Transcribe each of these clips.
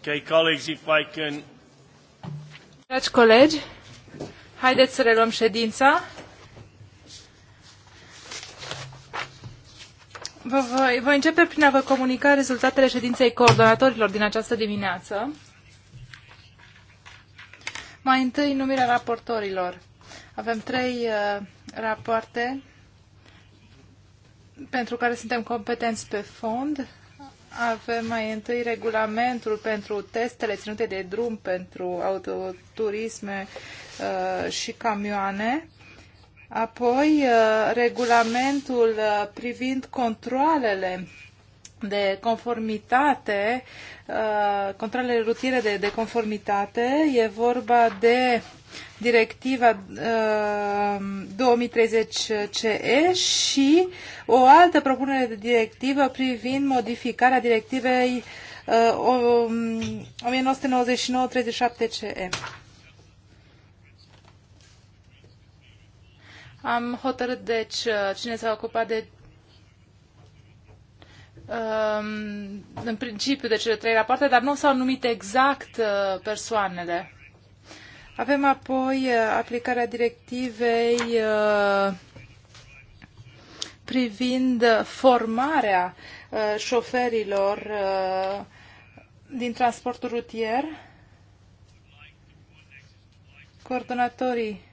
Okay, colleagues, if I can... Dragi colegi, haideți să reluăm ședința. Vă voi, voi începe prin a vă comunica rezultatele ședinței coordonatorilor din această dimineață. Mai întâi, numirea raportorilor. Avem trei uh, rapoarte pentru care suntem competenți pe fond avem mai întâi regulamentul pentru testele ținute de drum pentru autoturisme uh, și camioane. Apoi, uh, regulamentul uh, privind controlele de conformitate, uh, controlele rutiere de, de conformitate, e vorba de directiva 2030-CE uh, și o altă propunere de directivă privind modificarea directivei 1999-37-CE. Uh, um, Am hotărât, deci, cine s-a ocupat de Um, în principiu de cele trei rapoarte, dar nu s-au numit exact uh, persoanele. Avem apoi uh, aplicarea directivei uh, privind formarea șoferilor din transportul rutier. Coordonatorii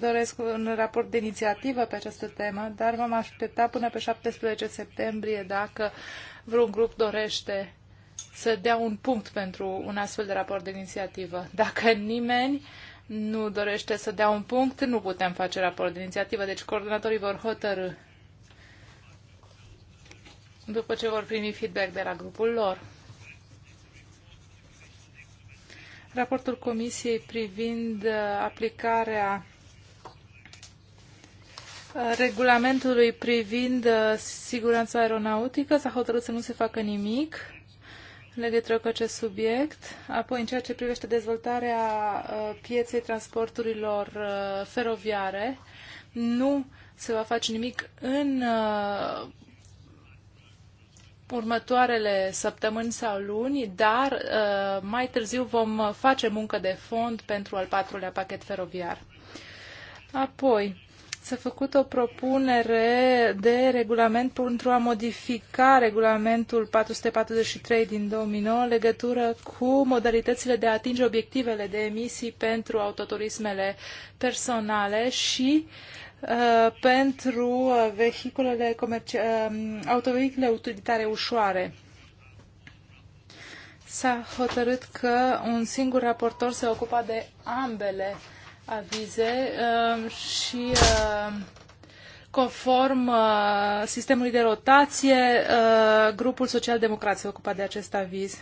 doresc un raport de inițiativă pe această temă, dar m-am aștepta până pe 17 septembrie dacă vreun grup dorește să dea un punct pentru un astfel de raport de inițiativă. Dacă nimeni nu dorește să dea un punct, nu putem face raport de inițiativă, deci coordonatorii vor hotărâ după ce vor primi feedback de la grupul lor. Raportul Comisiei privind uh, aplicarea regulamentului privind uh, siguranța aeronautică s-a hotărât să nu se facă nimic în legătură cu acest subiect. Apoi, în ceea ce privește dezvoltarea uh, pieței transporturilor uh, feroviare, nu se va face nimic în următoarele săptămâni sau luni, dar mai târziu vom face muncă de fond pentru al patrulea pachet feroviar. Apoi, s-a făcut o propunere de regulament pentru a modifica regulamentul 443 din 2009 legătură cu modalitățile de a atinge obiectivele de emisii pentru autoturismele personale și uh, pentru uh, vehiculele comerci- uh, autovehicule utilitare ușoare. S-a hotărât că un singur raportor se ocupa de ambele uh, avize um, și um, conform uh, sistemului de rotație, uh, grupul social-democrat se ocupa de acest aviz.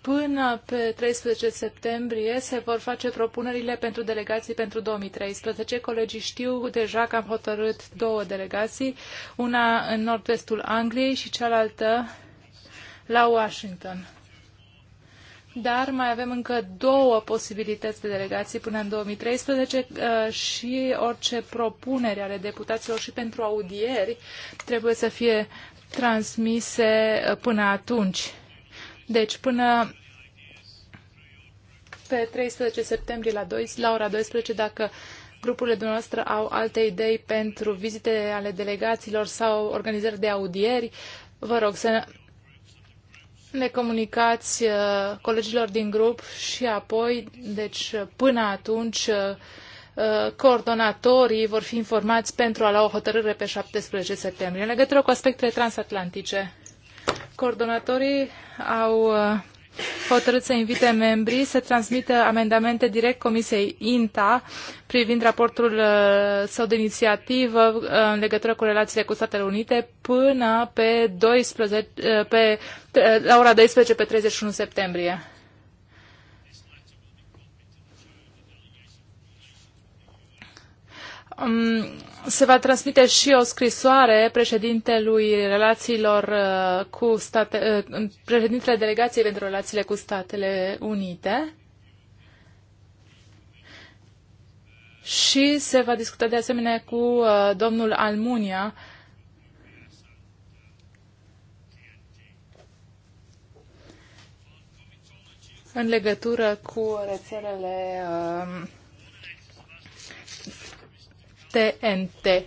Până pe 13 septembrie se vor face propunerile pentru delegații pentru 2013. Colegii știu deja că am hotărât două delegații, una în nord-vestul Angliei și cealaltă la Washington dar mai avem încă două posibilități de delegații până în 2013 uh, și orice propunere ale deputaților și pentru audieri trebuie să fie transmise uh, până atunci. Deci până pe 13 septembrie la, 2, la ora 12, dacă grupurile dumneavoastră au alte idei pentru vizite ale delegațiilor sau organizări de audieri, vă rog să le comunicați uh, colegilor din grup și apoi, deci uh, până atunci, uh, coordonatorii vor fi informați pentru a lua o hotărâre pe 17 septembrie. În legătură cu aspectele transatlantice, coordonatorii au hotărât să invite membrii să transmită amendamente direct Comisiei INTA privind raportul uh, său de inițiativă uh, în legătură cu relațiile cu Statele Unite până pe 12, uh, pe, la ora 12 pe 31 septembrie. Um, se va transmite și o scrisoare președintelui relațiilor uh, cu state, uh, președintele delegației pentru relațiile cu Statele Unite și se va discuta de asemenea cu uh, domnul Almunia în legătură cu rețelele uh, TNT.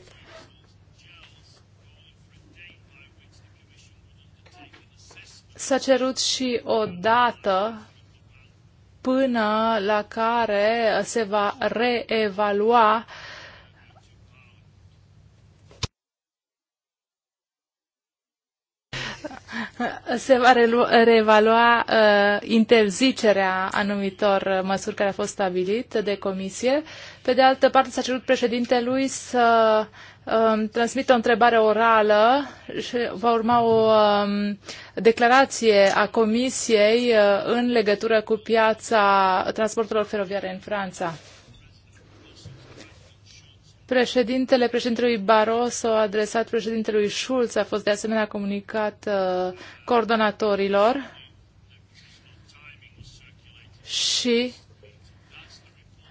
S-a cerut și o dată până la care se va reevalua se va reevalua uh, interzicerea anumitor uh, măsuri care a fost stabilit de comisie. Pe de altă parte, s-a cerut președintelui să um, transmită o întrebare orală și va urma o um, declarație a comisiei uh, în legătură cu piața transporturilor feroviare în Franța. Președintele președintelui Barroso adresat președintelui Schulz a fost de asemenea comunicat uh, coordonatorilor și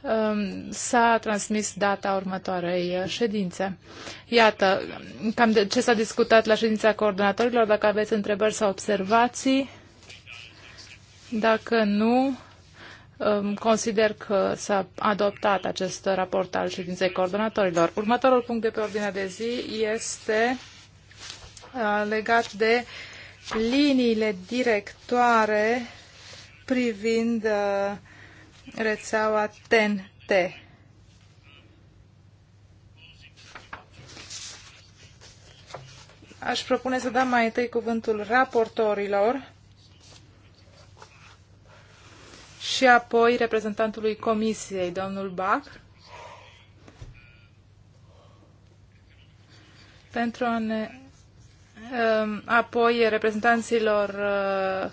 um, s-a transmis data următoarei uh, ședințe. Iată, cam de ce s-a discutat la ședința coordonatorilor, dacă aveți întrebări sau observații. Dacă nu, consider că s-a adoptat acest raport al ședinței coordonatorilor. Următorul punct de pe ordinea de zi este uh, legat de liniile directoare privind uh, rețeaua TNT. Aș propune să dăm mai întâi cuvântul raportorilor și apoi reprezentantului Comisiei, domnul Bach, pentru a ne um, apoi reprezentanților uh,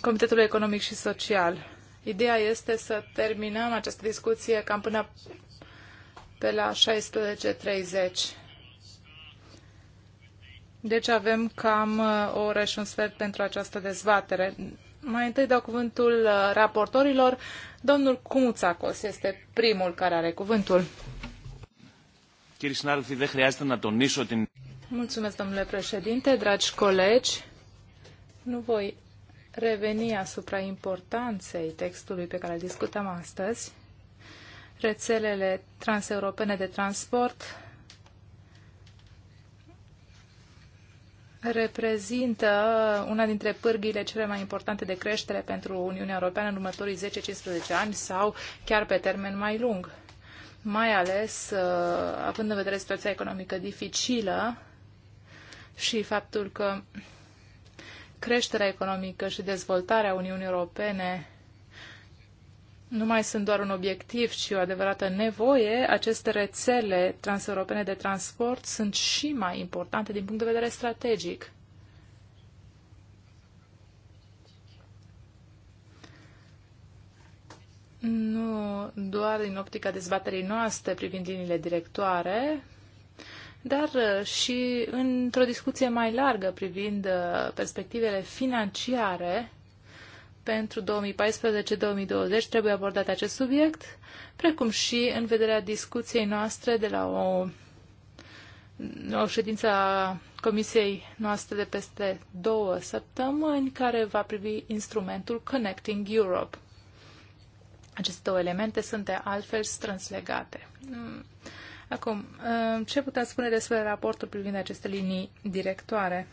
Comitetului Economic și Social. Ideea este să terminăm această discuție cam până pe la 16.30. Deci avem cam uh, o oră și un sfert pentru această dezbatere. Mai întâi dau cuvântul uh, raportorilor. Domnul Cumuțacos este primul care are cuvântul. Mulțumesc, domnule președinte, dragi colegi. Nu voi reveni asupra importanței textului pe care îl discutăm astăzi. Rețelele transeuropene de transport reprezintă una dintre pârghiile cele mai importante de creștere pentru Uniunea Europeană în următorii 10-15 ani sau chiar pe termen mai lung. Mai ales uh, având în vedere situația economică dificilă și faptul că creșterea economică și dezvoltarea Uniunii Europene nu mai sunt doar un obiectiv, ci o adevărată nevoie, aceste rețele transeuropene de transport sunt și mai importante din punct de vedere strategic. Nu doar din optica dezbaterii noastre privind liniile directoare, dar uh, și într-o discuție mai largă privind uh, perspectivele financiare pentru 2014-2020 trebuie abordat acest subiect, precum și în vederea discuției noastre de la o, o ședință a comisiei noastre de peste două săptămâni, care va privi instrumentul Connecting Europe. Aceste două elemente sunt de altfel strâns legate. Hmm. Acum, hmm, ce puteți spune despre raportul privind aceste linii directoare?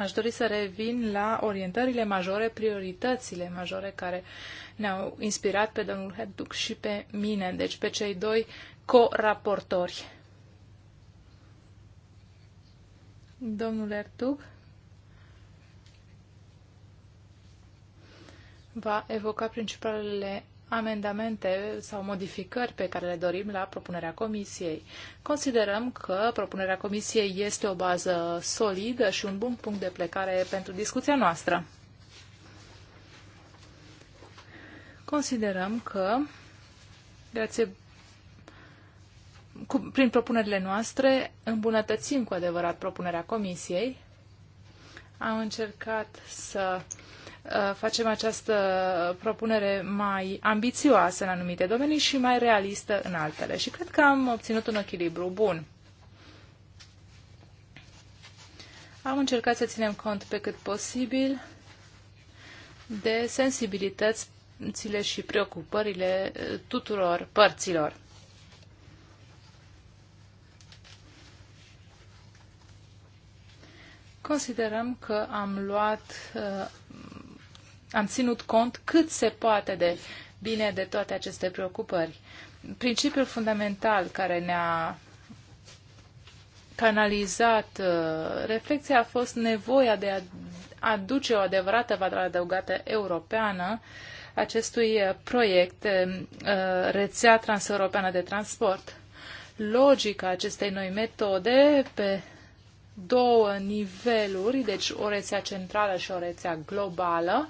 Aș dori să revin la orientările majore, prioritățile majore care ne-au inspirat pe domnul Hedduc și pe mine, deci pe cei doi co-raportori. Domnul Ertug va evoca principalele amendamente sau modificări pe care le dorim la propunerea Comisiei. Considerăm că propunerea Comisiei este o bază solidă și un bun punct de plecare pentru discuția noastră. Considerăm că, grație cu, prin propunerile noastre, îmbunătățim cu adevărat propunerea Comisiei. Am încercat să Uh, facem această propunere mai ambițioasă în anumite domenii și mai realistă în altele. Și cred că am obținut un echilibru bun. Am încercat să ținem cont pe cât posibil de sensibilitățile și preocupările uh, tuturor părților. Considerăm că am luat uh, am ținut cont cât se poate de bine de toate aceste preocupări. Principiul fundamental care ne-a canalizat uh, reflexia a fost nevoia de a aduce o adevărată valoare adăugată europeană acestui uh, proiect uh, rețea transeuropeană de transport. Logica acestei noi metode pe două niveluri, deci o rețea centrală și o rețea globală,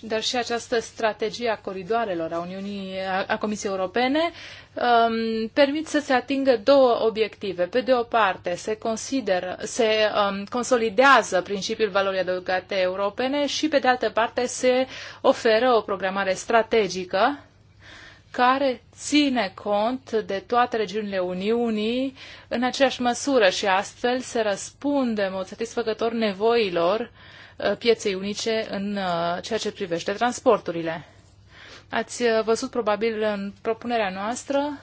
dar și această strategie a coridoarelor a Uniunii, a, Comisiei Europene, um, permit să se atingă două obiective. Pe de o parte, se consideră, se um, consolidează principiul valorii adăugate europene și pe de altă parte se oferă o programare strategică care ține cont de toate regiunile Uniunii în aceeași măsură și astfel se răspunde în mod satisfăcător nevoilor uh, Uh, pieței unice în uh, ceea ce privește transporturile. Ați uh, văzut probabil în propunerea noastră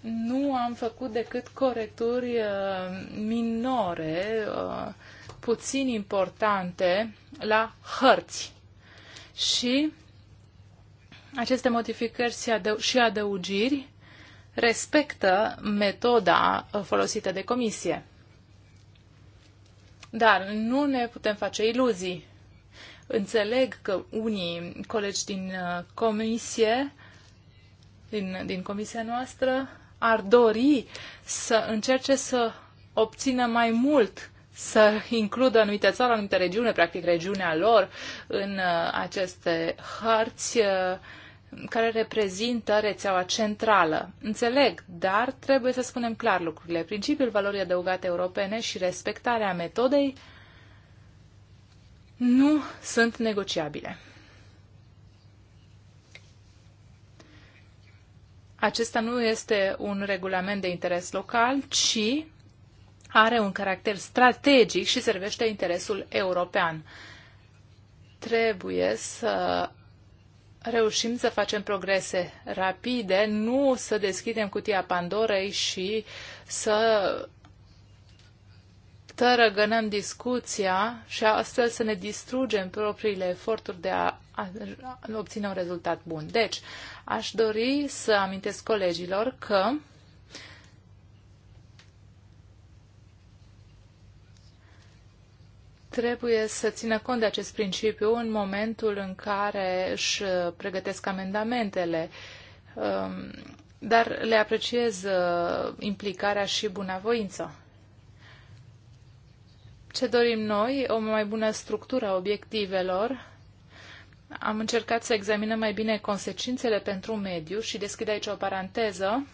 nu am făcut decât corecturi minore, puțin importante, la hărți. Și aceste modificări și adăugiri respectă metoda folosită de comisie. Dar nu ne putem face iluzii. Înțeleg că unii colegi din uh, comisie, din, din comisia noastră, ar dori să încerce să obțină mai mult să includă anumite țară, anumite regiune, practic regiunea lor, în uh, aceste hărți uh, care reprezintă rețeaua centrală. Înțeleg, dar trebuie să spunem clar lucrurile. Principiul valorii adăugate europene și respectarea metodei nu sunt negociabile. Acesta nu este un regulament de interes local, ci are un caracter strategic și servește interesul european. Trebuie să reușim să facem progrese rapide, nu să deschidem cutia Pandorei și să tărăgănăm discuția și astfel să ne distrugem propriile eforturi de a obține un rezultat bun. Deci, aș dori să amintesc colegilor că trebuie să țină cont de acest principiu în momentul în care își uh, pregătesc amendamentele. Um, dar le apreciez uh, implicarea și bunăvoința. Ce dorim noi? O mai bună structură a obiectivelor. Am încercat să examinăm mai bine consecințele pentru mediu și deschid aici o paranteză.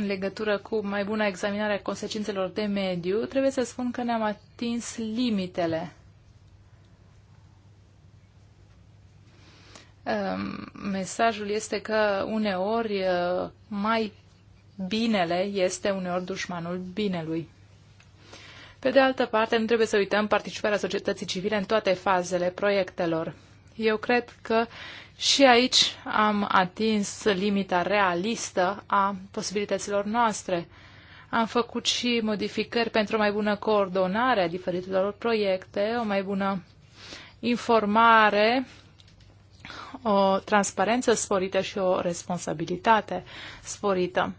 în legătură cu mai bună examinare a consecințelor de mediu, trebuie să spun că ne-am atins limitele. Ehm, mesajul este că uneori eh, mai binele este uneori dușmanul binelui. Pe de altă parte, nu trebuie să uităm participarea societății civile în toate fazele proiectelor. Eu cred că și aici am atins limita realistă a posibilităților noastre. Am făcut și modificări pentru o mai bună coordonare a diferitelor proiecte, o mai bună informare, o transparență sporită și o responsabilitate sporită.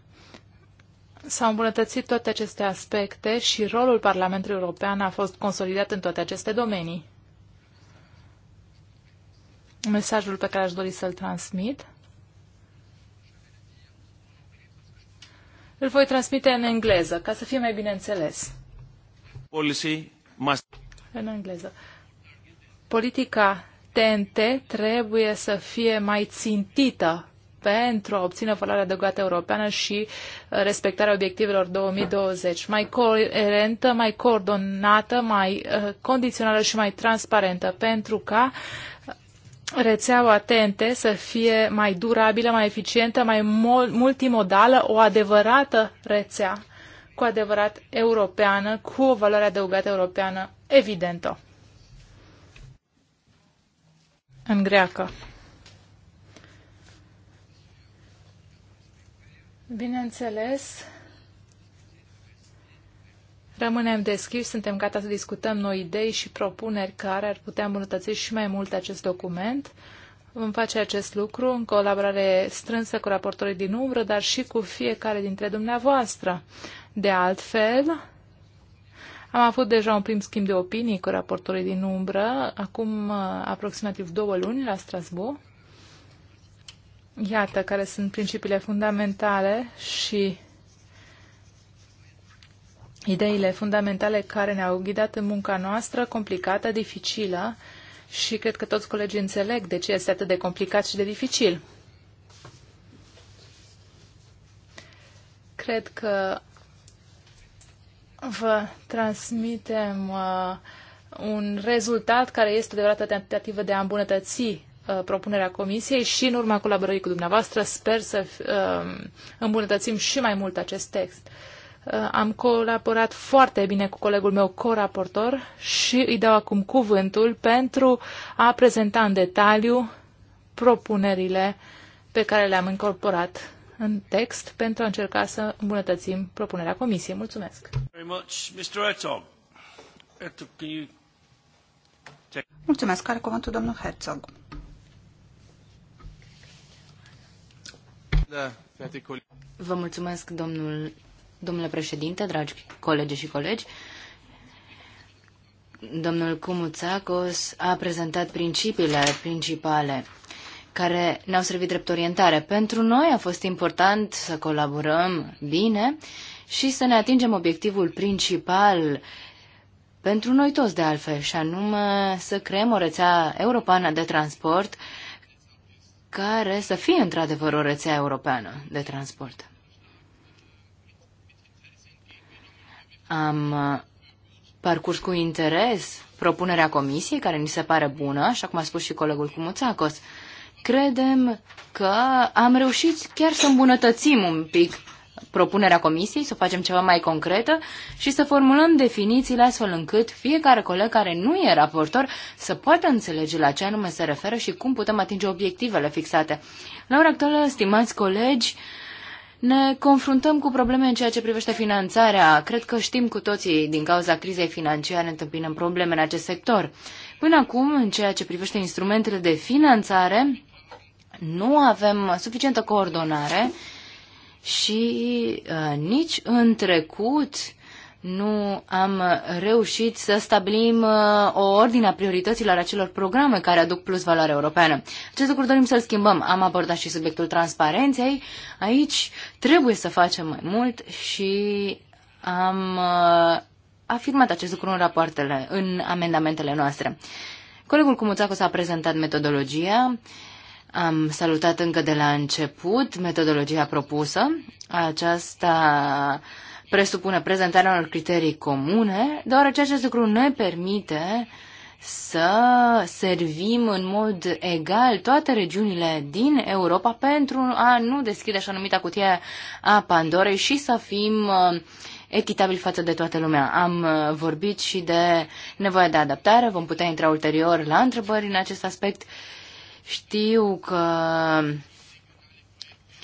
S-au îmbunătățit toate aceste aspecte și rolul Parlamentului European a fost consolidat în toate aceste domenii mesajul pe care aș dori să-l transmit. Îl voi transmite în engleză, ca să fie mai bine înțeles. Policy must... În engleză. Politica TNT trebuie să fie mai țintită pentru a obține valoarea adăugată europeană și uh, respectarea obiectivelor 2020, mai coerentă, mai coordonată, mai uh, condițională și mai transparentă, pentru ca rețeaua TNT să fie mai durabilă, mai eficientă, mai multimodală, o adevărată rețea cu adevărat europeană, cu o valoare adăugată europeană evidentă. În greacă. Bineînțeles, Rămânem deschiși, suntem gata să discutăm noi idei și propuneri care ar putea îmbunătăți și mai mult acest document. Vom face acest lucru în colaborare strânsă cu raportorii din umbră, dar și cu fiecare dintre dumneavoastră. De altfel, am avut deja un prim schimb de opinii cu raportorii din umbră, acum uh, aproximativ două luni la Strasbourg. Iată care sunt principiile fundamentale și ideile fundamentale care ne-au ghidat în munca noastră, complicată, dificilă și cred că toți colegii înțeleg de ce este atât de complicat și de dificil. Cred că vă transmitem uh, un rezultat care este de o tentativă de a îmbunătăți uh, propunerea comisiei și în urma colaborării cu dumneavoastră sper să uh, îmbunătățim și mai mult acest text. Uh, Uh, am colaborat foarte bine cu colegul meu coraportor și îi dau acum cuvântul pentru a prezenta în detaliu propunerile pe care le-am incorporat în text pentru a încerca să îmbunătățim propunerea comisiei. Mulțumesc! Mulțumesc! Are cuvântul domnul Herzog. Da, Vă mulțumesc, domnul domnule președinte, dragi colegi și colegi. Domnul Cumuțacos a prezentat principiile principale care ne-au servit drept orientare. Pentru noi a fost important să colaborăm bine și să ne atingem obiectivul principal pentru noi toți de altfel, și anume să creăm o rețea europeană de transport care să fie într-adevăr o rețea europeană de transport. Am uh, parcurs cu interes propunerea comisiei, care ni se pare bună, așa cum a spus și colegul Cumuțacos. Credem că am reușit chiar să îmbunătățim un pic propunerea comisiei, să facem ceva mai concretă și să formulăm definițiile astfel încât fiecare coleg care nu e raportor să poată înțelege la ce anume se referă și cum putem atinge obiectivele fixate. La ora actuală, stimați colegi, uh, ne confruntăm cu probleme în ceea ce privește finanțarea. Cred că știm cu toții, din cauza crizei financiare, întâmpinăm probleme în acest sector. Până acum, în ceea ce privește instrumentele de finanțare, nu avem suficientă coordonare și uh, nici în trecut uh, nu am reușit să stabilim uh, o ordine a priorităților acelor programe care aduc plus valoare europeană. Acest lucru dorim să-l schimbăm. Am abordat și subiectul transparenței. Aici trebuie să facem mai mult și am uh, afirmat acest lucru în rapoartele, în amendamentele noastre. Colegul Cumuțacu s-a prezentat metodologia. Am salutat încă de la început metodologia propusă. Aceasta presupune prezentarea unor criterii comune, deoarece acest lucru ne permite să servim în mod egal toate regiunile din Europa pentru a nu deschide așa numita cutie a Pandorei și să fim uh, echitabil față de toată lumea. Am uh, vorbit și de nevoia de adaptare, vom putea intra ulterior la întrebări în acest aspect. Știu că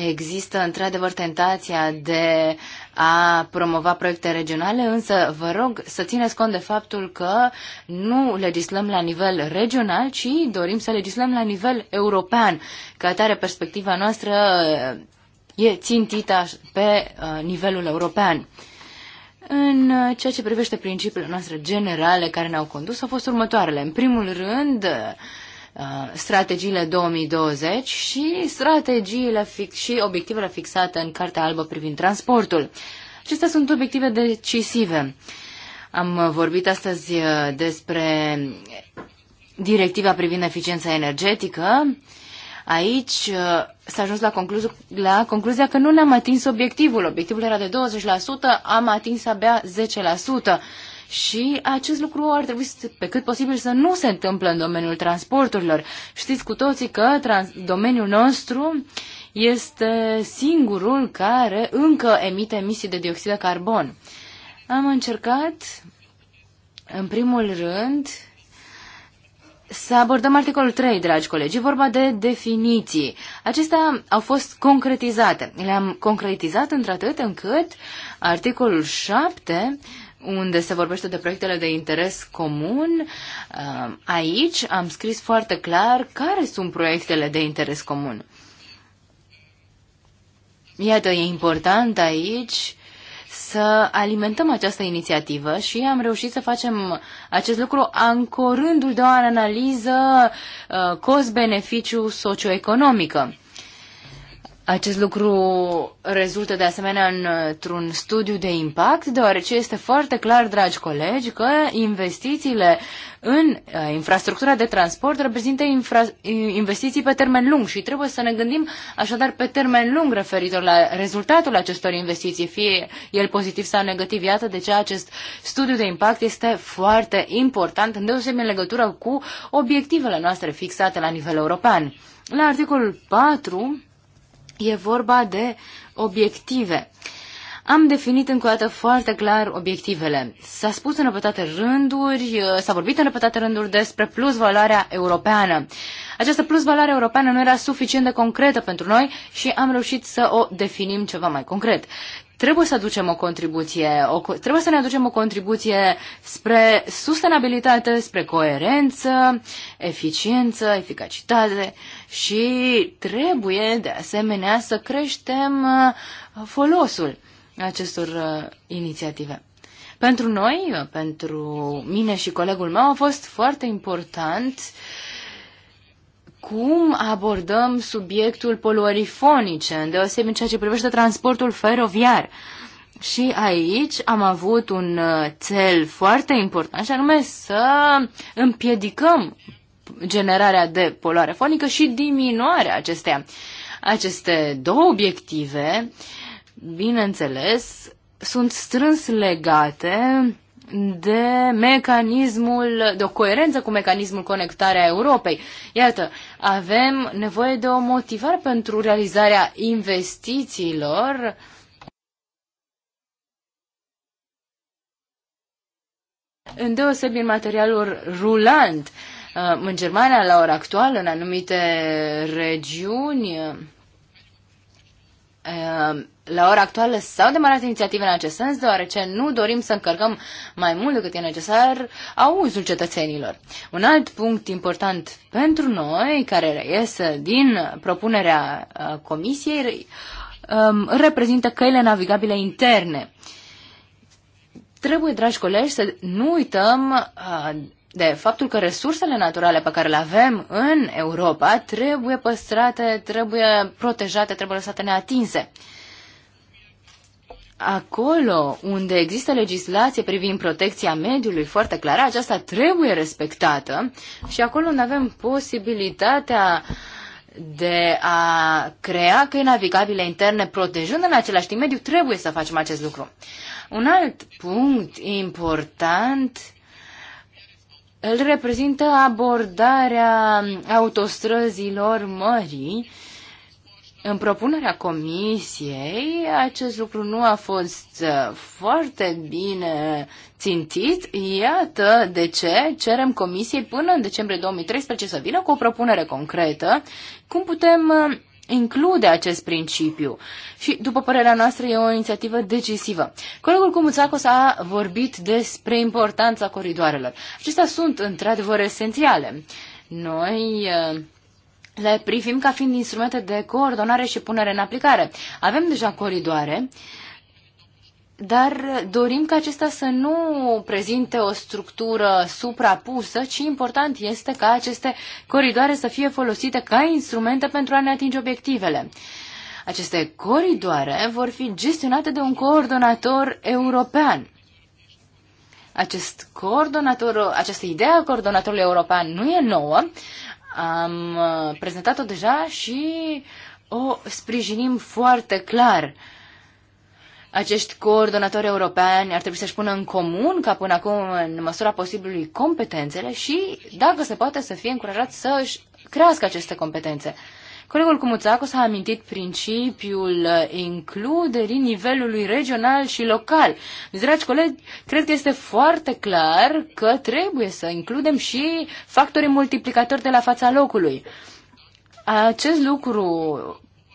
Există într-adevăr tentația de a promova proiecte regionale, însă vă rog să țineți cont de faptul că nu legislăm la nivel regional, ci dorim să legislăm la nivel european. Că atare, perspectiva noastră e țintită pe uh, nivelul european. În ceea ce privește principiile noastre generale care ne-au condus, au fost următoarele. În primul rând, Uh, strategiile 2020 și strategiile fix, și obiectivele fixate în Cartea Albă privind transportul. Acestea sunt obiective decisive. Am vorbit astăzi uh, despre directiva privind eficiența energetică. Aici uh, s-a ajuns la, conclu- la concluzia că nu ne-am atins obiectivul. Obiectivul era de 20%, am atins abia 10% și acest lucru ar trebui să, pe cât posibil să nu se întâmplă în domeniul transporturilor. Știți cu toții că trans- domeniul nostru este singurul care încă emite emisii de dioxid de carbon. Am încercat, în primul rând, să abordăm articolul 3, dragi colegi, e vorba de definiții. Acestea au fost concretizate. Le-am concretizat într-atât încât articolul 7 unde se vorbește de proiectele de interes comun. Uh, aici am scris foarte clar care sunt proiectele de interes comun. Iată, e important aici să alimentăm această inițiativă și am reușit să facem acest lucru ancorându-l de o analiză uh, cost-beneficiu socioeconomică. Acest lucru rezultă de asemenea într-un studiu de impact, deoarece este foarte clar, dragi colegi, că investițiile în uh, infrastructura de transport reprezintă infra- uh, investiții pe termen lung și trebuie să ne gândim așadar pe termen lung referitor la rezultatul acestor investiții, fie el pozitiv sau negativ. Iată de ce acest studiu de impact este foarte important, deosebire în legătură cu obiectivele noastre fixate la nivel european. La articolul 4 E vorba de obiective. Am definit încă o dată foarte clar obiectivele. S-a spus în repetate rânduri, uh, s-a vorbit în repetate rânduri despre plus valoarea europeană. Această plus valoare europeană nu era suficient de concretă pentru noi și am reușit să o definim ceva mai concret. Trebuie să aducem o contribuție, o, trebuie să ne aducem o contribuție spre sustenabilitate, spre coerență, eficiență, eficacitate și trebuie de asemenea să creștem uh, folosul acestor uh, inițiative. Pentru noi, uh, pentru mine și colegul meu, a fost foarte important uh, cum abordăm subiectul poluării fonice, îndeosebi în ceea ce privește transportul feroviar. Și aici am avut un uh, cel foarte important și anume să împiedicăm generarea de poluare fonică și diminuarea acestea. Aceste două obiective, bineînțeles, sunt strâns legate de mecanismul, de o coerență cu mecanismul conectarea Europei. Iată, avem nevoie de o motivare pentru realizarea investițiilor îndeosebi în materialul rulant. Uh, în Germania, la ora actuală, în anumite regiuni, uh, Ehm, la ora actuală s-au demarat inițiative în acest sens, deoarece nu dorim să încărcăm mai mult decât e necesar auzul cetățenilor. Un alt punct important pentru noi, care iese din propunerea comisiei, ehm, reprezintă căile navigabile interne. Trebuie, dragi colegi, să nu uităm de faptul că resursele naturale pe care le avem în Europa trebuie păstrate, trebuie protejate, trebuie lăsate neatinse. Acolo unde există legislație privind protecția mediului foarte clară, aceasta trebuie respectată și acolo unde avem posibilitatea de a crea căi navigabile interne protejând în același timp mediul, trebuie să facem acest lucru. Un alt punct important îl reprezintă abordarea autostrăzilor mării. În propunerea comisiei, acest lucru nu a fost uh, foarte bine țintit. Iată de ce cerem comisiei până în decembrie 2013 să vină cu o propunere concretă cum putem uh, include acest principiu și, după părerea noastră, e o inițiativă decisivă. Colegul Cumuțacos a vorbit despre importanța coridoarelor. Acestea sunt, într-adevăr, esențiale. Noi eh, le privim ca fiind instrumente de coordonare și punere în aplicare. Avem deja coridoare, uh, dar dorim ca acesta să nu prezinte o structură suprapusă, ci important este ca aceste coridoare să fie folosite ca instrumente pentru a ne atinge obiectivele. Aceste coridoare vor fi gestionate de un coordonator european. Acest coordonator, această idee a coordonatorului european nu e nouă. Am uh, prezentat-o deja și o sprijinim foarte clar. Uh, acești coordonatori europeni ar trebui să-și pună în comun, ca până acum, în măsura posibilului, competențele și, dacă se poate, să fie încurajat să își crească aceste competențe. Colegul Cumuțacu s-a amintit principiul includerii nivelului regional și local. Dragi colegi, cred că este foarte clar că trebuie să includem și factorii multiplicatori de la fața locului. Acest lucru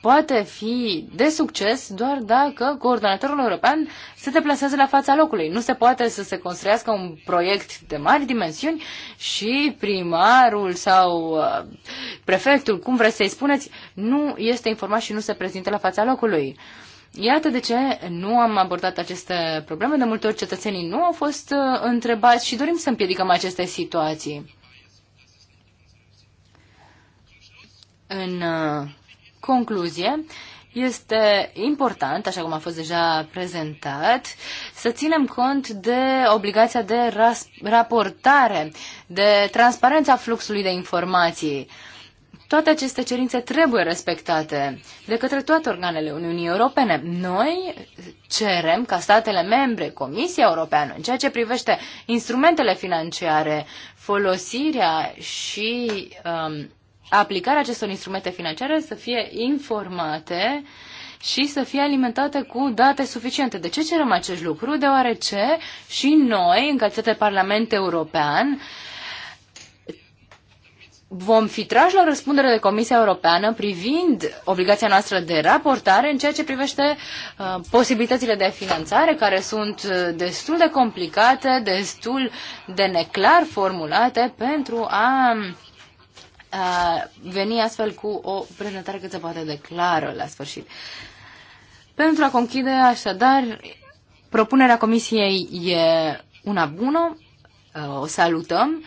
poate fi de succes doar dacă coordonatorul european se deplasează la fața locului. Nu se poate să se construiască un proiect de mari dimensiuni și primarul sau uh, prefectul, cum vreți să-i spuneți, nu este informat și nu se prezintă la fața locului. Iată de ce nu am abordat aceste probleme. De multe ori cetățenii nu au fost uh, întrebați și dorim să împiedicăm aceste situații. În uh, concluzie, este important, așa cum a fost deja prezentat, să ținem cont de obligația de raportare, de transparența fluxului de informații. Toate aceste cerințe trebuie respectate de către toate organele Uniunii Europene. Noi cerem ca statele membre, Comisia Europeană, în ceea ce privește instrumentele financiare, folosirea și um, aplicarea acestor instrumente financiare să fie informate și să fie alimentate cu date suficiente. De ce cerem acest lucru? Deoarece și noi, în calitate de Parlament European, vom fi trași la răspundere de Comisia Europeană privind obligația noastră de raportare în ceea ce privește uh, posibilitățile de finanțare, care sunt uh, destul de complicate, destul de neclar formulate pentru a uh, a veni astfel cu o prezentare cât se poate de clară la sfârșit. Pentru a conchide, așadar, propunerea comisiei e una bună, o salutăm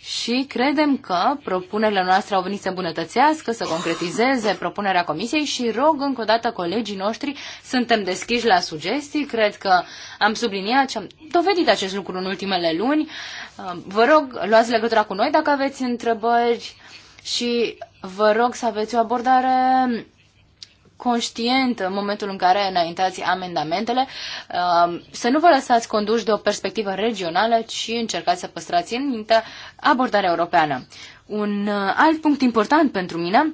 și credem că propunerile noastre au venit să îmbunătățească, să concretizeze propunerea comisiei și rog încă o dată colegii noștri, suntem deschiși la sugestii, cred că am subliniat și am dovedit acest lucru în ultimele luni. Vă rog, luați legătura cu noi dacă aveți întrebări și vă rog să aveți o abordare conștientă în momentul în care înaintați amendamentele, um, să nu vă lăsați conduși de o perspectivă regională, ci încercați să păstrați în minte abordarea europeană. Un uh, alt punct important pentru mine,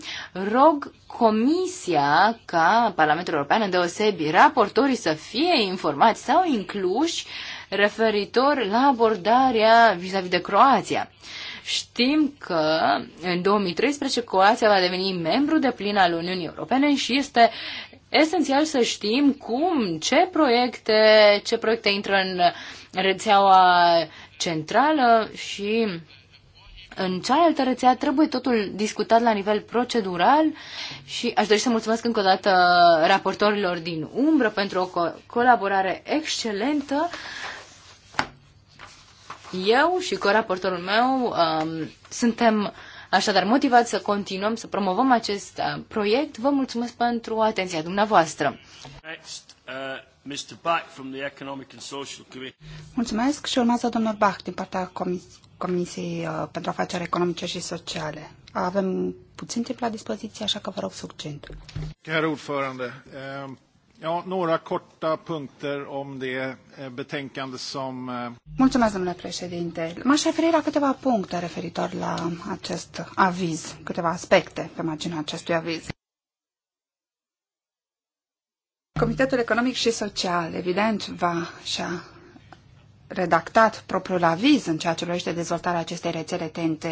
rog Comisia ca Parlamentul European, îndeosebi raportorii, să fie informați sau incluși referitor la abordarea vis-a-vis -vis de Croația. Uh, Știm că în 2013 Croația va deveni membru de plin al Uniunii Europene și este esențial să știm cum, ce proiecte, ce proiecte intră în rețeaua centrală și în cealaltă rețea trebuie totul discutat la nivel procedural și aș dori să mulțumesc încă o dată raportorilor din umbră pentru o co- colaborare excelentă. Eu și cu raportorul meu um, suntem așadar motivați să continuăm să promovăm acest uh, proiect. Vă mulțumesc pentru atenția dumneavoastră. Next, uh... Mr. Bach from the Economic and Social Committee. Mulțumesc și urmează domnul Bach din partea Comis Comisiei uh, pentru Afaceri Economice și Sociale. Avem puțin timp la dispoziție, așa că vă rog succint. Herr ordförande, um några korta punkter om det eh, betänkande som... Eh, Mulțumesc, domnule președinte. M-aș referi la câteva puncte referitor la acest aviz, câteva aspecte pe marginea acestui aviz. Comitetul Economic și Social, evident, va și-a redactat propriul aviz în ceea ce privește dezvoltarea acestei rețele TNT.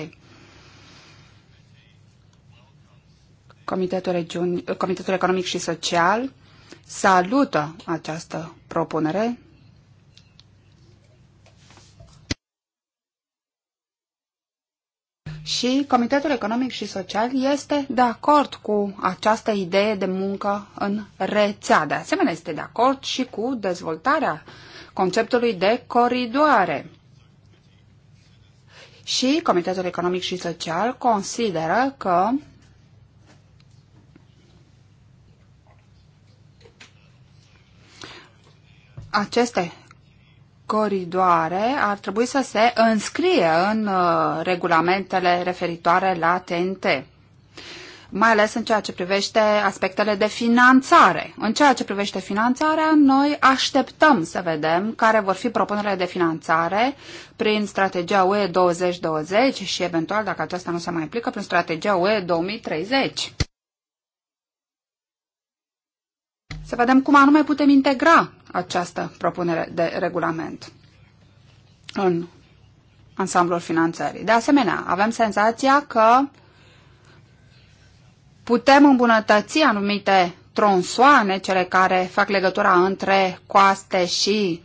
Comitetul, Regiun... Comitetul Economic și Social salută această propunere și Comitetul Economic și Social este de acord cu această idee de muncă în rețea. De asemenea, este de acord și cu dezvoltarea conceptului de coridoare. Și Comitetul Economic și Social consideră că aceste coridoare ar trebui să se înscrie în uh, regulamentele referitoare la TNT, mai ales în ceea ce privește aspectele de finanțare. În ceea ce privește finanțarea, noi așteptăm să vedem care vor fi propunerile de finanțare prin strategia UE 2020 și eventual, dacă aceasta nu se mai implică, prin strategia UE 2030. Să vedem cum anume putem integra această propunere de regulament în ansamblul finanțării. De asemenea, avem senzația că putem îmbunătăți anumite tronsoane, cele care fac legătura între coaste și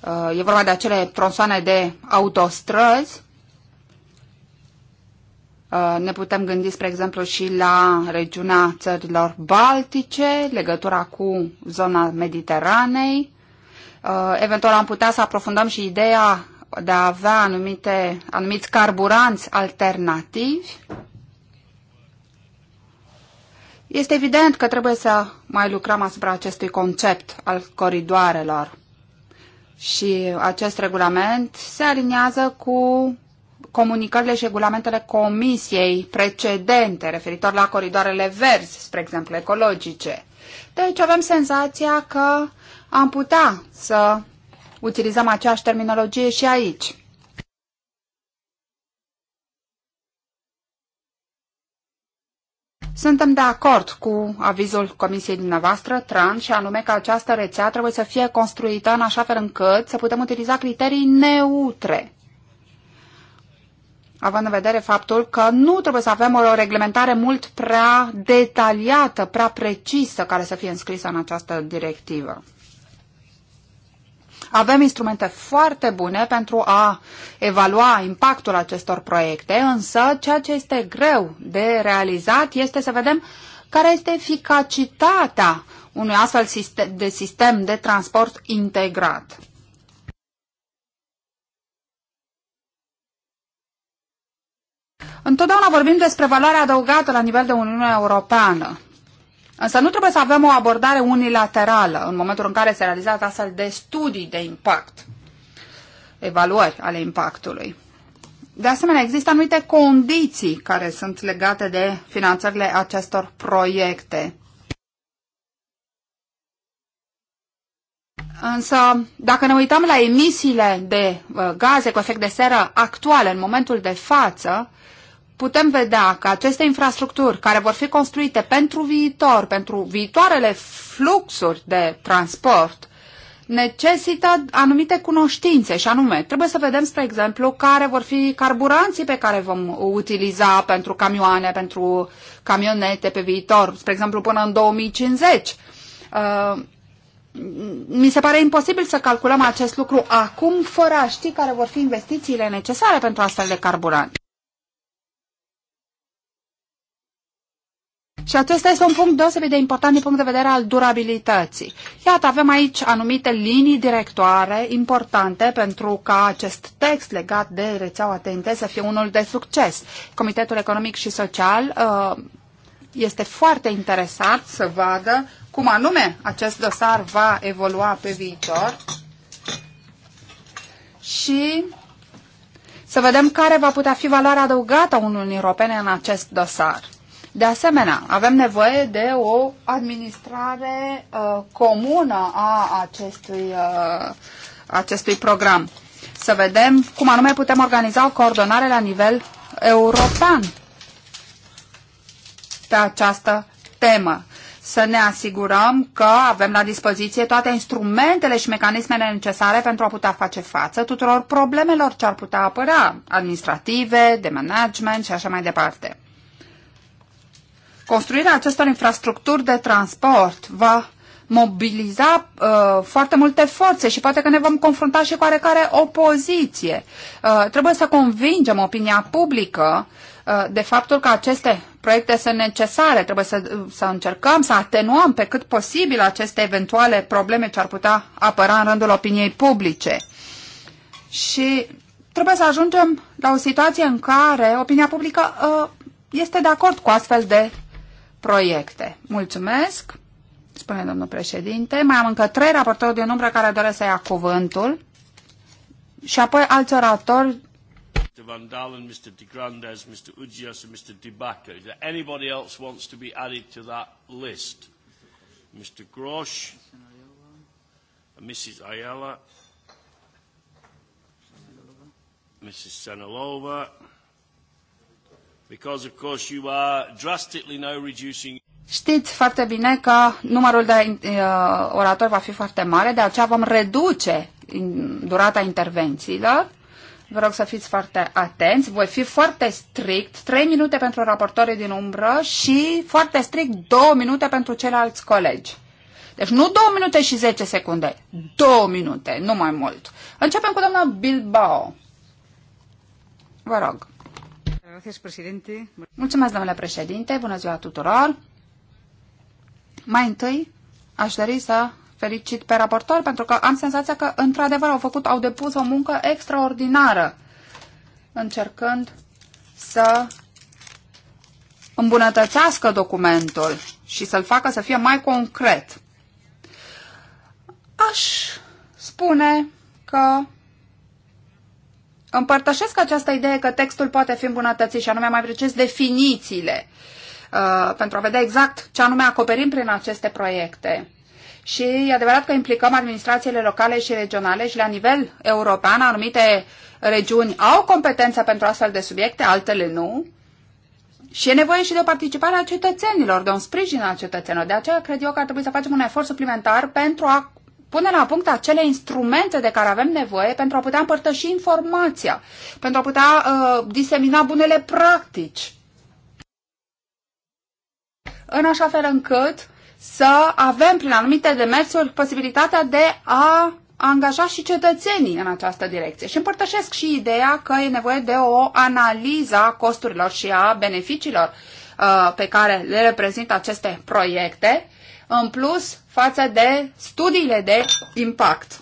uh, e vorba de acele tronsoane de autostrăzi Uh, ne putem gândi, spre exemplu, și la regiunea țărilor baltice, legătura cu zona Mediteranei. Uh, eventual am putea să aprofundăm și ideea de a avea anumite, anumiți carburanți alternativi. Este evident că trebuie să mai lucrăm asupra acestui concept al coridoarelor. Și acest regulament se aliniază cu comunicările și regulamentele comisiei precedente referitor la coridoarele verzi, spre exemplu, ecologice. Deci avem senzația că am putea să utilizăm aceeași terminologie și aici. Suntem de acord cu avizul comisiei dumneavoastră, TRAN, și anume că această rețea trebuie să fie construită în așa fel încât să putem utiliza criterii neutre având în vedere faptul că nu trebuie să avem o reglementare mult prea detaliată, prea precisă, care să fie înscrisă în această directivă. Avem instrumente foarte bune pentru a evalua impactul acestor proiecte, însă ceea ce este greu de realizat este să vedem care este eficacitatea unui astfel de sistem de transport integrat. Întotdeauna vorbim despre valoarea adăugată la nivel de Uniunea Europeană. Însă nu trebuie să avem o abordare unilaterală în momentul în care se realizează astfel de studii de impact, evaluări ale impactului. De asemenea, există anumite condiții care sunt legate de finanțările acestor proiecte. Însă, dacă ne uităm la emisiile de uh, gaze cu efect de seră actuale în momentul de față, putem vedea că aceste infrastructuri care vor fi construite pentru viitor, pentru viitoarele fluxuri de transport, necesită anumite cunoștințe și anume, trebuie să vedem, spre exemplu, care vor fi carburanții pe care vom utiliza pentru camioane, pentru camionete pe viitor, spre exemplu, până în 2050. Uh, mi se pare imposibil să calculăm acest lucru acum fără a ști care vor fi investițiile necesare pentru astfel de carburanți. Și acesta este un punct deosebit de important din punct de vedere al durabilității. Iată, avem aici anumite linii directoare importante pentru ca acest text legat de rețeaua TNT să fie unul de succes. Comitetul Economic și Social uh, este foarte interesat să vadă cum anume acest dosar va evolua pe viitor și să vedem care va putea fi valoarea adăugată a Uniunii Europene în acest dosar. De asemenea, avem nevoie de o administrare uh, comună a acestui, uh, acestui program. Să vedem cum anume putem organiza o coordonare la nivel european pe această temă să ne asigurăm că avem la dispoziție toate instrumentele și mecanismele necesare pentru a putea face față tuturor problemelor ce ar putea apărea, administrative, de management și așa mai departe construirea acestor infrastructuri de transport va mobiliza uh, foarte multe forțe și poate că ne vom confrunta și cu oarecare opoziție. Uh, trebuie să convingem opinia publică uh, de faptul că aceste proiecte sunt necesare, trebuie să, să încercăm să atenuăm pe cât posibil aceste eventuale probleme ce ar putea apăra în rândul opiniei publice. Și trebuie să ajungem la o situație în care opinia publică uh, este de acord cu astfel de proiecte. Mulțumesc, spune domnul președinte. Mai am încă trei raportori din umbră care doresc să ia cuvântul și apoi alți oratori Mr. Van Dalen, Mr. De Grandes, Mr. Ugias, and Mr. DeBacker. Is there anybody else wants to be added to that list? Mr. Grosh, and Mrs. Ayala, Mrs. Senalova because of course you are drastically now reducing Știți foarte bine că numărul de uh, oratori va fi foarte mare, de aceea vom reduce durata intervențiilor. Vă rog să fiți foarte atenți. Voi fi foarte strict, 3 minute pentru raportorii din umbră și foarte strict 2 minute pentru ceilalți colegi. Deci nu 2 minute și 10 secunde, 2 minute, nu mai mult. Începem cu doamna Bilbao. Vă rog. Mulțumesc, domnule președinte. Bună ziua tuturor. Mai întâi, aș dori să felicit pe raportor pentru că am senzația că, într-adevăr, au făcut, au depus o muncă extraordinară încercând să îmbunătățească documentul și să-l facă să fie mai concret. Aș spune că împărtășesc această idee că textul poate fi îmbunătățit și anume mai precis definițiile uh, pentru a vedea exact ce anume acoperim prin aceste proiecte. Și e adevărat că implicăm administrațiile locale și regionale și la nivel european anumite regiuni au competența pentru astfel de subiecte, altele nu. Și e nevoie și de o participare a cetățenilor, de un sprijin al cetățenilor. De aceea cred eu că ar trebui să facem un efort suplimentar pentru a pune la punct acele instrumente de care avem nevoie pentru a putea împărtăși informația, pentru a putea uh, disemina bunele practici. În așa fel încât să avem prin anumite demersuri posibilitatea de a angaja și cetățenii în această direcție. Și împărtășesc și ideea că e nevoie de o analiză a costurilor și a beneficiilor uh, pe care le reprezintă aceste proiecte în plus față de studiile de impact.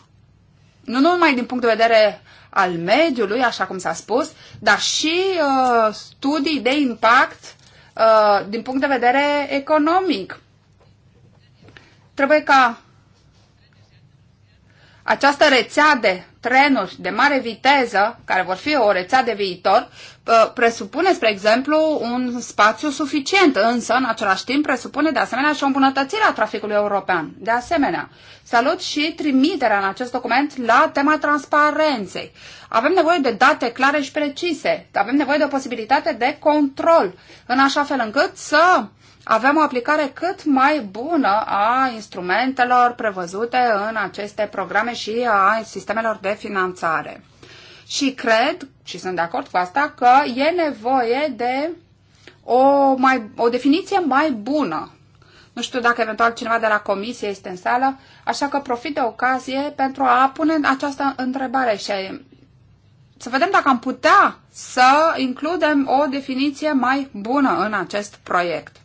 Nu numai din punct de vedere al mediului, așa cum s-a spus, dar și uh, studii de impact uh, din punct de vedere economic. Trebuie ca această rețea de trenuri de mare viteză, care vor fi o rețea de viitor, Uh, presupune, spre exemplu, un spațiu suficient, însă, în același timp, presupune de asemenea și o îmbunătățire a traficului european. De asemenea, salut și trimiterea în acest document la tema transparenței. Avem nevoie de date clare și precise, avem nevoie de o posibilitate de control, în așa fel încât să avem o aplicare cât mai bună a instrumentelor prevăzute în aceste programe și a sistemelor de finanțare. Și cred și sunt de acord cu asta, că e nevoie de o, mai, o definiție mai bună. Nu știu dacă eventual cineva de la comisie este în sală, așa că profit de ocazie pentru a pune această întrebare și să vedem dacă am putea să includem o definiție mai bună în acest proiect.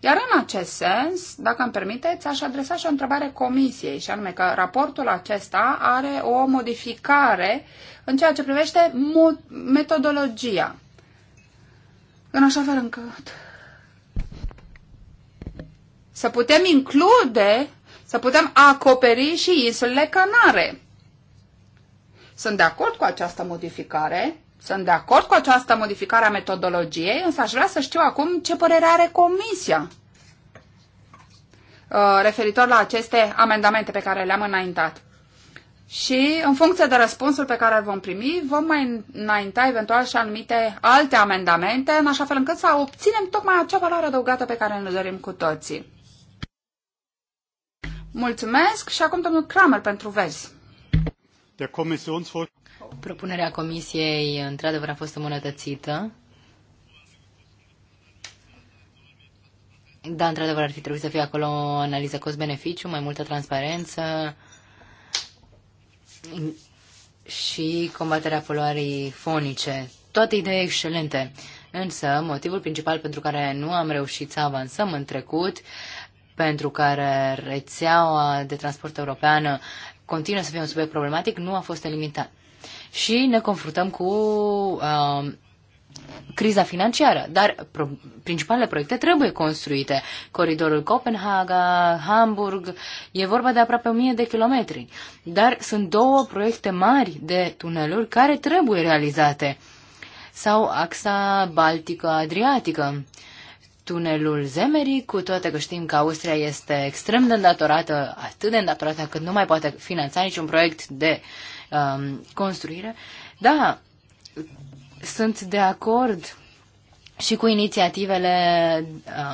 Iar în acest sens, dacă îmi permiteți, aș adresa și o întrebare comisiei, și anume că raportul acesta are o modificare în ceea ce privește metodologia. În așa fel încât să putem include, să putem acoperi și insulele Canare. Sunt de acord cu această modificare, sunt de acord cu această modificare a metodologiei, însă aș vrea să știu acum ce părere are Comisia uh, referitor la aceste amendamente pe care le-am înaintat. Și în funcție de răspunsul pe care îl vom primi, vom mai înainta eventual și anumite alte amendamente, în așa fel încât să obținem tocmai acea valoare adăugată pe care ne dorim cu toții. Mulțumesc și acum domnul Kramer pentru vers. Propunerea comisiei, într-adevăr, a fost îmbunătățită. Da, într-adevăr, ar fi trebuit să fie acolo o analiză cost-beneficiu, mai multă transparență și combaterea poluării fonice. Toate idei excelente. Însă, motivul principal pentru care nu am reușit să avansăm în trecut, pentru care rețeaua de transport europeană continuă să fie un subiect problematic, nu a fost eliminat și ne confruntăm cu uh, criza financiară, dar pro- principalele proiecte trebuie construite. Coridorul Copenhaga, Hamburg, e vorba de aproape 1000 de kilometri, dar sunt două proiecte mari de tuneluri care trebuie realizate. Sau axa Baltică-Adriatică, tunelul Zemeri, cu toate că știm că Austria este extrem de îndatorată, atât de îndatorată cât nu mai poate finanța niciun proiect de uh, um, construire. Da, sunt de acord și cu inițiativele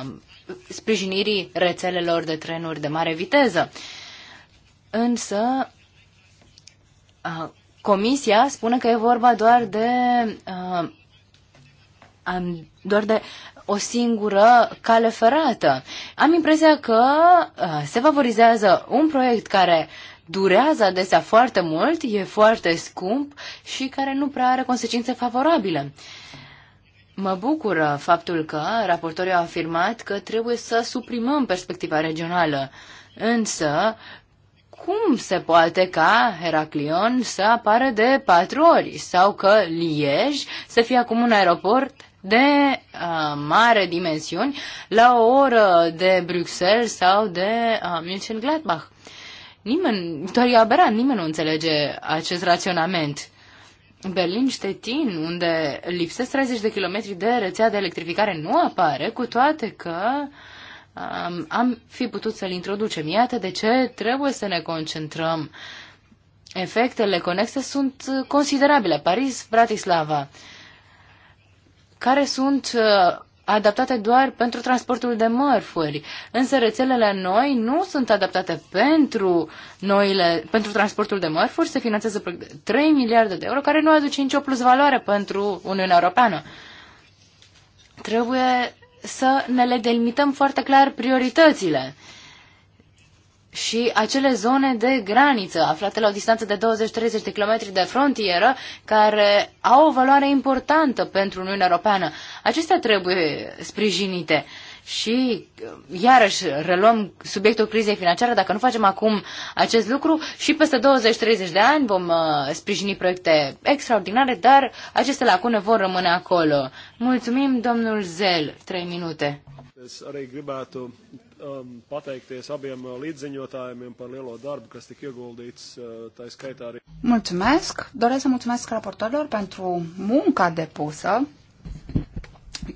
um, sprijinirii rețelelor de trenuri de mare viteză. Însă, uh, Comisia spune că e vorba doar de, uh, um, doar de o singură cale ferată. Am impresia că uh, se favorizează un proiect care durează adesea foarte mult, e foarte scump și care nu prea are consecințe favorabile. Mă bucură faptul că raportorii au afirmat că trebuie să suprimăm perspectiva regională, însă cum se poate ca Heraclion să apară de patru ori sau că Liej să fie acum un aeroport de uh, mare dimensiuni la o oră de Bruxelles sau de uh, München-Gladbach? Nimeni, doar e aberant, nimeni nu înțelege acest raționament. berlin Stettin, unde lipsesc 30 de kilometri de rețea de electrificare, nu apare, cu toate că um, am fi putut să-l introducem. Iată de ce trebuie să ne concentrăm. Efectele conexe sunt considerabile. Paris, Bratislava. Care sunt uh, adaptate doar pentru transportul de mărfuri, însă rețelele noi nu sunt adaptate pentru noile, pentru transportul de mărfuri, se finanțează 3 miliarde de euro, care nu aduce nicio plus valoare pentru Uniunea Europeană. Trebuie să ne le delimităm foarte clar prioritățile și acele zone de graniță aflate la o distanță de 20-30 de kilometri de frontieră, care au o valoare importantă pentru Uniunea Europeană. Acestea trebuie sprijinite. Și iarăși reluăm subiectul crizei financiare, dacă nu facem acum acest lucru și peste 20-30 de ani vom uh, sprijini proiecte extraordinare, dar aceste lacune vor rămâne acolo. Mulțumim, domnul Zel, 3 minute um, pateikties abiem uh, līdziņotājiem um, par lielo darbu, kas tika ieguldīts, uh, tā skaitā arī. Mulțumesc! Doresc să mulțumesc raportorilor pentru munca depusă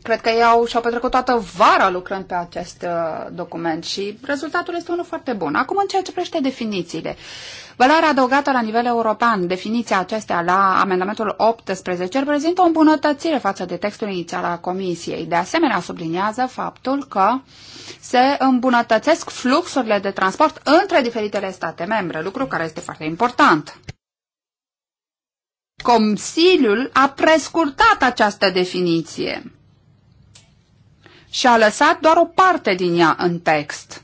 Cred că ei au, și-au petrecut toată vara lucrând pe acest uh, document și rezultatul este unul foarte bun. Acum, în ceea ce privește definițiile, valoarea adăugată la nivel european, definiția acestea la amendamentul 18, reprezintă o îmbunătățire față de textul inițial al Comisiei. De asemenea, subliniază faptul că se îmbunătățesc fluxurile de transport între diferitele state membre, lucru care este foarte important. Consiliul a prescurtat această definiție și a lăsat doar o parte din ea în text.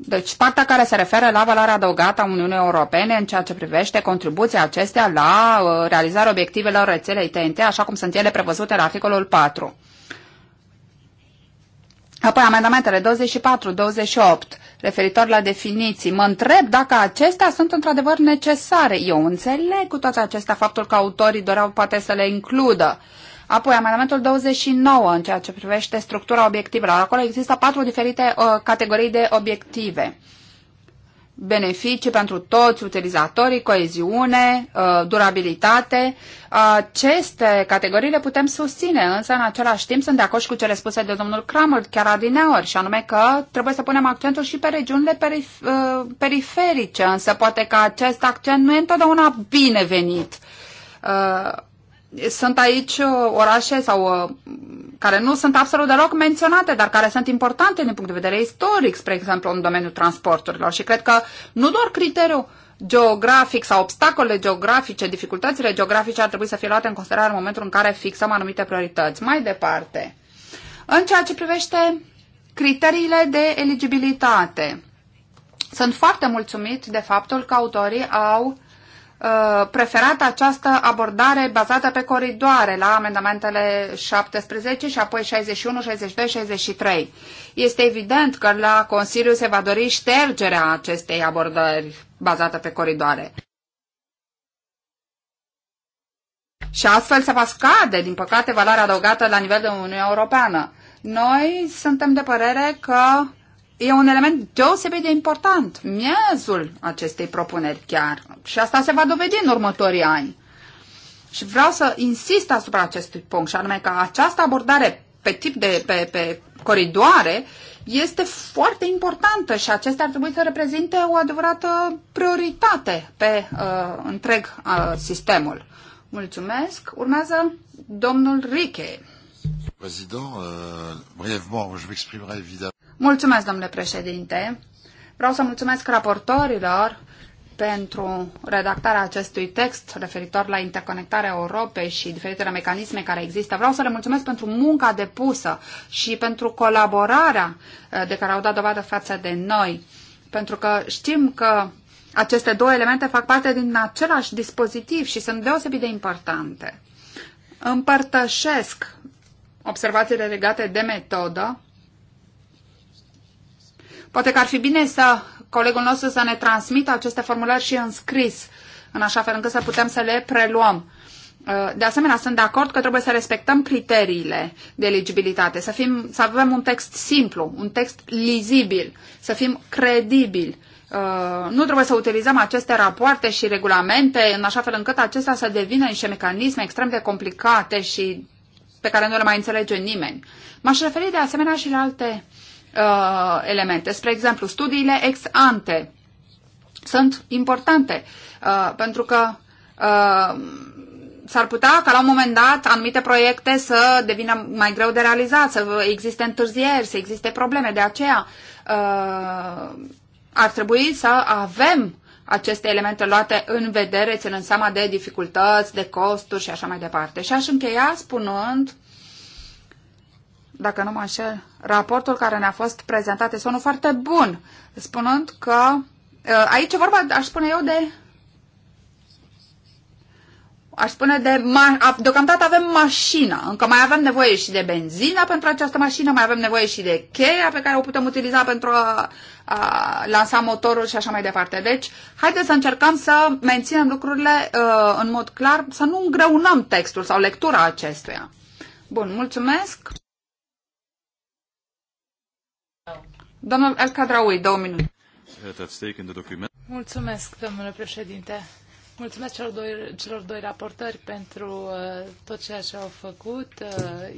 Deci partea care se referă la valoarea adăugată a Uniunii Europene în ceea ce privește contribuția acestea la uh, realizarea obiectivelor rețelei TNT, așa cum sunt ele prevăzute la articolul 4. Apoi amendamentele 24-28 referitor la definiții. Mă întreb dacă acestea sunt într-adevăr necesare. Eu înțeleg cu toate acestea faptul că autorii doreau poate să le includă. Apoi, amendamentul 29, în ceea ce privește structura obiectivelor. Acolo există patru diferite uh, categorii de obiective. Beneficii pentru toți utilizatorii, coeziune, uh, durabilitate. Aceste categorii le putem susține, însă în același timp sunt de acord și cu cele spuse de domnul Kramer, chiar adineori, și anume că trebuie să punem accentul și pe regiunile perif uh, periferice, însă poate că acest accent nu e întotdeauna binevenit. Uh, sunt aici uh, orașe sau uh, care nu sunt absolut deloc menționate, dar care sunt importante din punct de vedere istoric, spre exemplu, în domeniul transporturilor. Și cred că nu doar criteriul geografic sau obstacole geografice, dificultățile geografice ar trebui să fie luate în considerare în momentul în care fixăm anumite priorități. Mai departe, în ceea ce privește criteriile de eligibilitate, sunt foarte mulțumit de faptul că autorii au Uh, preferat această abordare bazată pe coridoare la amendamentele 17 și apoi 61, 62, 63. Este evident că la Consiliu se va dori ștergerea acestei abordări bazată pe coridoare. Și astfel se va scade, din păcate, valoarea adăugată la nivel de Uniunea Europeană. Noi suntem de părere că e un element deosebit de important, miezul acestei propuneri chiar. Și asta se va dovedi în următorii ani. Și vreau să insist asupra acestui punct, și anume că această abordare pe tip de pe, pe coridoare este foarte importantă și acestea ar trebui să reprezinte o adevărată prioritate pe uh, întreg uh, sistemul. Mulțumesc. Urmează domnul Riche. Président, euh, brièvement, je m'exprimerai évidemment. Mulțumesc, domnule președinte. Vreau să mulțumesc raportorilor pentru redactarea acestui text referitor la interconectarea Europei și diferitele mecanisme care există. Vreau să le mulțumesc pentru munca depusă și pentru colaborarea eh, de care au dat dovadă față de noi, pentru că știm că aceste două elemente fac parte din același dispozitiv și sunt deosebit de importante. Împărtășesc observațiile legate de metodă Poate că ar fi bine să colegul nostru să ne transmită aceste formulări și în scris, în așa fel încât să putem să le preluăm. Uh, de asemenea, sunt de acord că trebuie să respectăm criteriile de eligibilitate, să, fim, să avem un text simplu, un text lizibil, să fim credibili. Uh, nu trebuie să utilizăm aceste rapoarte și regulamente în așa fel încât acestea să devină niște mecanisme extrem de complicate și pe care nu le mai înțelege nimeni. M-aș referi de asemenea și la alte uh, uh, elemente. Spre exemplu, studiile ex ante sunt importante uh, pentru că uh, s-ar putea ca la un moment dat anumite proiecte să devină mai greu de realizat, să existe întârzieri, să existe probleme. De aceea uh, ar trebui să avem aceste elemente luate în vedere, ținând seama de dificultăți, de costuri și așa mai departe. Și aș încheia spunând uh, dacă nu mă înșel, raportul care ne-a fost prezentat este unul foarte bun, spunând că ă, aici e vorba, aș spune eu, de aș spune de, ma- deocamdată avem mașina, încă mai avem nevoie și de benzina pentru această mașină, mai avem nevoie și de cheia pe care o putem utiliza pentru a, a lansa motorul și așa mai departe. Deci, haideți să încercăm să menținem lucrurile uh, în mod clar, să nu îngreunăm textul sau lectura acestuia. Bun, mulțumesc! Domnul El Cadraui, două minute. Mulțumesc, domnule președinte. Mulțumesc celor doi, celor doi raportări pentru uh, tot ceea ce au făcut. Uh,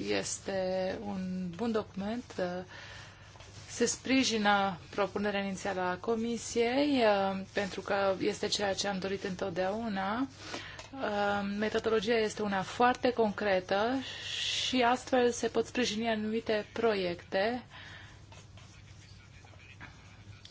este un bun document. Uh, se sprijină propunerea inițială a Comisiei, uh, pentru că este ceea ce am dorit întotdeauna. Uh, metodologia este una foarte concretă și astfel se pot sprijini anumite proiecte uh,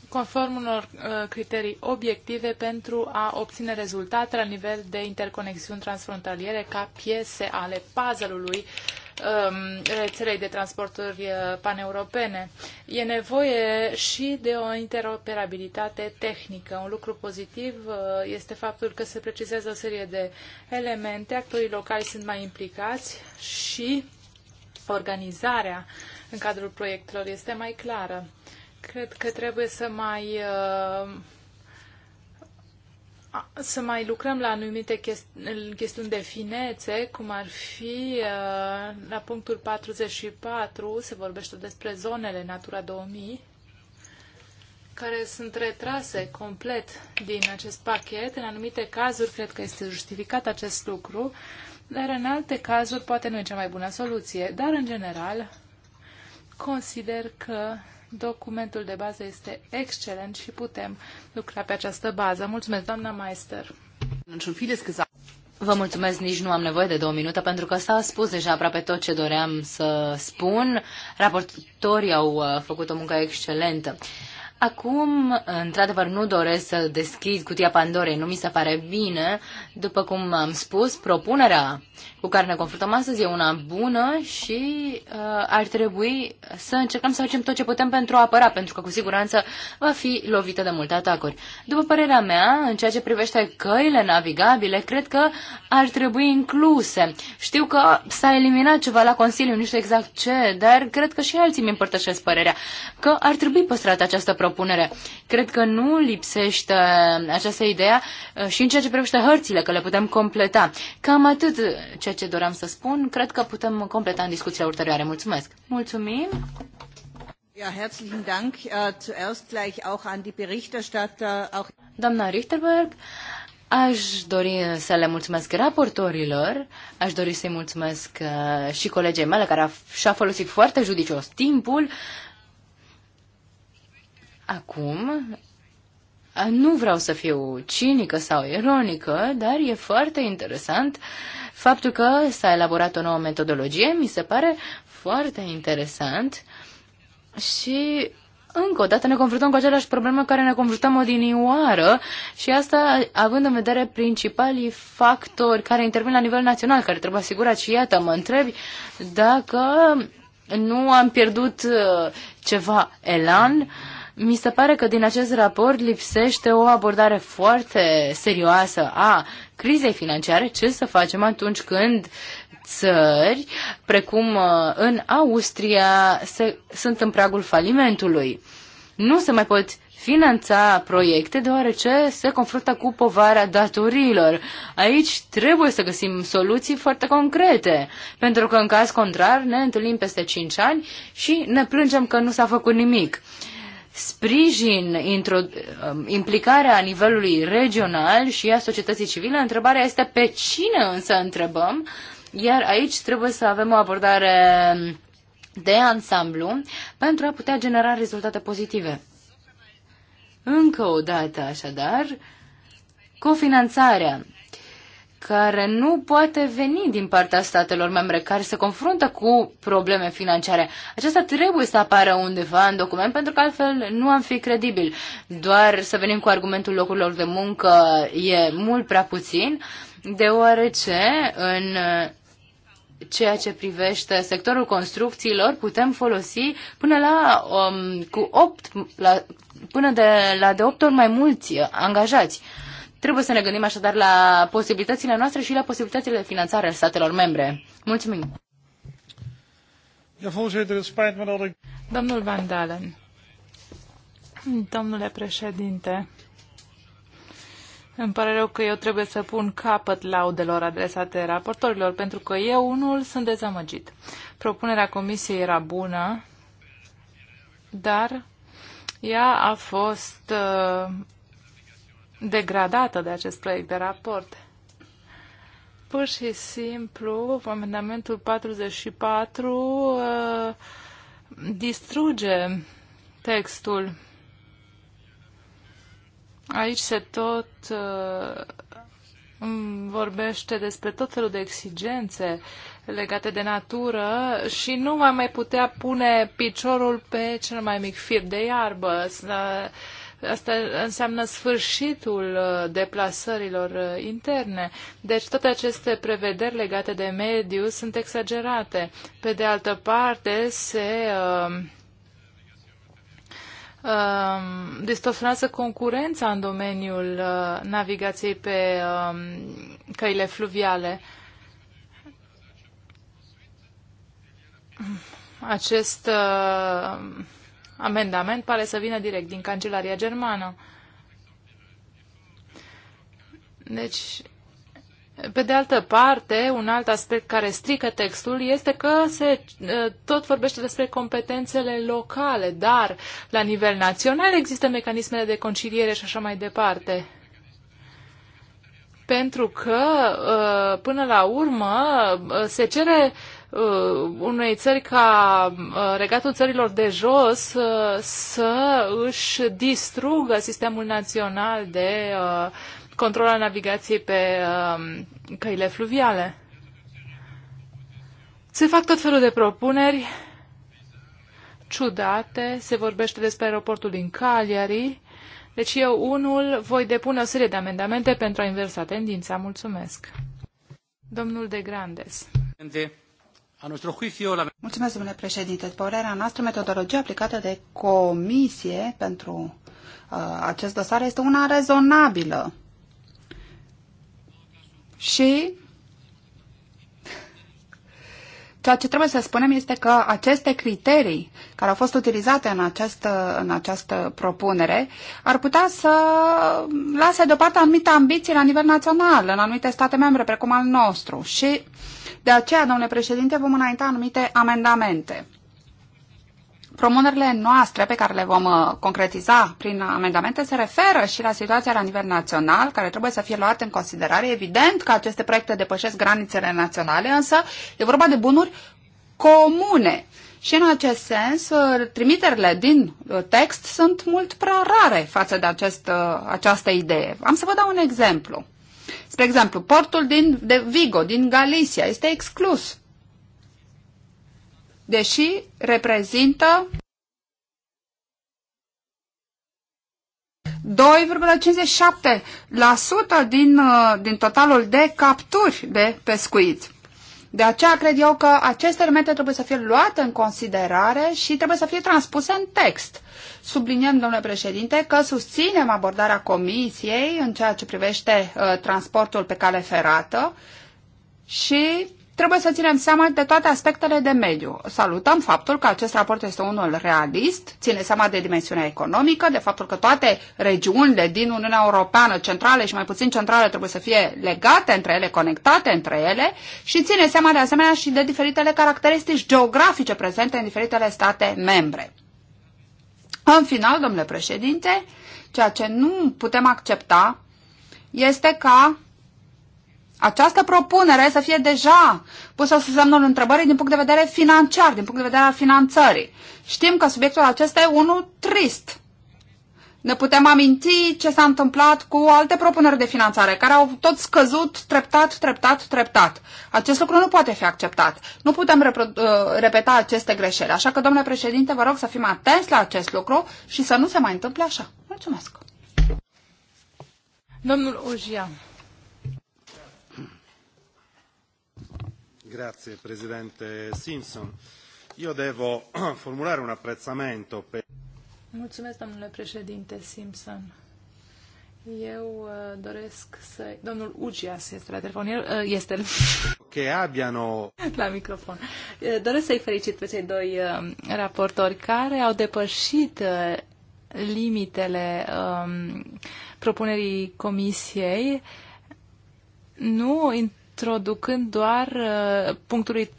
conform unor uh, criterii obiective pentru a obține rezultate la nivel de interconexiuni transfrontaliere ca piese ale puzzle-ului um, rețelei de transporturi uh, paneuropene. E nevoie și de o interoperabilitate tehnică. Un lucru pozitiv uh, este faptul că se precizează o serie de elemente, actorii locali sunt mai implicați și organizarea în cadrul proiectelor este mai clară. Cred că trebuie să mai uh, să mai lucrăm la anumite chestiuni de finețe, cum ar fi uh, la punctul 44 se vorbește despre zonele Natura 2000 care sunt retrase complet din acest pachet. În anumite cazuri cred că este justificat acest lucru, dar în alte cazuri poate nu e cea mai bună soluție. Dar, în general, consider că Documentul de bază este excelent și putem lucra pe această bază. Mulțumesc, doamna Meister. Vă mulțumesc, nici nu am nevoie de două minute, pentru că s-a spus deja aproape tot ce doream să spun. Raportorii au uh, făcut o muncă excelentă. Acum, într-adevăr, nu doresc să deschid cutia Pandorei, nu mi se pare bine. După cum am spus, propunerea cu care ne confruntăm astăzi e una bună și uh, ar trebui să încercăm să facem tot ce putem pentru a apăra, pentru că cu siguranță va fi lovită de multe atacuri. După părerea mea, în ceea ce privește căile navigabile, cred că ar trebui incluse. Știu că s-a eliminat ceva la Consiliu, nu știu exact ce, dar cred că și alții mi împărtășesc părerea că ar trebui păstrată această propunere. Cred că nu lipsește această idee uh, și în ceea ce privește hărțile, că le putem completa. Cam atât ce ceea ce doream să spun. Cred că putem completa în discuția ulterioare. Mulțumesc! Mulțumim! Ja, herzlichen Dank. uh, Zuerst gleich auch an die Berichterstatter. Auch Doamna Richterberg, Aș dori să le mulțumesc raportorilor, aș dori să-i mulțumesc uh, și colegei mele care a, și-a folosit foarte judicios timpul. Acum, nu vreau să fiu cinică sau ironică, dar e foarte interesant uh, Faptul că s-a elaborat o nouă metodologie mi se pare foarte interesant și încă o dată ne confruntăm cu aceleași probleme care ne confruntăm odinioară și asta având în vedere principalii factori care intervin la nivel național, care trebuie asigurat și iată, mă întrebi dacă nu am pierdut uh, ceva elan mi se pare că din acest raport lipsește o abordare foarte serioasă a crizei financiare, ce să facem atunci când țări, precum uh, în Austria, se, sunt în pragul falimentului. Nu se mai pot finanța proiecte deoarece se confruntă cu povara datoriilor. Aici trebuie să găsim soluții foarte concrete, pentru că în caz contrar ne întâlnim peste 5 ani și ne plângem că nu s-a făcut nimic. Uh, sprijin intro, um, implicarea nivelului regional și a societății civile. Întrebarea este pe cine însă întrebăm, iar aici trebuie să avem o abordare de ansamblu pentru a putea genera rezultate pozitive. Încă o dată, așadar, cofinanțarea care nu poate veni din partea statelor membre, care se confruntă cu probleme financiare. Aceasta trebuie să apară undeva în document, pentru că altfel nu am fi credibil. Doar să venim cu argumentul locurilor de muncă e mult prea puțin, deoarece în ceea ce privește sectorul construcțiilor putem folosi până la um, cu 8 la, până de la de 8 ori mai mulți angajați. Uh, Trebuie să ne gândim așadar la posibilitățile noastre și la posibilitățile de finanțare ale statelor membre. Mulțumim! Domnul Van Dalen. Domnule președinte, îmi pare rău că eu trebuie să pun capăt laudelor adresate raportorilor, pentru că eu unul sunt dezamăgit. Propunerea comisiei era bună, dar ea a fost uh, degradată de acest proiect de raport. Pur și simplu, amendamentul 44 uh, distruge textul. Aici se tot uh, vorbește despre tot felul de exigențe legate de natură și nu va mai putea pune piciorul pe cel mai mic fir de iarbă. Uh, Asta înseamnă sfârșitul uh, deplasărilor uh, interne. Deci toate aceste prevederi legate de mediu sunt exagerate. Pe de altă parte, se um, um, distorsionează concurența în domeniul uh, navigației pe um, căile fluviale. Acest uh, amendament pare să vină direct din Cancelaria Germană. Deci, pe de altă parte, un alt aspect care strică textul este că se ă, tot vorbește despre competențele locale, dar la nivel național există mecanismele de conciliere și așa mai departe. Pentru că, ă, până la urmă, ă, se cere uh, uh, unei țări ca uh, regatul țărilor de jos uh, să își distrugă sistemul național de uh, control al navigației pe uh, căile fluviale. Se fac tot felul de propuneri ciudate, se vorbește despre aeroportul din Cagliari, deci eu unul voi depune o serie de amendamente pentru a inversa tendința. Mulțumesc. Domnul de Grandes. Mulțumesc, domnule președinte. Părerea noastră, metodologia aplicată de comisie pentru uh, acest dosar este una rezonabilă. Și ceea ce trebuie să spunem este că aceste criterii care au fost utilizate în această, în această propunere ar putea să lase deoparte anumite ambiții la nivel național, în anumite state membre, precum al nostru. Și uh, de aceea, domnule președinte, vom înainta anumite amendamente. Promunerile noastre pe care le vom uh, concretiza prin amendamente se referă și la situația la nivel național, care trebuie să fie luată în considerare. Evident că aceste proiecte depășesc granițele naționale, însă e vorba de bunuri comune. Și în acest sens, uh, trimiterile din uh, text sunt mult prea rare față de acest, această idee. Am să vă dau un exemplu. Spre exemplu, portul din, de Vigo, din Galicia, este exclus, deși reprezintă 2,57% din, uh, din totalul de capturi de pescuit. De aceea cred eu că aceste elemente trebuie să fie luate în considerare și trebuie să fie transpuse în text. Subliniem, domnule președinte, că susținem abordarea comisiei în ceea ce privește uh, transportul pe cale ferată și trebuie să ținem seama de toate aspectele de mediu. Salutăm faptul că acest raport este unul realist, ține seama de dimensiunea economică, de faptul că toate regiunile din Uniunea Europeană, centrale și mai puțin centrale, trebuie să fie legate între ele, conectate între ele și ține seama de asemenea și de diferitele caracteristici geografice prezente în diferitele state membre. În final, domnule președinte, ceea ce nu putem accepta este ca această propunere să fie deja pusă sub semnul întrebării din punct de vedere financiar, din punct de vedere al finanțării. Știm că subiectul acesta e unul trist ne putem aminti ce s-a întâmplat cu alte propuneri de finanțare, care au tot scăzut treptat, treptat, treptat. Acest lucru nu poate fi acceptat. Nu putem uh, repeta aceste greșeli. Așa că, domnule președinte, vă rog să fim atenți la acest lucru și să nu se mai întâmple așa. Mulțumesc. Domnul Ojia. Grazie, președinte Simpson. Eu devo formulare un apprezzamento per... Mulțumesc, domnule președinte Simpson. Eu uh, doresc să... Domnul Ugias este la telefon. El, uh, este... Che abbiano... La microfon. Uh, doresc să-i felicit pe cei doi uh, raportori care au depășit uh, limitele um, propunerii comisiei, nu introducând doar uh, punctului,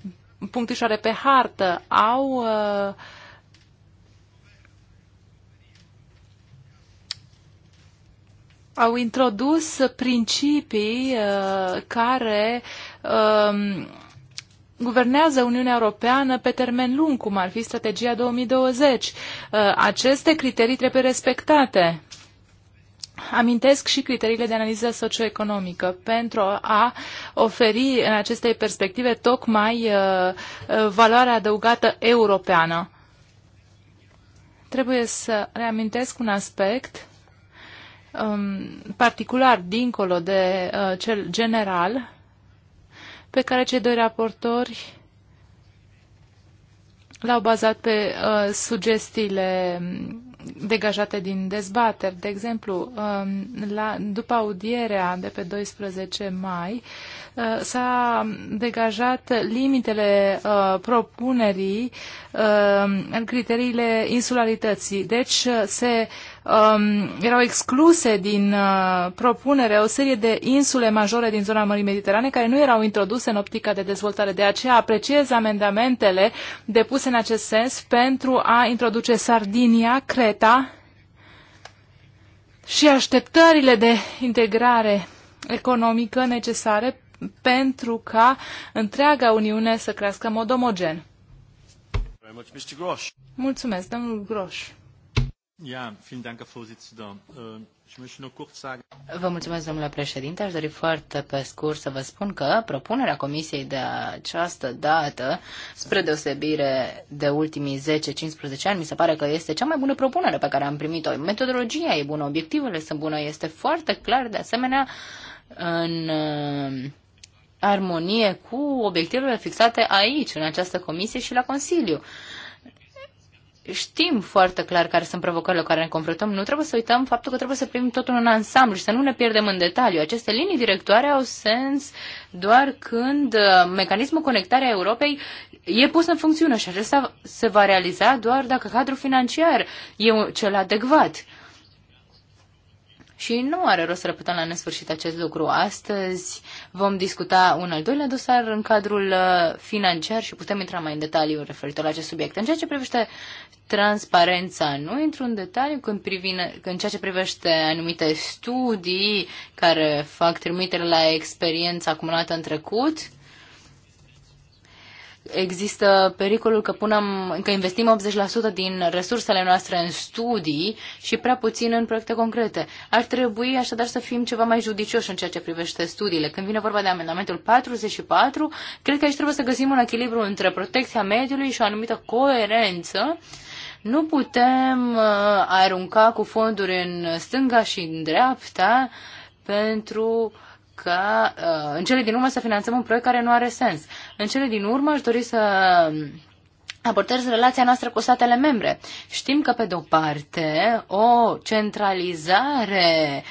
punctișoare pe hartă, au uh, au introdus principii uh, care uh, guvernează Uniunea Europeană pe termen lung, cum ar fi strategia 2020. Uh, aceste criterii trebuie respectate. Amintesc și criteriile de analiză socioeconomică pentru a oferi în aceste perspective tocmai uh, uh, valoarea adăugată europeană. Trebuie să reamintesc un aspect Um, particular dincolo de uh, cel general pe care cei doi raportori l-au bazat pe uh, sugestiile um, degajate din dezbateri. De exemplu, um, la, după audierea de pe 12 mai, uh, s-a degajat limitele uh, propunerii uh, în criteriile insularității. Deci uh, se uh, um, erau excluse din uh, propunere o serie de insule majore din zona Mării Mediterane care nu erau introduse în optica de dezvoltare. De aceea apreciez amendamentele depuse în acest sens pentru a introduce Sardinia, Creta și așteptările de integrare economică necesare pentru ca întreaga Uniune să crească în mod omogen. Mulțumesc, domnul Groș. Ähm, vă mulțumesc, domnule președinte. Aș dori foarte pe scurt să vă spun că propunerea Comisiei de această dată, spre deosebire de ultimii 10-15 ani, mi se pare că este cea mai bună propunere pe care am primit-o. Metodologia e bună, obiectivele sunt bune, este foarte clar, de asemenea, în um, armonie cu obiectivele fixate aici, în această comisie și la Consiliu. Uh, știm foarte clar care sunt provocările cu care ne confruntăm, nu trebuie să uităm faptul că trebuie să primim totul în ansamblu și să nu ne pierdem în detaliu. Aceste linii directoare au sens doar când uh, mecanismul a Europei e pus în funcțiune și acesta se va realiza doar dacă cadrul financiar e cel adecvat și nu are rost să repetăm la nesfârșit acest lucru. Astăzi vom discuta un al doilea dosar în cadrul uh, financiar și putem intra mai în detaliu referitor la acest subiect. În ceea ce privește transparența, nu intru în detaliu când privine, în ceea ce privește anumite studii care fac trimitere la experiența acumulată în trecut, există pericolul că, punem, că investim 80% din resursele noastre în studii și prea puțin în proiecte concrete. Ar trebui așadar să fim ceva mai judicioși în ceea ce privește studiile. Când vine vorba de amendamentul 44, cred că aici trebuie să găsim un echilibru între protecția mediului și o anumită coerență nu putem uh, arunca cu fonduri în stânga și în dreapta pentru uh, uh, în cele din urmă să finanțăm un proiect care nu are sens. În cele din urmă aș dori să abordez relația noastră cu statele membre. Știm că, pe de-o parte, o centralizare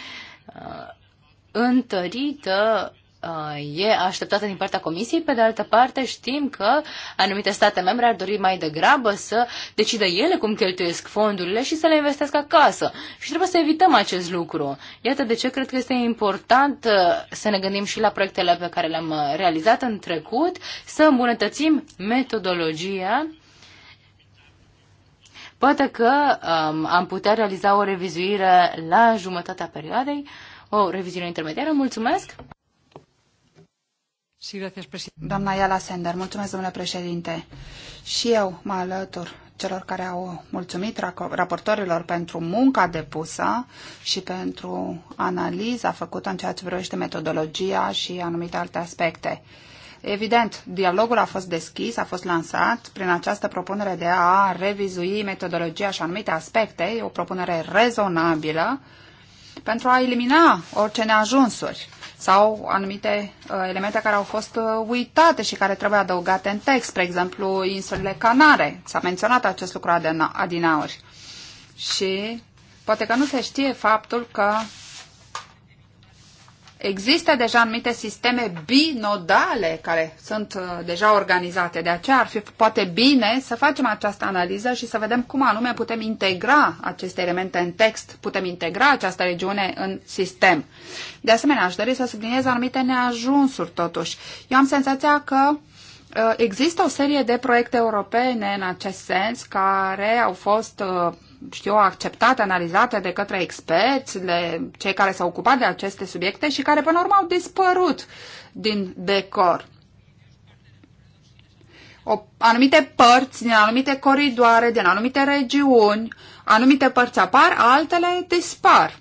uh, întărită e așteptată din partea Comisiei, pe de altă parte știm că anumite state membre ar dori mai degrabă să decidă ele cum cheltuiesc fondurile și să le investească acasă. Și trebuie să evităm acest lucru. Iată de ce cred că este important uh, să ne gândim și la proiectele pe care le-am uh, realizat în trecut, să îmbunătățim metodologia Poate că um, am putea realiza o revizuire la jumătatea perioadei, o revizuire intermediară. Mulțumesc! Doamna Iala Sender, mulțumesc, domnule președinte. Și eu mă alătur celor care au mulțumit raportorilor pentru munca depusă și pentru analiza făcută în ceea ce privește metodologia și anumite alte aspecte. Evident, dialogul a fost deschis, a fost lansat prin această propunere de a revizui metodologia și anumite aspecte, o propunere rezonabilă pentru a elimina orice neajunsuri sau anumite uh, elemente care au fost uh, uitate și care trebuie adăugate în text, spre exemplu insulele Canare. S-a menționat acest lucru adinaori. Și poate că nu se știe faptul că Există deja anumite sisteme binodale care sunt uh, deja organizate, de aceea ar fi poate bine să facem această analiză și să vedem cum anume putem integra aceste elemente în text, putem integra această regiune în sistem. De asemenea, aș dori să subliniez anumite neajunsuri totuși. Eu am senzația că uh, există o serie de proiecte europene în acest sens care au fost uh, știu, acceptate, analizate de către experți, de cei care s-au ocupat de aceste subiecte și care până la urmă au dispărut din decor. O, anumite părți, din anumite coridoare, din anumite regiuni, anumite părți apar, altele dispar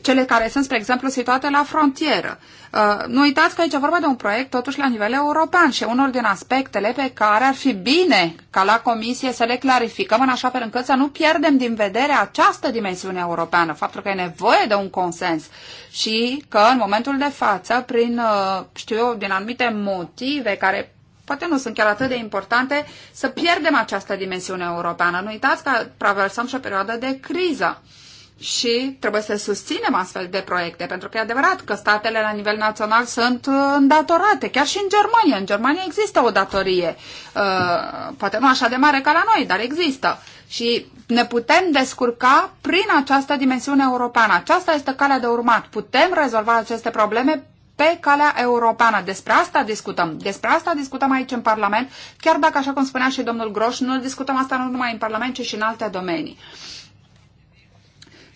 cele care sunt, spre exemplu, situate la frontieră. Uh, nu uitați că aici e vorba de un proiect totuși la nivel european și unul din aspectele pe care ar fi bine ca la Comisie să le clarificăm în așa fel încât să nu pierdem din vedere această dimensiune europeană, faptul că e nevoie de un consens și că în momentul de față, prin, uh, știu eu, din anumite motive care poate nu sunt chiar atât de importante, să pierdem această dimensiune europeană. Nu uitați că traversăm și o perioadă de criză și trebuie să susținem astfel de proiecte, pentru că e adevărat că statele la nivel național sunt uh, îndatorate, chiar și în Germania. În Germania există o datorie, uh, poate nu așa de mare ca la noi, dar există. Și ne putem descurca prin această dimensiune europeană. Aceasta este calea de urmat. Putem rezolva aceste probleme pe calea europeană. Despre asta discutăm. Despre asta discutăm aici în Parlament, chiar dacă, așa cum spunea și domnul Groș, nu discutăm asta nu numai în Parlament, ci și în alte domenii.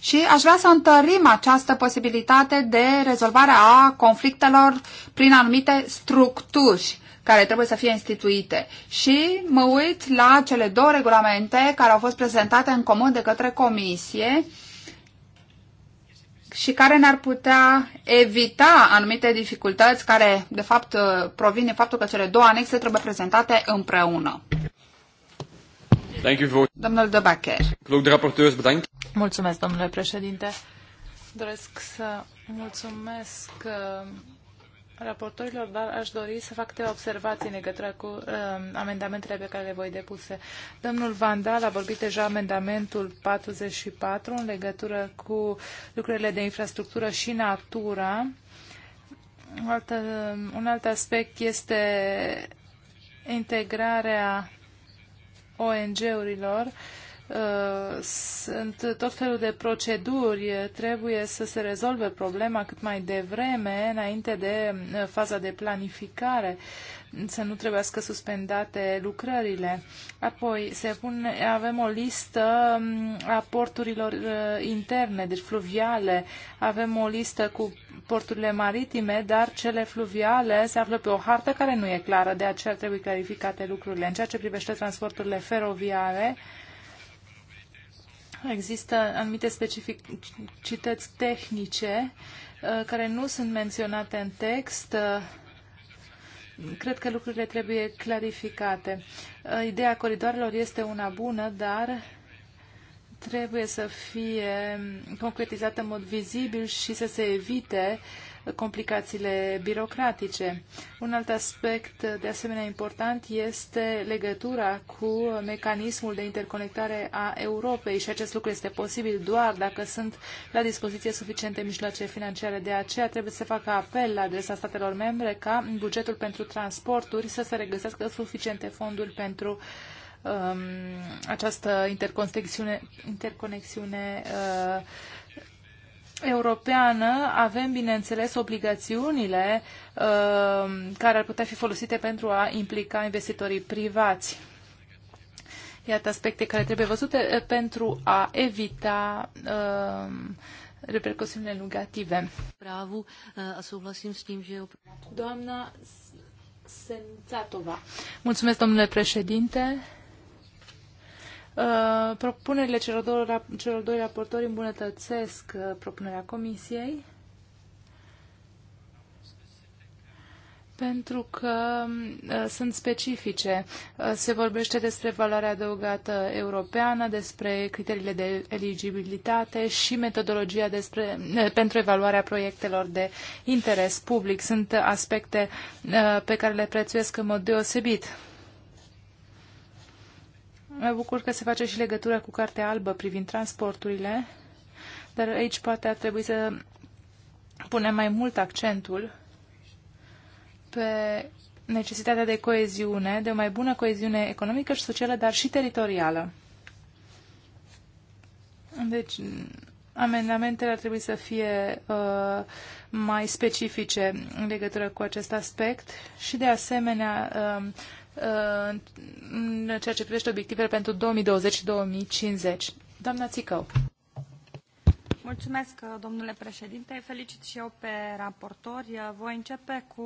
Și aș vrea să întărim această posibilitate de rezolvare a conflictelor prin anumite structuri care trebuie să fie instituite. Și mă uit la cele două regulamente care au fost prezentate în comun de către Comisie și care ne-ar putea evita anumite dificultăți care, de fapt, provin din faptul că cele două anexe trebuie prezentate împreună. Thank de Bacher. Mulțumesc, domnule președinte. Doresc să mulțumesc uh, raportorilor, dar aș dori să fac câteva observații în legătură cu uh, amendamentele pe care le voi depuse. Domnul Vandal a vorbit deja amendamentul 44 în legătură cu lucrurile de infrastructură și natura. un alt uh, aspect este integrarea ONG-urilor uh, sunt tot felul de proceduri, trebuie să se rezolve problema cât mai devreme, înainte de uh, faza de planificare să nu trebuiască suspendate lucrările. Apoi se pun, avem o listă a porturilor uh, interne, deci fluviale. Avem o listă cu porturile maritime, dar cele fluviale se află pe o hartă care nu e clară, de aceea trebuie clarificate lucrurile. În ceea ce privește transporturile feroviare, Există anumite specificități tehnice uh, care nu sunt menționate în text uh, Cred că lucrurile trebuie clarificate. Uh, ideea coridoarelor este una bună, dar trebuie să fie concretizată în mod vizibil și să se evite uh, complicațiile birocratice. Un alt aspect de asemenea important este legătura cu mecanismul de interconectare a Europei și acest lucru este posibil doar dacă sunt la dispoziție suficiente mijloace financiare. De aceea trebuie să facă apel la adresa statelor membre ca bugetul pentru transporturi să se regăsească suficiente fonduri pentru um, această interconexiune, interconexiune uh, europeană avem, bineînțeles, obligațiunile uh, care ar putea fi folosite pentru a implica investitorii privați. Iată aspecte care trebuie văzute uh, pentru a evita uh, repercusiunile negative. Bravo, uh, s Doamna Sențatova. Mulțumesc, domnule președinte. Uh, propunerile celor doi, celor doi raportori îmbunătățesc uh, propunerea comisiei pentru că um, uh, sunt specifice. Uh, se vorbește despre valoarea adăugată europeană, despre criteriile de eligibilitate și metodologia despre, uh, pentru evaluarea proiectelor de interes public. Sunt aspecte pe care le prețuiesc în mod deosebit Mă bucur că se face și legătura cu Cartea Albă privind transporturile, dar aici poate ar trebui să punem mai mult accentul pe necesitatea de coeziune, de o mai bună coeziune economică și socială, dar și teritorială. Deci, amendamentele ar trebui să fie uh, mai specifice în legătură cu acest aspect și, de asemenea, uh, în ceea ce privește obiectivele pentru 2020 și 2050. Doamna Țicău. Mulțumesc, domnule președinte. Felicit și eu pe raportori. Voi începe cu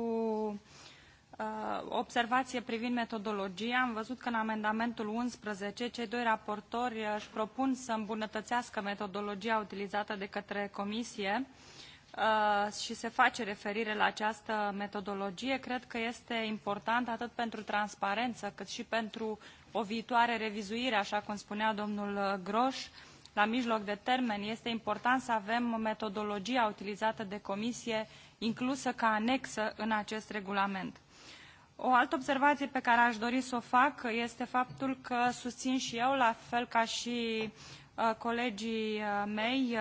uh, observație privind metodologia. Am văzut că în amendamentul 11 cei doi raportori uh, își propun să îmbunătățească metodologia utilizată de către comisie uh, Uh, și se face referire la această metodologie, cred că este important atât pentru transparență cât și pentru o viitoare revizuire, așa cum spunea domnul Groș, la mijloc de termen. Este important să avem metodologia utilizată de comisie inclusă ca anexă în acest regulament. O altă observație pe care aș dori să o fac este faptul că susțin și eu, la fel ca și uh, colegii uh, mei,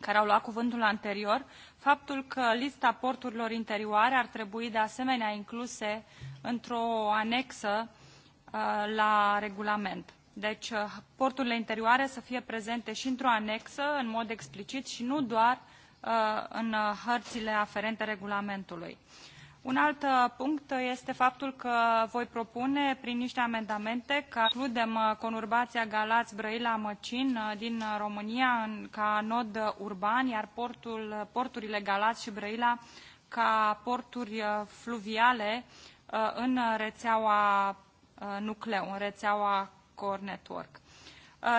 care au luat cuvântul anterior, faptul că lista porturilor interioare ar trebui de asemenea incluse într-o anexă uh, la regulament. Deci uh, porturile interioare să fie prezente și într-o anexă, în mod explicit, și nu doar uh, în hărțile aferente regulamentului. Un alt uh, punct este faptul că voi propune prin niște amendamente ca includem uh, conurbația Galați-Brăila-Măcin uh, din România ca nod urban, iar portul, porturile Galați și Brăila ca porturi fluviale în rețeaua nucleu, în rețeaua Core Network.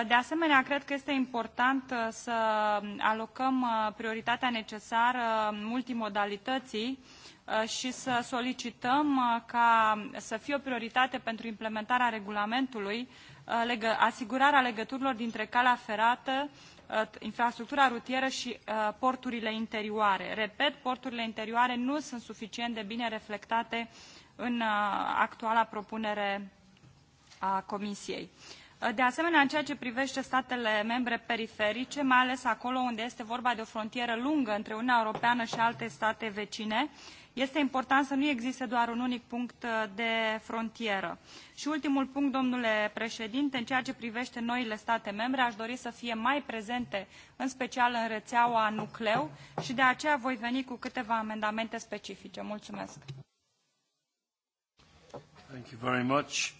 De asemenea, cred că este important să alocăm prioritatea necesară multimodalității Uh, și să solicităm uh, ca să fie o prioritate pentru implementarea regulamentului uh, asigurarea legăturilor dintre calea ferată, infrastructura rutieră și porturile interioare. Repet, porturile interioare nu sunt suficient de bine reflectate în actuala propunere a Comisiei. De asemenea, în ceea ce privește statele membre periferice, mai ales acolo unde este vorba de o frontieră lungă între Uniunea Europeană și alte state vecine, este important să nu existe doar un unic punct uh, de frontieră. Și ultimul punct, domnule președinte, în ceea ce privește noile state membre, aș dori să fie mai prezente, în special în rețeaua nucleu și de aceea voi veni cu câteva amendamente specifice. Mulțumesc! Thank you very much.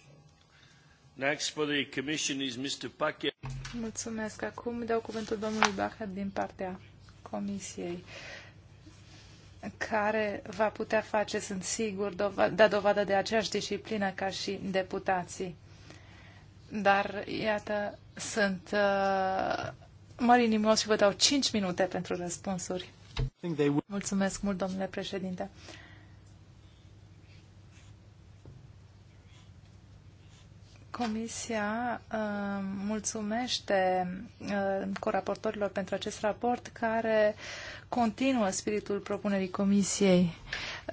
Next for the commission is Mr. Mulțumesc. Acum dau cuvântul domnului Bachet din partea Comisiei care va putea face, sunt sigur, dovadă, da dovadă de aceeași disciplină ca și deputații. Dar, iată, sunt uh, mari inimos și vă dau 5 minute pentru răspunsuri. Mulțumesc mult, domnule președinte. Uh, Comisia uh, mulțumește uh, coraportorilor pentru acest raport care continuă spiritul propunerii Comisiei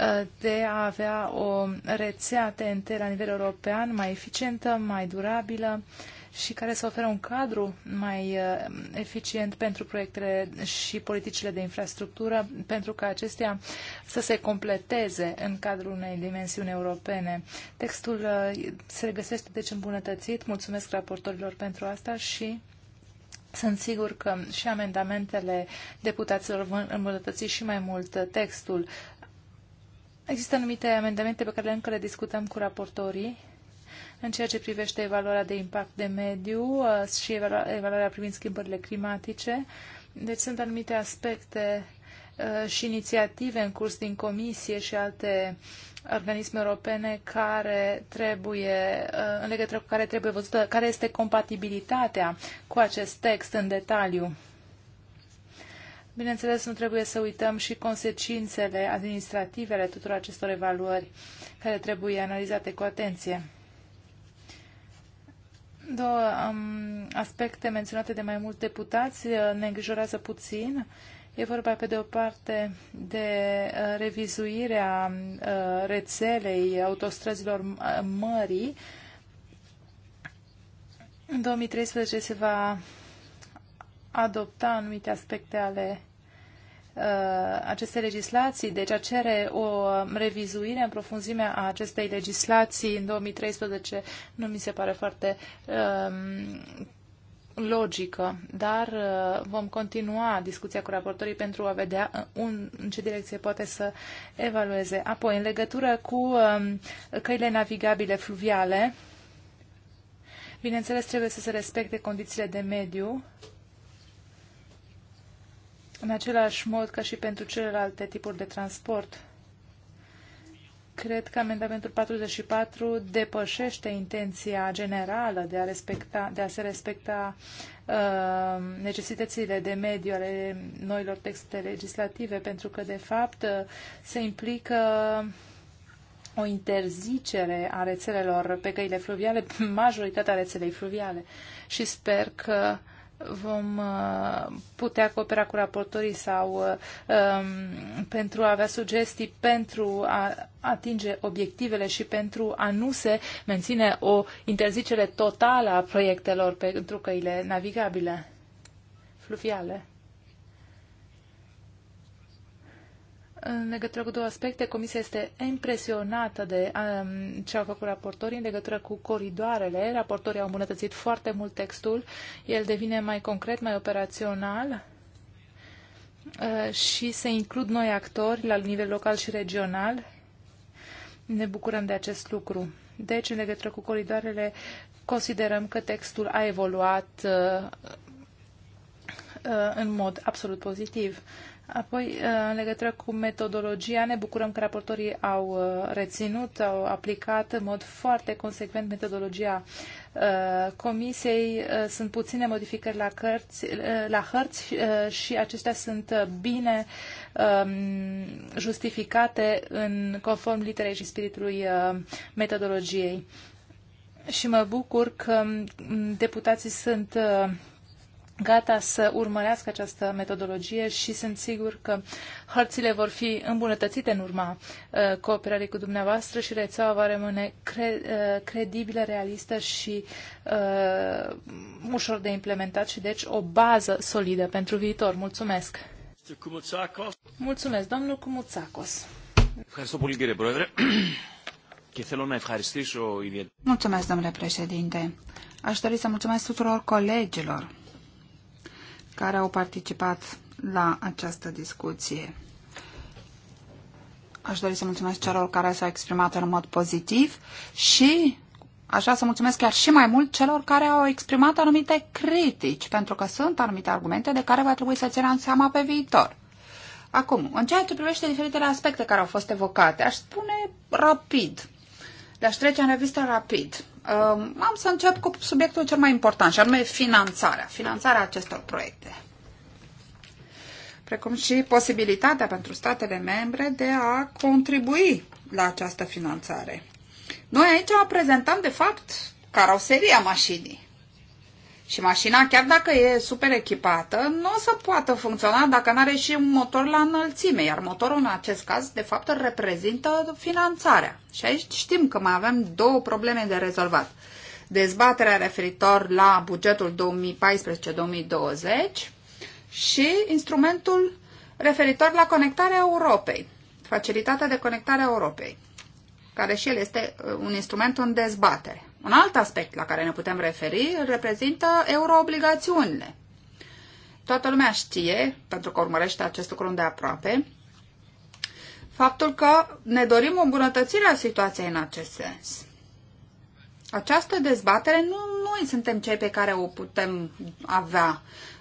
uh, de a avea o rețea TNT la nivel european mai eficientă, mai durabilă, uh, și care să oferă un cadru mai uh, eficient pentru proiectele și politicile de infrastructură, pentru ca acestea să se completeze în cadrul unei dimensiuni europene. Textul uh, se regăsește deci îmbunătățit. Mulțumesc raportorilor pentru asta și sunt sigur că și amendamentele deputaților vor îmbunătăți și mai mult textul. Există anumite amendamente pe care încă le discutăm cu raportorii în ceea ce privește evaluarea de impact de mediu uh, și evaluarea privind schimbările climatice. Deci sunt anumite aspecte uh, și inițiative în curs din comisie și alte organisme europene care trebuie, uh, în legătură cu care trebuie văzută care este compatibilitatea cu acest text în detaliu. Bineînțeles, nu trebuie să uităm și consecințele administrative ale tuturor acestor evaluări care trebuie analizate cu atenție. Două um, aspecte menționate de mai mulți deputați uh, ne îngrijorează puțin. E vorba, pe de o parte, de uh, revizuirea uh, rețelei autostrăzilor mării. În 2013 se va adopta anumite aspecte ale Uh, aceste legislații, deci a cere o revizuire în profunzimea a acestei legislații în 2013 nu mi se pare foarte um, logică, dar uh, vom continua discuția cu raportorii pentru a vedea uh, un, în ce direcție poate să evalueze. Apoi, în legătură cu um, căile navigabile fluviale, bineînțeles trebuie să se respecte condițiile de mediu, în același mod ca și pentru celelalte tipuri de transport. Cred că amendamentul 44 depășește intenția generală de a, respecta, de a se respecta uh, necesitățile de mediu ale noilor texte legislative, pentru că, de fapt, se implică o interzicere a rețelelor pe căile fluviale, majoritatea rețelei fluviale. Și sper că uh, vom uh, putea coopera cu raportorii sau uh, um, pentru a avea sugestii pentru a atinge obiectivele și pentru a nu se menține o interzicere totală a proiectelor pentru căile navigabile fluviale. În legătură cu două aspecte, Comisia este impresionată de um, ce au făcut raportorii în legătură cu coridoarele. Raportorii au îmbunătățit foarte mult textul, el devine mai concret, mai operațional uh, și se includ noi actori la nivel local și regional. Ne bucurăm de acest lucru. Deci, în legătură cu coridoarele, considerăm că textul a evoluat uh, uh în mod absolut pozitiv. Apoi, uh, în legătură cu metodologia, ne bucurăm că raportorii au uh, reținut, au aplicat în mod foarte consecvent metodologia uh, comisiei. Sunt puține modificări la, cărți, la hărți și acestea sunt bine um, justificate în conform literei și spiritului metodologiei. Și mă bucur că um, deputații sunt gata să urmărească această metodologie și sunt sigur că hărțile vor fi îmbunătățite în urma uh, cooperării cu dumneavoastră și rețeaua va rămâne cre, uh, credibilă, realistă și uh, ușor de implementat și deci o bază solidă pentru viitor. Mulțumesc! Mulțumesc, domnul Cumuțacos! Mulțumesc, domnule președinte! Aș dori să mulțumesc tuturor colegilor care au participat la această discuție. Aș dori să mulțumesc celor care s-au exprimat în mod pozitiv și aș vrea să mulțumesc chiar și mai mult celor care au exprimat anumite critici, pentru că sunt anumite argumente de care va trebui să ținem seama pe viitor. Acum, în ceea ce privește diferitele aspecte care au fost evocate, aș spune rapid, le-aș trece în revistă rapid am să încep cu subiectul cel mai important, și anume finanțarea, finanțarea acestor proiecte precum și posibilitatea pentru statele membre de a contribui la această finanțare. Noi aici prezentăm, de fapt, caroseria mașinii. Și mașina, chiar dacă e super echipată, nu o să poată funcționa dacă nu are și un motor la înălțime, iar motorul în acest caz, de fapt, reprezintă finanțarea. Și aici știm că mai avem două probleme de rezolvat. Dezbaterea referitor la bugetul 2014-2020 și instrumentul referitor la conectarea Europei, facilitatea de conectare a Europei, care și el este uh, un instrument în dezbatere. Un alt aspect la care ne putem referi îl reprezintă euroobligațiunile. Toată lumea știe, pentru că urmărește acest lucru de aproape, faptul că ne dorim o îmbunătățire a situației în acest sens. Această dezbatere nu noi suntem cei pe care o putem avea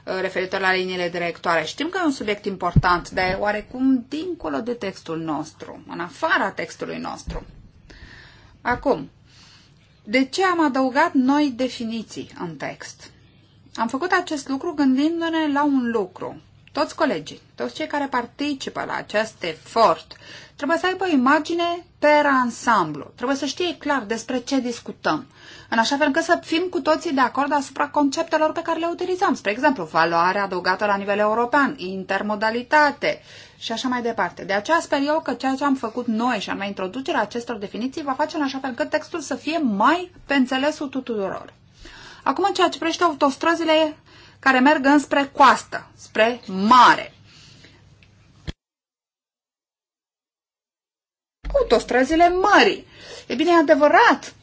uh, referitor la liniile directoare. Știm că e un subiect important, dar oarecum dincolo de textul nostru, în afara textului nostru. Acum, de ce am adăugat noi definiții în text? Am făcut acest lucru gândindu-ne la un lucru. Toți colegii, toți cei care participă la acest efort, trebuie să aibă o imagine per ansamblu. Trebuie să știe clar despre ce discutăm. În așa fel că să fim cu toții de acord asupra conceptelor pe care le utilizăm. Spre exemplu, valoarea adăugată la nivel european, intermodalitate, și așa mai departe. De aceea sper eu că ceea ce am făcut noi și anume introducerea acestor definiții va face în așa fel încât textul să fie mai pe înțelesul tuturor. Acum, ceea ce privește autostrăzile care merg înspre coastă, spre mare. Autostrăzile mării. E bine, e adevărat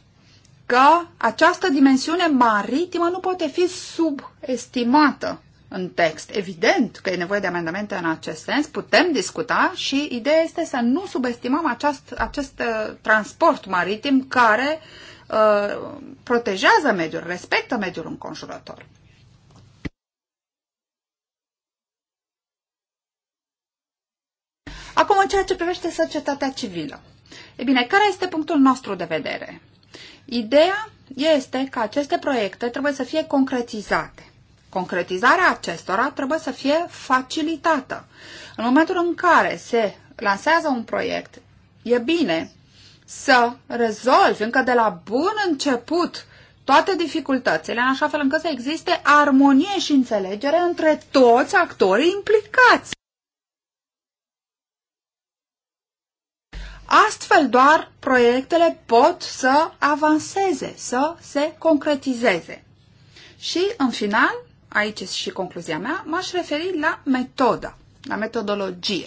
că această dimensiune maritimă nu poate fi subestimată în text. Evident că e nevoie de amendamente în acest sens, putem discuta și ideea este să nu subestimăm aceast, acest uh, transport maritim care uh, protejează mediul, respectă mediul înconjurător. Acum, în ceea ce privește societatea civilă. E bine, care este punctul nostru de vedere? Ideea este că aceste proiecte trebuie să fie concretizate. Concretizarea acestora trebuie să fie facilitată. În momentul în care se lansează un proiect, e bine să rezolvi încă de la bun început toate dificultățile, în așa fel încât să existe armonie și înțelegere între toți actorii implicați. Astfel doar proiectele pot să avanseze, să se concretizeze. Și, în final, aici și concluzia mea, m-aș referi la metodă, la metodologie.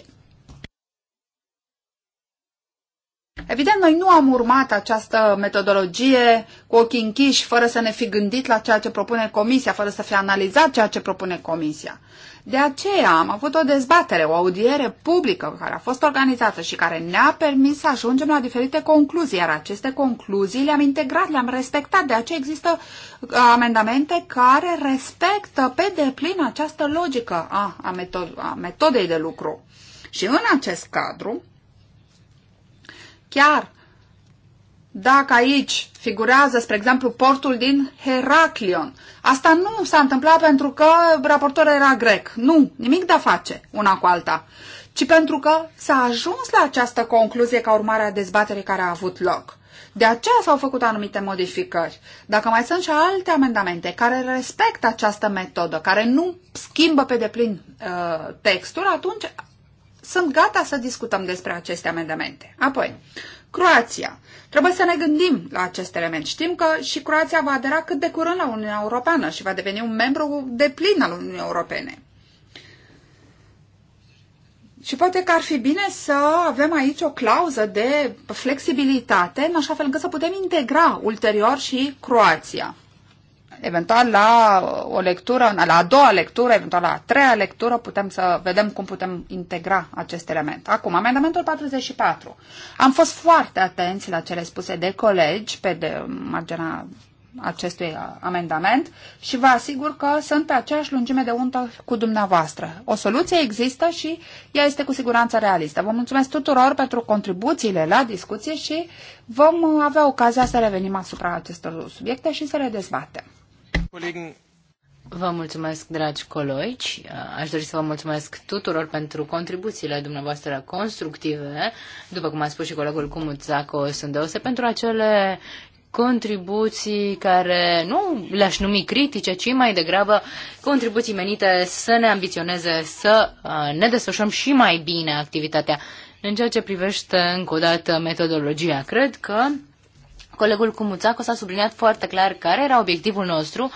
Evident, noi nu am urmat această metodologie cu ochii închiși, fără să ne fi gândit la ceea ce propune Comisia, fără să fi analizat ceea ce propune Comisia. De aceea am avut o dezbatere, o audiere publică care a fost organizată și care ne-a permis să ajungem la diferite concluzii, iar aceste concluzii le-am integrat, le-am respectat. De aceea există uh, amendamente care respectă pe deplin această logică a, a, metod, a metodei de lucru. Și în acest cadru, chiar dacă aici figurează, spre exemplu, portul din Heraclion, asta nu s-a întâmplat pentru că raportorul era grec. Nu, nimic de a face una cu alta, ci pentru că s-a ajuns la această concluzie ca urmare a dezbaterii care a avut loc. De aceea s-au făcut anumite modificări. Dacă mai sunt și alte amendamente care respectă această metodă, care nu schimbă pe deplin uh, textul, atunci sunt gata să discutăm despre aceste amendamente. Apoi, Croația. Trebuie să ne gândim la acest element. Știm că și Croația va adera cât de curând la Uniunea Europeană și va deveni un membru de plin al Uniunii Europene. Și poate că ar fi bine să avem aici o clauză de flexibilitate, în așa fel încât să putem integra ulterior și Croația eventual la o lectură, la a doua lectură, eventual la a treia lectură, putem să vedem cum putem integra acest element. Acum, amendamentul 44. Am fost foarte atenți la cele spuse de colegi pe de marginea acestui amendament și vă asigur că sunt pe aceeași lungime de undă cu dumneavoastră. O soluție există și ea este cu siguranță realistă. Vă mulțumesc tuturor pentru contribuțiile la discuție și vom avea ocazia să revenim asupra acestor subiecte și să le dezbatem. Vă mulțumesc, dragi colegi. Aș dori să vă mulțumesc tuturor pentru contribuțiile dumneavoastră constructive. După cum a spus și colegul Cumuțaco, sunt deose pentru acele contribuții care nu le-aș numi critice, ci mai degrabă contribuții menite să ne ambiționeze să uh, ne desfășurăm și mai bine activitatea. În ceea ce privește, încă o dată, metodologia, cred că Colegul Cumuțacu s-a subliniat foarte clar care era obiectivul nostru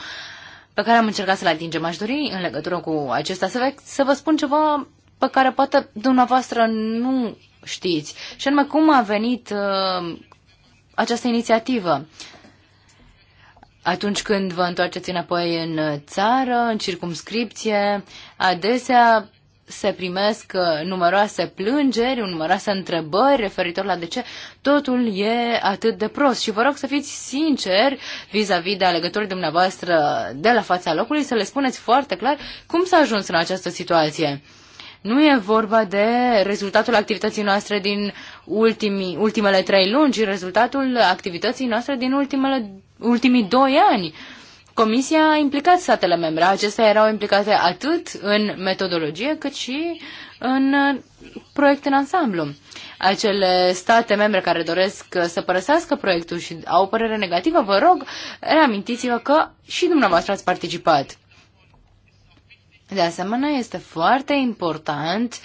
pe care am încercat să-l atingem. Aș dori, în legătură cu acest aspect, să vă spun ceva pe care poate dumneavoastră nu știți, și anume cum a venit uh, această inițiativă. Atunci când vă întoarceți înapoi în țară, în circumscripție, adesea se primesc uh, numeroase plângeri, numeroase întrebări referitor la de ce totul e atât de prost. Și vă rog să fiți sinceri vis-a-vis -vis de alegătorii dumneavoastră de la fața locului, să le spuneți foarte clar cum s-a ajuns în această situație. Nu e vorba de rezultatul activității noastre din ultimii, ultimele trei luni, ci rezultatul activității noastre din ultimele, ultimii doi ani. Uh, Comisia a implicat statele membre. Acestea erau implicate atât în metodologie cât și în uh, proiect în ansamblu. Acele state membre care doresc uh, să părăsească proiectul și au o părere negativă, vă rog, reamintiți-vă că și dumneavoastră ați participat. De asemenea, este foarte important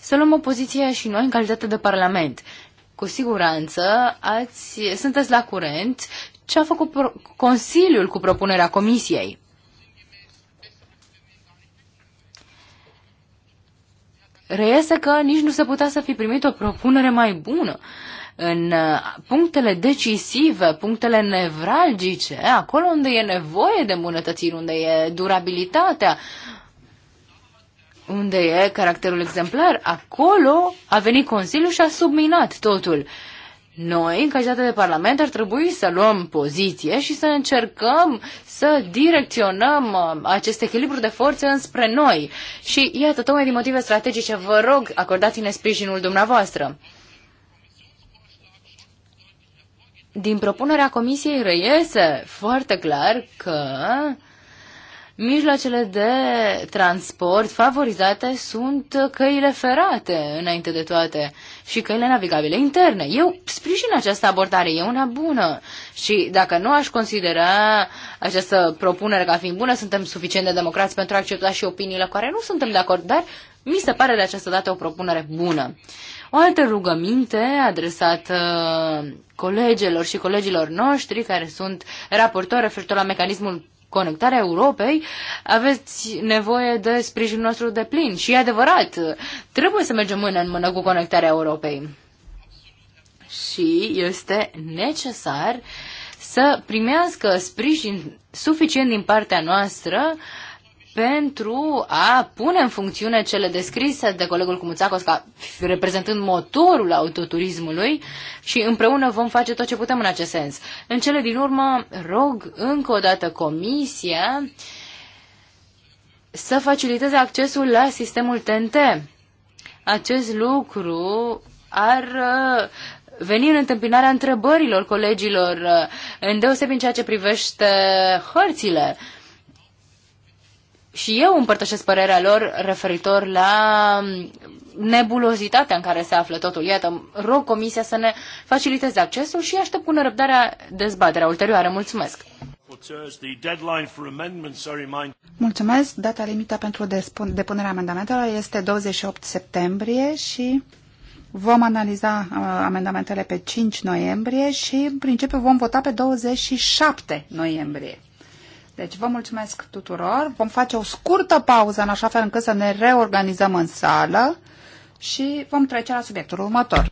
să luăm o poziție și noi în calitate de Parlament. Cu siguranță ați, sunteți la curent ce a făcut Consiliul cu propunerea Comisiei. Reiese că nici nu se putea să fi primit o propunere mai bună. În uh, punctele decisive, punctele nevralgice, acolo unde e nevoie de îmbunătățiri, unde e durabilitatea, unde e caracterul exemplar, acolo a venit Consiliul și a subminat totul. Uh, noi, în calitate de Parlament, ar trebui să luăm poziție și să încercăm să direcționăm uh, acest echilibru de forțe înspre noi. Și iată, tocmai din motive strategice, vă rog, acordați-ne sprijinul dumneavoastră. Din propunerea Comisiei reiese foarte clar că Mijloacele de transport favorizate sunt căile ferate, înainte de toate, și căile navigabile interne. Eu sprijin această abordare, e una bună. Și dacă nu aș considera această propunere ca fiind bună, suntem suficient de democrați pentru a accepta și opiniile cu care nu suntem de acord, dar mi se pare de această dată o propunere bună. O altă rugăminte adresată colegelor și colegilor noștri care sunt raportori referitor la mecanismul conectarea Europei, aveți nevoie de sprijinul nostru de plin. Și e adevărat, trebuie să mergem mână în mână cu conectarea Europei. Și este necesar să primească sprijin suficient din partea noastră uh, pentru a pune în funcțiune cele descrise de colegul Cumuțacos ca reprezentând motorul autoturismului și împreună vom face tot ce putem în acest sens. În cele din urmă, rog încă o dată Comisia să faciliteze accesul la sistemul TNT. Acest lucru ar uh, veni în întâmpinarea întrebărilor colegilor, uh, îndeosebi în ceea ce privește hărțile și eu împărtășesc părerea lor referitor la nebulozitatea în care se află totul. Iată, rog Comisia să ne faciliteze accesul și aștept cu nerăbdarea dezbaterea ulterioară. Mulțumesc! Mulțumesc! Data limită pentru depunerea amendamentelor este 28 septembrie și vom analiza uh, amendamentele pe 5 noiembrie și în principiu vom vota pe 27 noiembrie. Deci vă mulțumesc tuturor. Vom face o scurtă pauză în așa fel încât să ne reorganizăm în sală și vom trece la subiectul următor.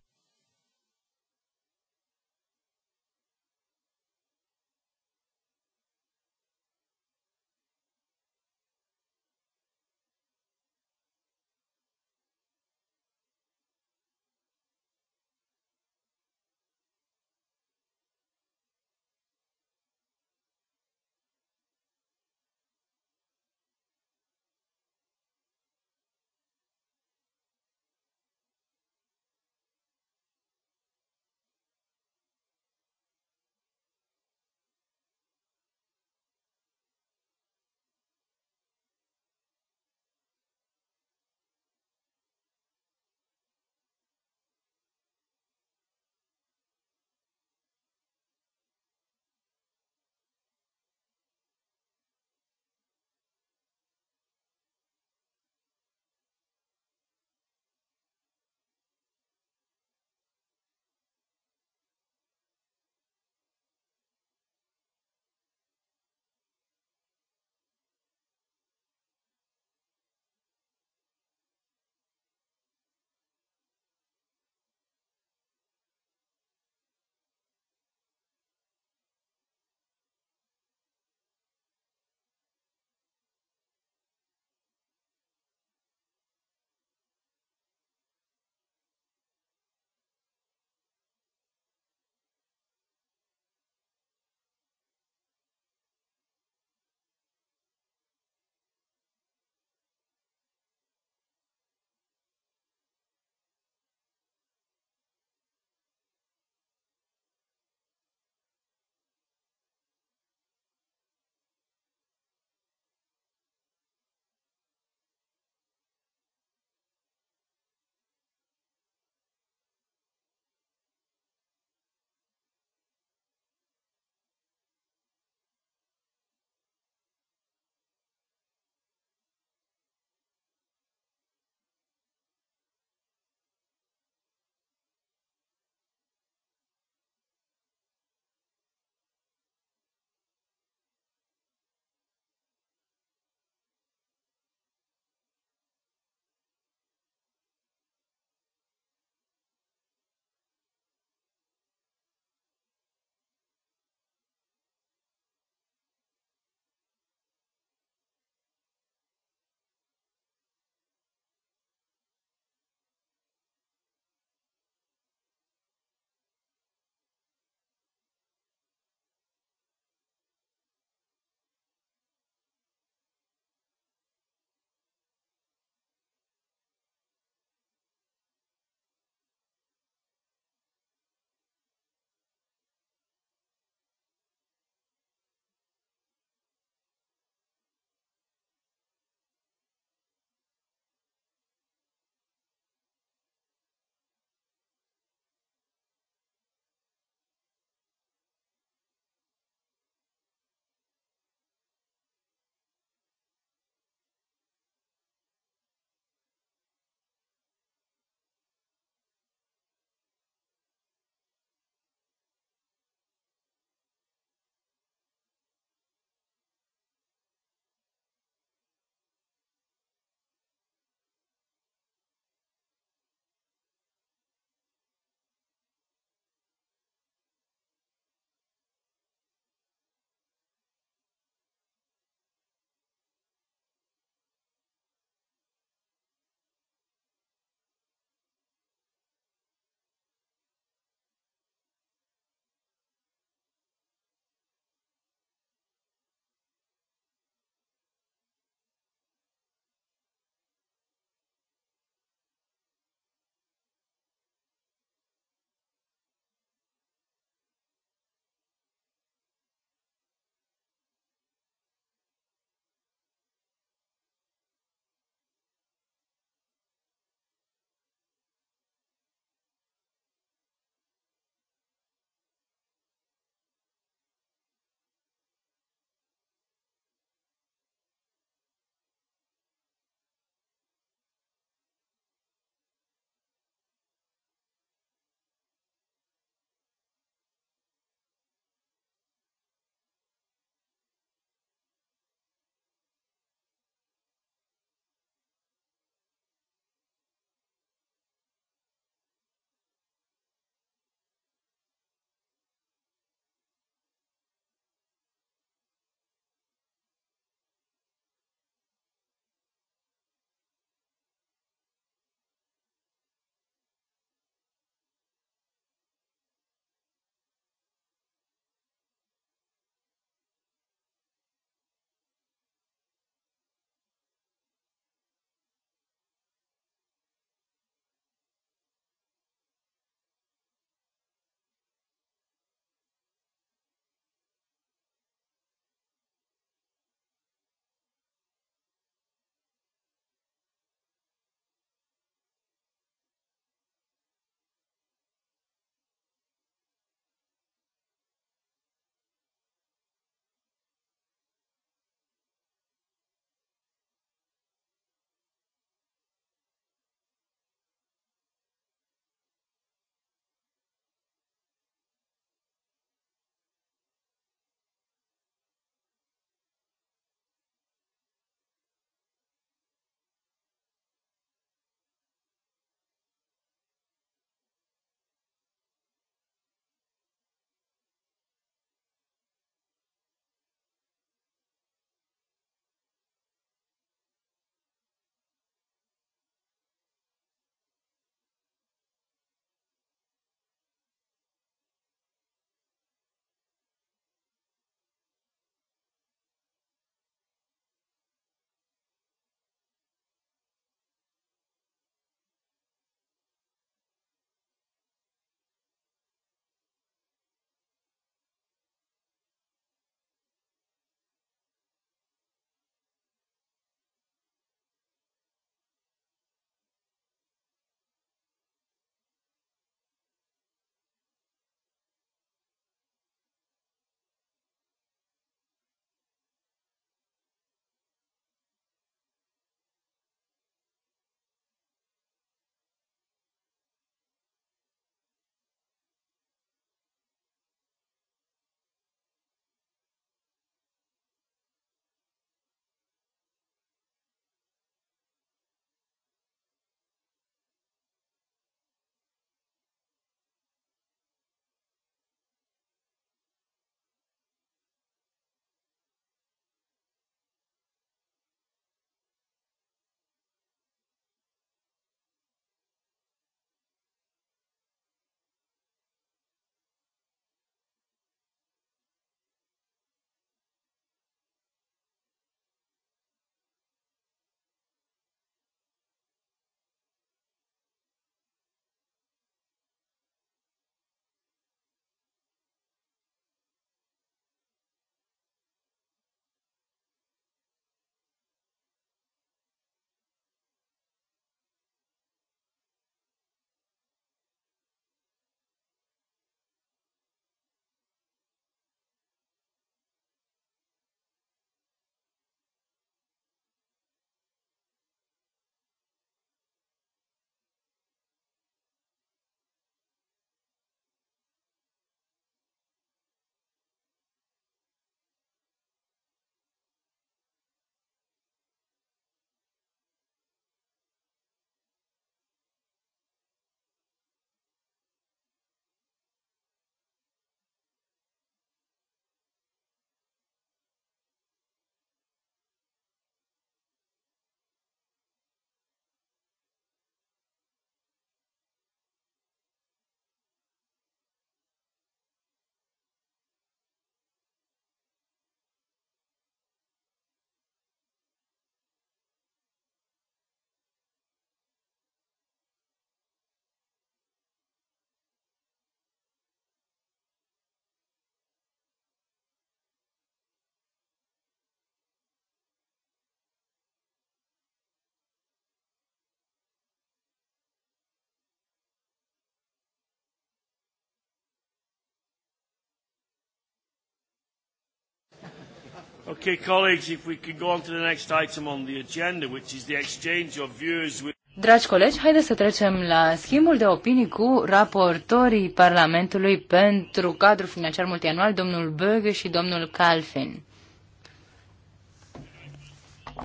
Okay, colleagues, if we can go on to the next item on the agenda, which is the exchange of views with... Dragi colegi, haideți să trecem la schimbul de opinii cu raportorii Parlamentului pentru cadrul financiar multianual, domnul Böge și domnul Calfin.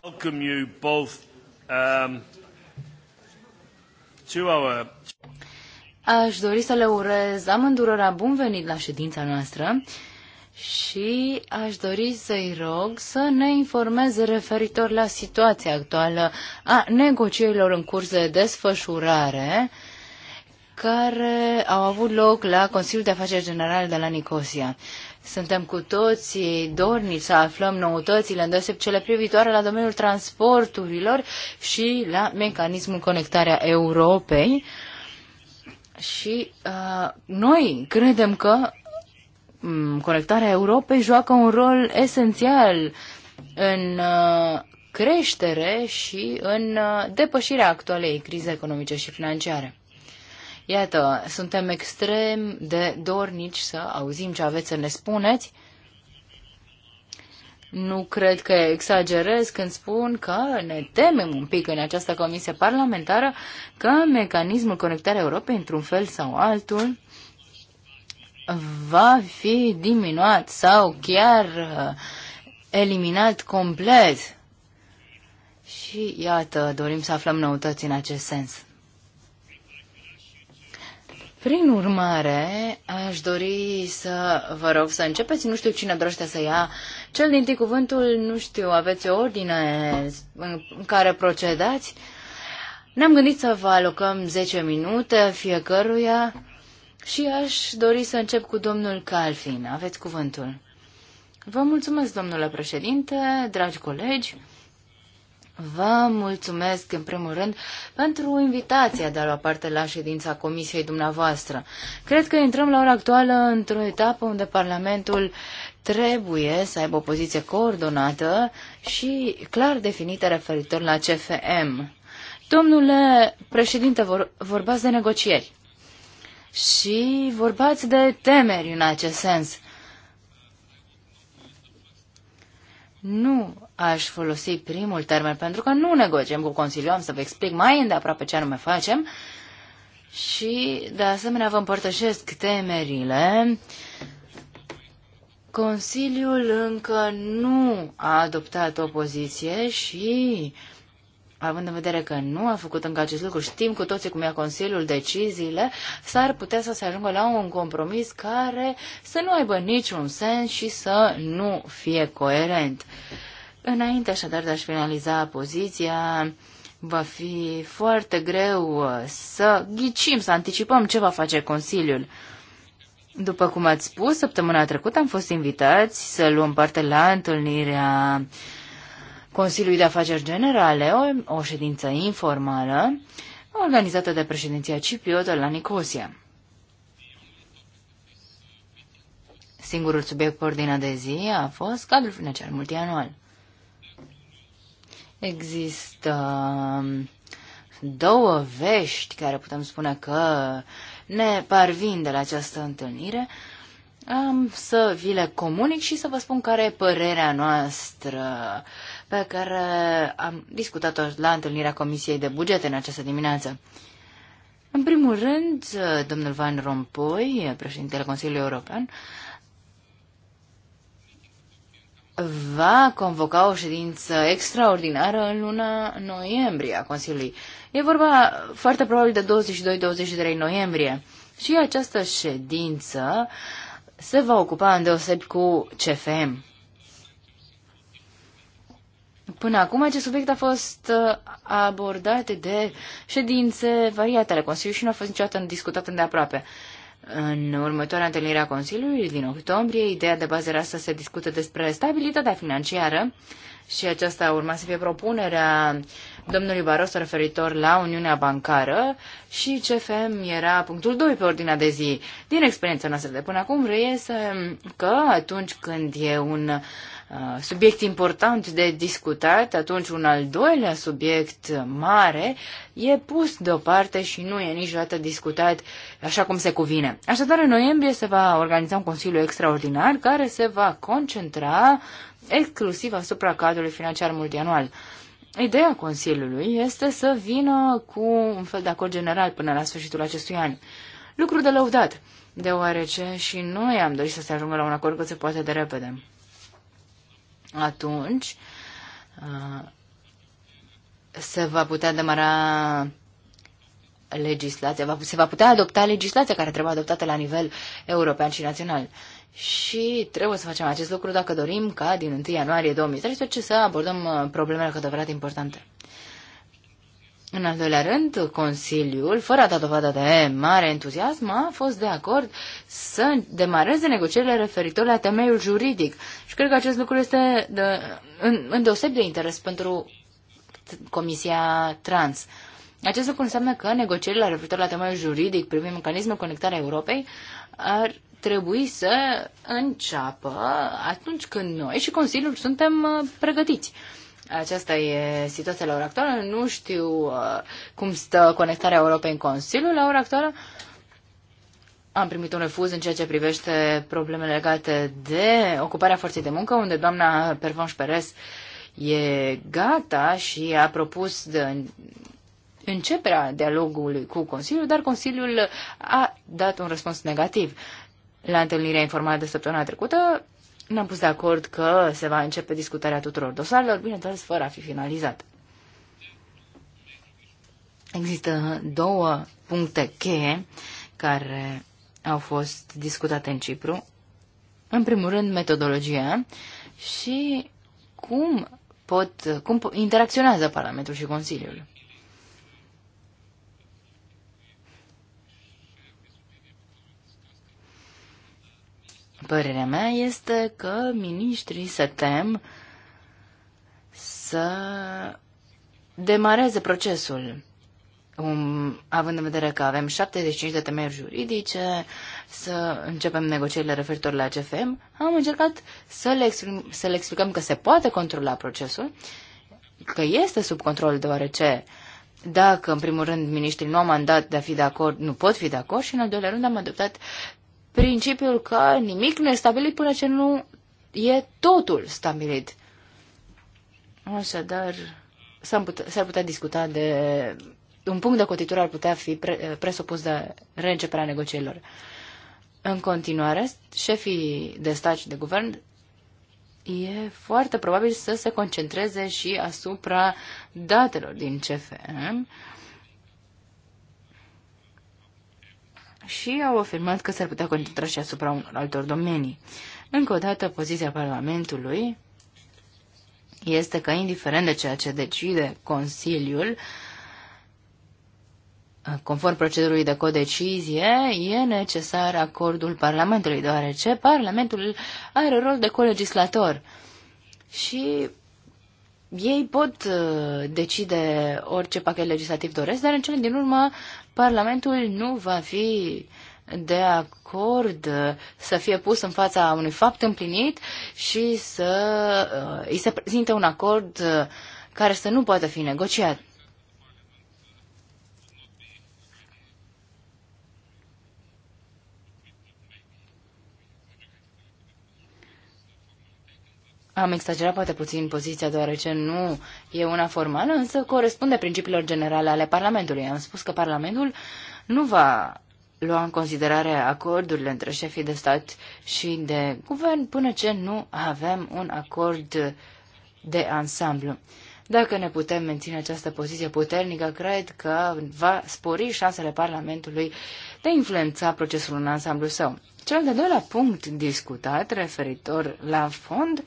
Welcome you both um, to our... Aș dori să le urez amândurora bun venit la ședința noastră. Uh, și aș dori să-i rog să ne informeze referitor la situația actuală a negocierilor în curs de desfășurare care au avut loc la Consiliul de Afaceri Generale de la Nicosia. Suntem cu toții dorni să aflăm noutățile, îndeoseb cele privitoare la domeniul transporturilor și la mecanismul conectarea Europei. Și uh, noi credem că Mm, conectarea Europei joacă un rol esențial în uh, creștere și în uh, depășirea actualei crize economice și financiare. Iată, suntem extrem de dornici să auzim ce aveți să ne spuneți. Nu cred că exagerez când spun că ne temem un pic în această comisie parlamentară că mecanismul conectarea Europei, într-un fel sau altul, va fi diminuat sau chiar uh, eliminat complet. Și iată, dorim să aflăm noutăți în acest sens. Prin urmare, aș dori să vă rog să începeți. Nu știu cine dorește să ia cel din tâi cuvântul, nu știu, aveți o ordine în care procedați. Ne-am gândit să vă alocăm 10 minute fiecăruia. Și aș dori să încep cu domnul Calvin. Aveți cuvântul. Vă mulțumesc, domnule președinte, dragi colegi. Vă mulțumesc, în primul rând, pentru invitația de a lua parte la ședința comisiei dumneavoastră. Cred că intrăm la ora actuală într-o etapă unde Parlamentul trebuie să aibă o poziție coordonată și clar definită referitor la CFM. Domnule președinte, vor, vorbați de negocieri și vorbați de temeri în acest sens. Nu aș folosi primul termen, pentru că nu negociem cu Consiliul, am să vă explic mai îndeaproape ce anume facem și, de asemenea, vă împărtășesc temerile. Consiliul încă nu a adoptat o poziție și uh, având în vedere că nu a făcut încă acest lucru, știm cu toții cum ia Consiliul deciziile, s-ar putea să se ajungă la un compromis care să nu aibă niciun sens și să nu fie coerent. Înainte așadar de a-și finaliza poziția, va fi foarte greu uh, să ghicim, să anticipăm ce va face Consiliul. După cum ați spus, săptămâna trecută am fost invitați să luăm parte la întâlnirea uh, Consiliului de Afaceri Generale, o, o ședință informală organizată de președinția cipriotă la Nicosia. Singurul subiect pe ordinea de zi a fost cadrul financiar multianual. Există um, două vești care putem spune că ne parvin de la această întâlnire. Am să vi le comunic și să vă spun care e părerea noastră pe care am discutat-o la întâlnirea Comisiei de Bugete în această dimineață. În primul rând, domnul Van Rompuy, președintele Consiliului European, va convoca o ședință extraordinară în luna noiembrie a Consiliului. E vorba foarte probabil de 22-23 noiembrie. Și această ședință se va ocupa îndeosebi cu CFM. Până acum acest subiect a fost uh, abordat de ședințe variate ale Consiliului și nu a fost niciodată discutat îndeaproape. În următoarea întâlnire a Consiliului din octombrie, ideea de bază era să se discute despre stabilitatea financiară și aceasta urma să fie propunerea domnului Barroso referitor la Uniunea Bancară și CFM era punctul 2 pe ordinea de zi. Din experiența noastră de până acum reiese că atunci când e un uh, Uh, subiect important de discutat, atunci un al doilea subiect mare e pus deoparte și nu e niciodată discutat așa cum se cuvine. Așadar, în noiembrie se va organiza un consiliu extraordinar care se va concentra exclusiv asupra cadrului financiar multianual. Ideea Consiliului este să vină cu un fel de acord general până la sfârșitul acestui an. Lucru de lăudat, deoarece și noi am dorit să se ajungă la un acord cât se poate de repede atunci uh, se va putea demara legislația, se va putea adopta legislația care trebuie adoptată la nivel european și național. Și trebuie să facem acest lucru dacă dorim ca din 1 ianuarie 2013 să abordăm uh, problemele cu adevărat importante. În al doilea rând, Consiliul, fără a da dovadă de mare entuziasm, a fost de acord să demareze negocierile referitor la temeiul juridic. Și cred că acest lucru este de, în, deoseb de interes pentru Comisia Trans. Acest lucru înseamnă că negocierile referitor la temeiul juridic privind mecanismul conectarea Europei ar trebui să înceapă atunci când noi și Consiliul suntem uh, pregătiți. Uh, aceasta e situația la ora actuală. Nu știu uh, cum stă conectarea Europei în Consiliu la ora actuală. Am primit un refuz în ceea ce privește problemele legate de ocuparea forței de muncă, unde doamna Pervonș Peres e gata și a propus de începerea dialogului cu Consiliul, dar Consiliul a dat un răspuns negativ. La întâlnirea informală de săptămâna trecută, ne-am pus de acord că se va începe discutarea tuturor dosarelor, bineînțeles, fără a fi finalizat. Există două puncte cheie care au fost discutate în Cipru. În primul rând, metodologia și cum pot, cum interacționează Parlamentul și Consiliul. Părerea mea este că miniștrii se tem să demareze procesul. Um, având în vedere că avem 75 de temeri juridice, să începem negocierile referitor la CFM, am încercat să le, exprim, să le explicăm că se poate controla procesul, că este sub control, deoarece dacă, în primul rând, miniștrii nu au mandat de a fi de acord, nu pot fi de acord și, în al doilea rând, am adoptat principiul că nimic nu e stabilit până ce nu e totul stabilit. Așadar, s-ar putea, putea discuta de un punct de cotitură ar putea fi pre, presupus de reînceperea negocierilor. În continuare, șefii de stat și de guvern e foarte probabil să se concentreze și asupra datelor din CFM, și au afirmat că s-ar putea concentra și asupra unor altor domenii. Încă o dată, poziția Parlamentului este că, indiferent de ceea ce decide Consiliul, conform procedurii de codecizie, e necesar acordul Parlamentului, deoarece Parlamentul are rol de colegislator și ei pot uh, decide orice pachet legislativ doresc, dar în cele din urmă Parlamentul nu va fi de acord să fie pus în fața unui fapt împlinit și să uh, îi se prezinte un acord uh, care să nu poată fi negociat. Am exagerat poate puțin poziția, deoarece nu e una formală, însă corespunde principiilor generale ale Parlamentului. Am spus că Parlamentul nu va lua în considerare acordurile între șefii de stat și de guvern până ce nu avem un acord de ansamblu. Dacă ne putem menține această poziție puternică, cred că va spori șansele Parlamentului de a influența procesul în ansamblu său. Cel de-al doilea punct discutat referitor la fond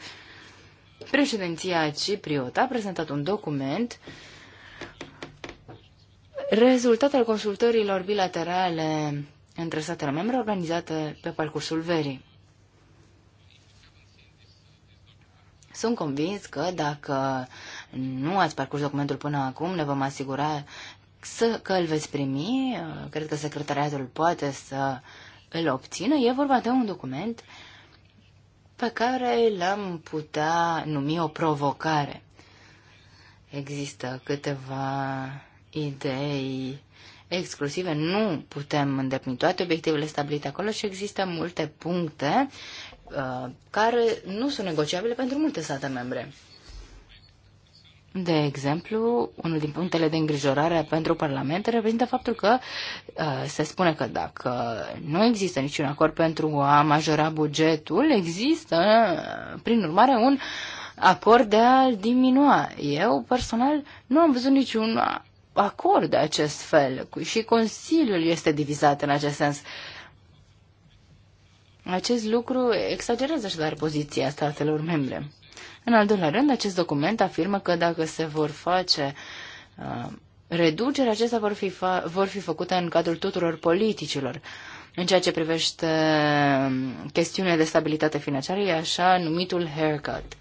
Președinția cipriotă a prezentat un document rezultat al consultărilor bilaterale între statele membre organizate pe parcursul verii. Sunt convins că dacă nu ați parcurs documentul până acum, ne vom asigura să, că îl veți primi. Cred că secretariatul poate să îl obțină. E vorba de un document uh, pe care l-am putea numi o provocare. Există câteva idei exclusive, nu putem îndeplini toate obiectivele stabilite acolo și există multe puncte uh, care nu sunt negociabile pentru multe state membre. De exemplu, unul din punctele de îngrijorare pentru Parlament reprezintă faptul că uh, se spune că dacă nu există niciun acord pentru a majora bugetul, există, uh, prin urmare, un acord de a diminua. Eu, personal, nu am văzut niciun acord de acest fel și Consiliul este divizat în acest sens. Acest lucru exagerează dar poziția statelor membre. În al doilea rând, acest document afirmă că dacă se vor face uh, reduceri, acestea vor fi, fa- vor fi făcute în cadrul tuturor politicilor. În ceea ce privește um, chestiunea de stabilitate financiară, e așa numitul haircut.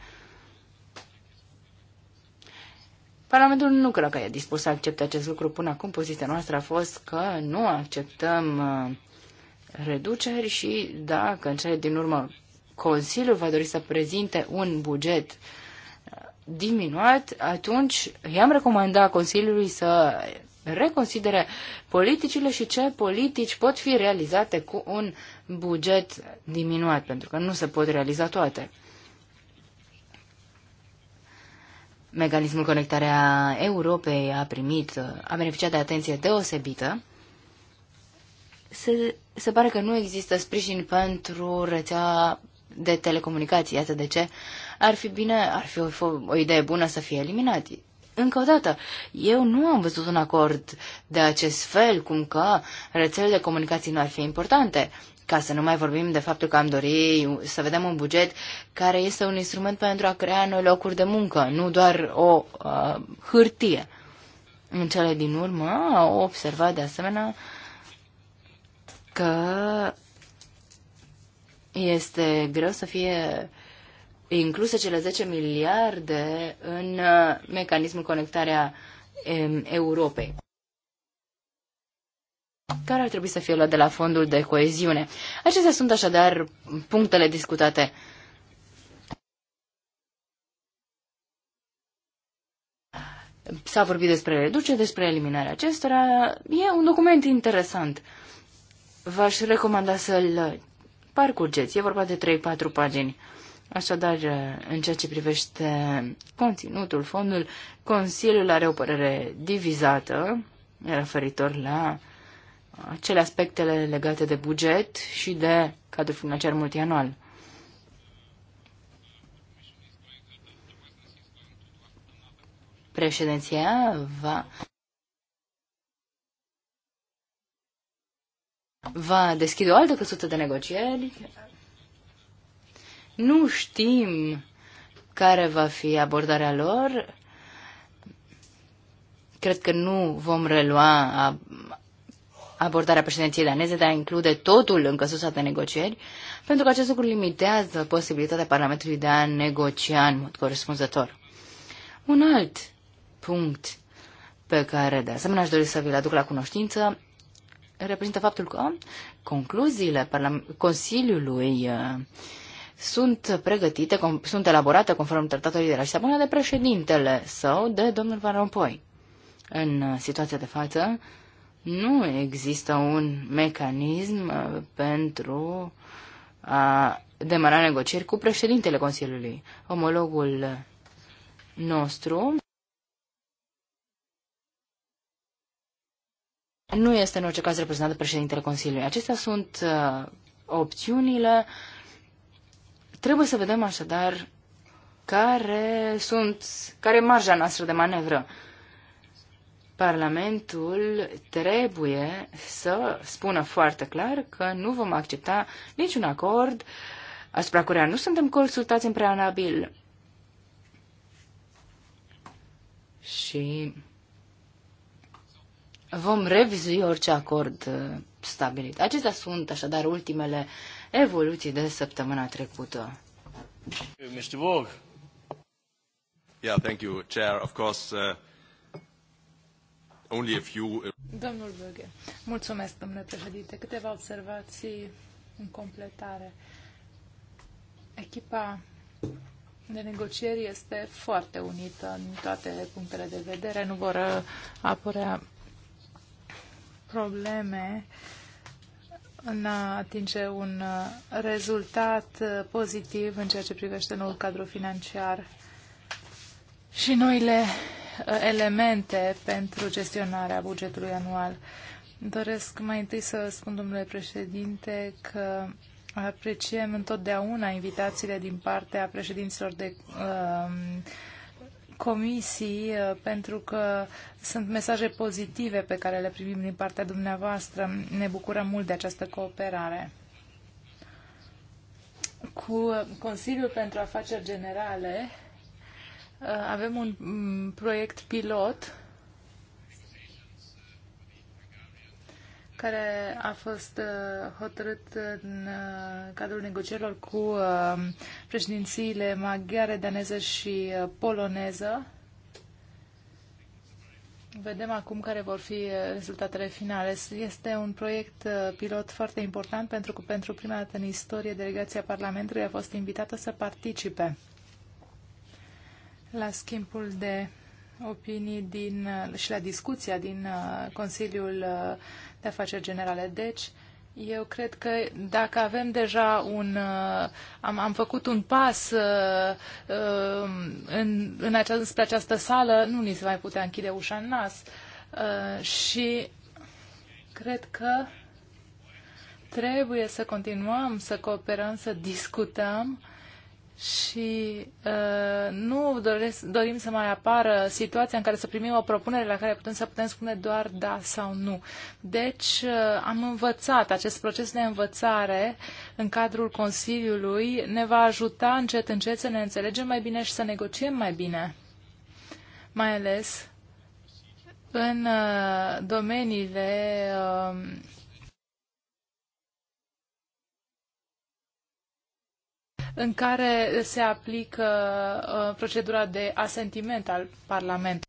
Parlamentul nu cred că e dispus să accepte acest lucru până acum. Poziția noastră a fost că nu acceptăm uh, reduceri și dacă în cele din urmă Consiliul va dori să prezinte un buget uh, diminuat, atunci i-am recomandat Consiliului să reconsidere politicile și ce politici pot fi realizate cu un buget diminuat, pentru că nu se pot realiza toate. Mecanismul Conectarea Europei a primit, uh, a beneficiat de atenție deosebită. Se, se pare că nu există sprijin pentru rețea de telecomunicații, iată de ce, ar fi bine, ar fi o, o idee bună să fie eliminat. Încă o dată, eu nu am văzut un acord de acest fel, cum că rețelele de comunicații nu ar fi importante. Ca să nu mai vorbim de faptul că am dori să vedem un buget care este un instrument pentru a crea noi locuri de muncă, nu doar o uh, hârtie. În cele din urmă au observat de asemenea că este greu să fie incluse cele 10 miliarde în uh, mecanismul conectarea um, Europei. Care ar trebui să fie luat de la fondul de coeziune? Acestea sunt așadar punctele discutate. S-a vorbit despre reducere, despre eliminarea acestora. E un document interesant. V-aș recomanda să-l parcurgeți. E vorba de 3-4 pagini. Așadar, eh, în ceea ce privește conținutul, fondul, Consiliul are o părere divizată referitor la cele aspectele legate de buget și de cadrul financiar multianual. Președinția va va deschide o altă căsuță de negocieri. Nu știm care va fi abordarea lor. Cred că nu vom relua abordarea președinției daneze de a include totul în căsuța de negocieri, pentru că acest lucru limitează posibilitatea Parlamentului de a negocia în mod corespunzător. Un alt punct pe care de asemenea aș dori să vi-l aduc la cunoștință reprezintă faptul că concluziile Consiliului uh, sunt pregătite, sunt elaborate conform tratatului de la Lisabona de președintele său, de domnul Van Rompuy. În uh, situația de față, nu există un mecanism uh, pentru a demara negocieri cu președintele Consiliului. Omologul nostru nu este în orice caz reprezentat de președintele Consiliului. Acestea sunt uh, opțiunile. Trebuie să vedem așadar care sunt, care e marja noastră de manevră. Parlamentul trebuie să spună foarte clar că nu vom accepta niciun acord asupra căruia nu suntem consultați în prealabil. Și vom revizui orice acord uh, stabilit. Acestea sunt așadar ultimele evoluții de săptămâna trecută. Mr. Borg. Yeah, thank you, Chair. Of course, uh, only a few... Uh, Domnul Böge, mulțumesc, domnule președinte. Câteva observații în completare. Echipa de negocieri este foarte unită în toate punctele de vedere. Nu vor apărea probleme în a atinge un uh, rezultat uh, pozitiv în ceea ce privește noul cadru financiar și noile uh, elemente pentru gestionarea bugetului anual. Doresc mai întâi să spun, domnule președinte, că apreciem întotdeauna invitațiile din partea președinților de uh, comisii, uh, pentru că sunt mesaje pozitive pe care le primim din partea dumneavoastră. Ne bucurăm mult de această cooperare. Cu Consiliul pentru Afaceri Generale uh, avem un mm, proiect pilot care a fost uh, hotărât în uh, cadrul negocierilor cu uh, președințiile maghiare, daneză și poloneză. Vedem acum care vor fi rezultatele finale. Este un proiect pilot foarte important pentru că pentru prima dată în istorie delegația Parlamentului a fost invitată să participe la schimbul de opinii din, și la discuția din Consiliul uh, de afaceri generale. Deci, eu cred că dacă avem deja un. Uh, am, am făcut un pas uh, um, în, în acest spre această sală, nu ni se mai putea închide ușa în nas. Uh, și cred că trebuie să continuăm să cooperăm, să discutăm uh, și uh, nu doresc, dorim să mai apară situația în care să primim o propunere la care putem să putem spune doar da sau nu. Deci uh, am învățat, acest proces de învățare în cadrul Consiliului ne va ajuta încet, încet să ne înțelegem mai bine și să negociem mai bine. Mai ales în uh, domeniile uh, în care se aplică uh, procedura de asentiment al Parlamentului.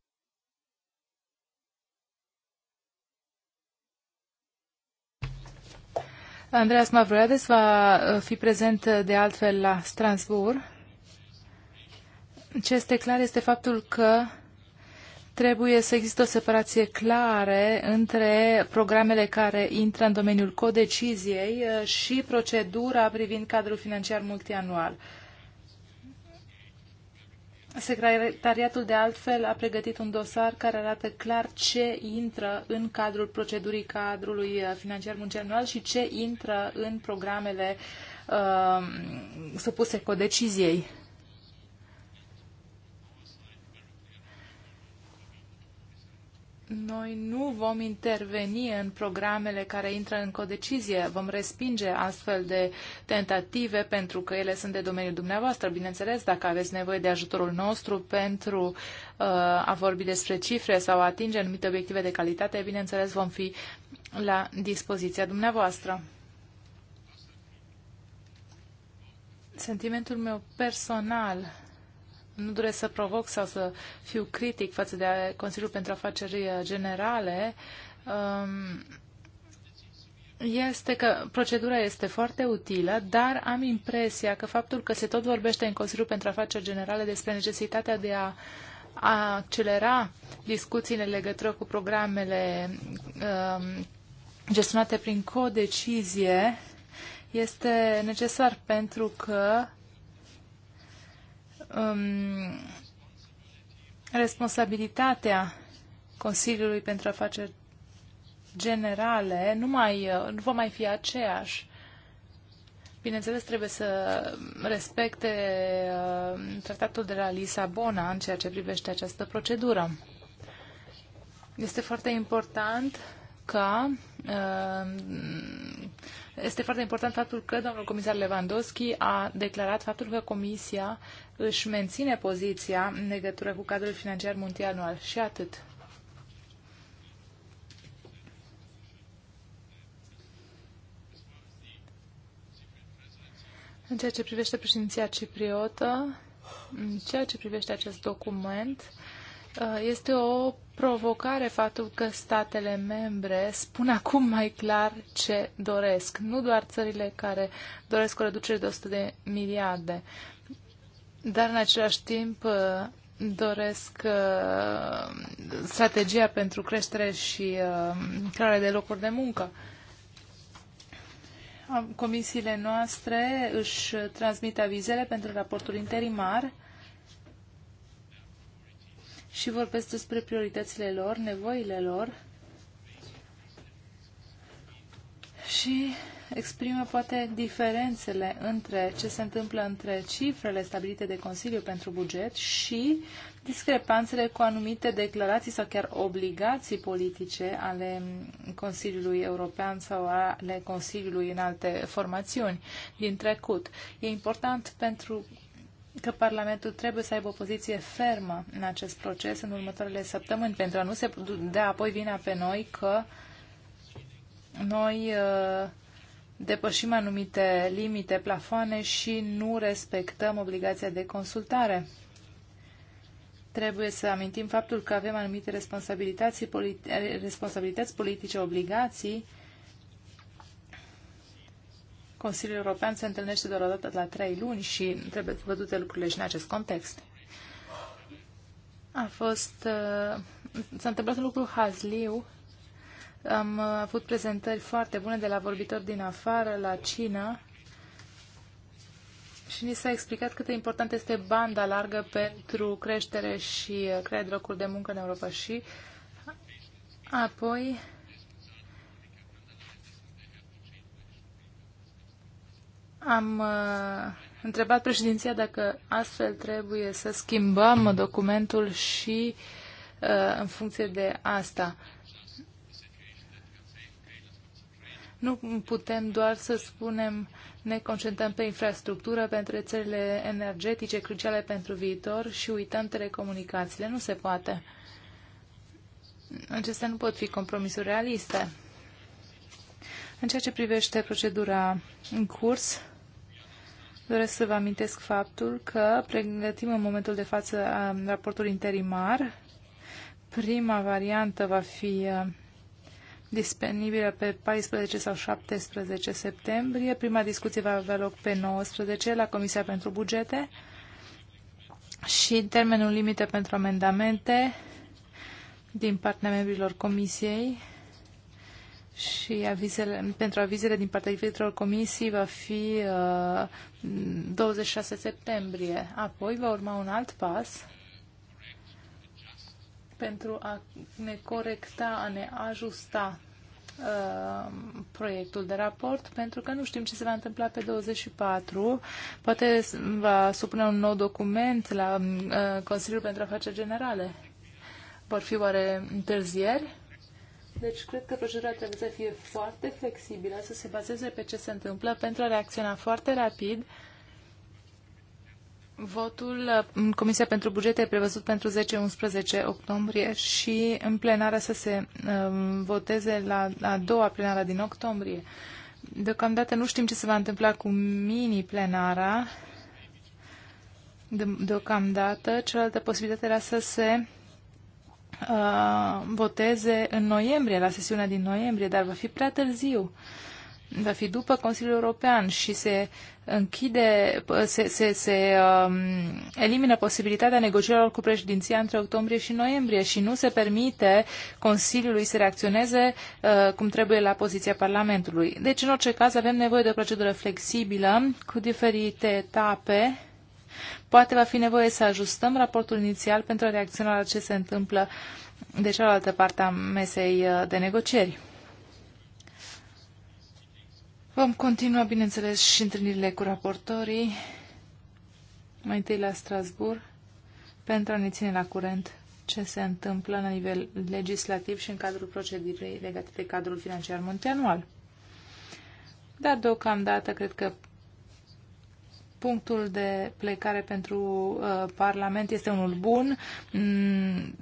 Andreas Mavroiades va uh, fi prezent uh, de altfel la Strasbourg. Ce este clar este faptul că Trebuie să există o separație clare între programele care intră în domeniul codeciziei uh, și procedura privind cadrul financiar multianual. Secretariatul de altfel a pregătit un dosar care arată clar ce intră în cadrul procedurii cadrului uh, financiar multianual și ce intră în programele uh, supuse codeciziei. Noi nu vom interveni în programele care intră în codecizie. Vom respinge astfel de tentative pentru că ele sunt de domeniul dumneavoastră. Bineînțeles, dacă aveți nevoie de ajutorul nostru pentru uh, a vorbi despre cifre sau a atinge anumite obiective de calitate, bineînțeles, vom fi la dispoziția dumneavoastră. Sentimentul meu personal nu doresc să provoc sau să fiu critic față de Consiliul pentru Afaceri Generale, um, este că procedura este foarte utilă, dar am impresia că faptul că se tot vorbește în Consiliul pentru Afaceri Generale despre necesitatea de a accelera discuțiile în legătură cu programele um, gestionate prin codecizie este necesar pentru că um, responsabilitatea Consiliului pentru Afaceri Generale nu, mai, uh, nu va mai fi aceeași. Bineînțeles, trebuie să respecte uh, tratatul de la Lisabona în ceea ce privește această procedură. Este foarte important ca uh, este foarte important faptul că domnul comisar Lewandowski a declarat faptul că Comisia își menține poziția în legătură cu cadrul financiar multianual și atât. În ceea ce privește președinția cipriotă, în ceea ce privește acest document, uh, Uh, este o provocare faptul că statele membre spun acum mai clar ce doresc. Nu doar țările care doresc o reducere de 100 de miliarde, dar în același timp uh, doresc uh, strategia pentru creștere și crearea de locuri de muncă. Comisiile noastre își transmit avizele pentru raportul interimar și vorbesc despre prioritățile lor, nevoile lor și exprimă poate diferențele între ce se întâmplă între cifrele stabilite de Consiliu pentru buget și discrepanțele cu anumite declarații sau chiar obligații politice ale Consiliului European sau ale Consiliului în alte formațiuni din trecut. E important pentru că Parlamentul trebuie să aibă o poziție fermă în acest proces în următoarele săptămâni, pentru a nu se dea apoi vina pe noi că noi uh, depășim anumite limite, plafoane și nu respectăm obligația de consultare. Trebuie să amintim faptul că avem anumite responsabilități, politi responsabilități politice, obligații Consiliul European se întâlnește doar o dată la trei luni și trebuie văzute lucrurile și în acest context. A fost... Uh, s-a întâmplat un lucru hazliu. Am avut prezentări foarte bune de la vorbitori din afară, la China, și ni s-a explicat cât de important este banda largă pentru creștere și crearea de locuri de muncă în Europa și apoi Am uh, întrebat președinția dacă astfel trebuie să schimbăm documentul și uh, în funcție de asta. Nu putem doar să spunem ne concentrăm pe infrastructură, pentru rețelele energetice cruciale pentru viitor și uităm telecomunicațiile. Nu se poate. Acestea nu pot fi compromisuri realiste. În ceea ce privește procedura în curs, doresc să vă amintesc faptul că pregătim în momentul de față um, raportul interimar. Prima variantă va fi um, disponibilă pe 14 sau 17 septembrie. Prima discuție va avea loc pe 19 la Comisia pentru Bugete și termenul limite pentru amendamente din partea membrilor Comisiei și avizele, pentru avizele din partea diferitelor comisii va fi uh, 26 septembrie. Apoi va urma un alt pas pentru a ne corecta, a ne ajusta uh, proiectul de raport, pentru că nu știm ce se va întâmpla pe 24. Poate va supune un nou document la uh, Consiliul pentru Afaceri Generale. Vor fi oare întârzieri? Deci cred că procedura trebuie să fie foarte flexibilă, să se bazeze pe ce se întâmplă pentru a reacționa foarte rapid. Votul uh, în Comisia pentru Bugete e prevăzut pentru 10-11 octombrie și în plenară să se um, voteze la, la a doua plenară din octombrie. Deocamdată nu știm ce se va întâmpla cu mini-plenara. De, deocamdată, cealaltă posibilitate era să se Uh, voteze în noiembrie, la sesiunea din noiembrie, dar va fi prea târziu. Va fi după Consiliul European și se închide, se, se, se um, elimină posibilitatea negocierilor cu președinția între octombrie și noiembrie și nu se permite Consiliului să reacționeze uh, cum trebuie la poziția Parlamentului. Deci, în orice caz, avem nevoie de o procedură flexibilă cu diferite etape Poate va fi nevoie să ajustăm raportul inițial pentru a reacționa la ce se întâmplă de cealaltă parte a mesei uh, de negocieri. Vom continua, bineînțeles, și întâlnirile cu raportorii, mai întâi la Strasbourg, pentru a ne ține la curent ce se întâmplă la nivel legislativ și în cadrul procedurii legate de cadrul financiar multianual. Dar deocamdată cred că punctul de plecare pentru uh, Parlament este unul bun. Mm,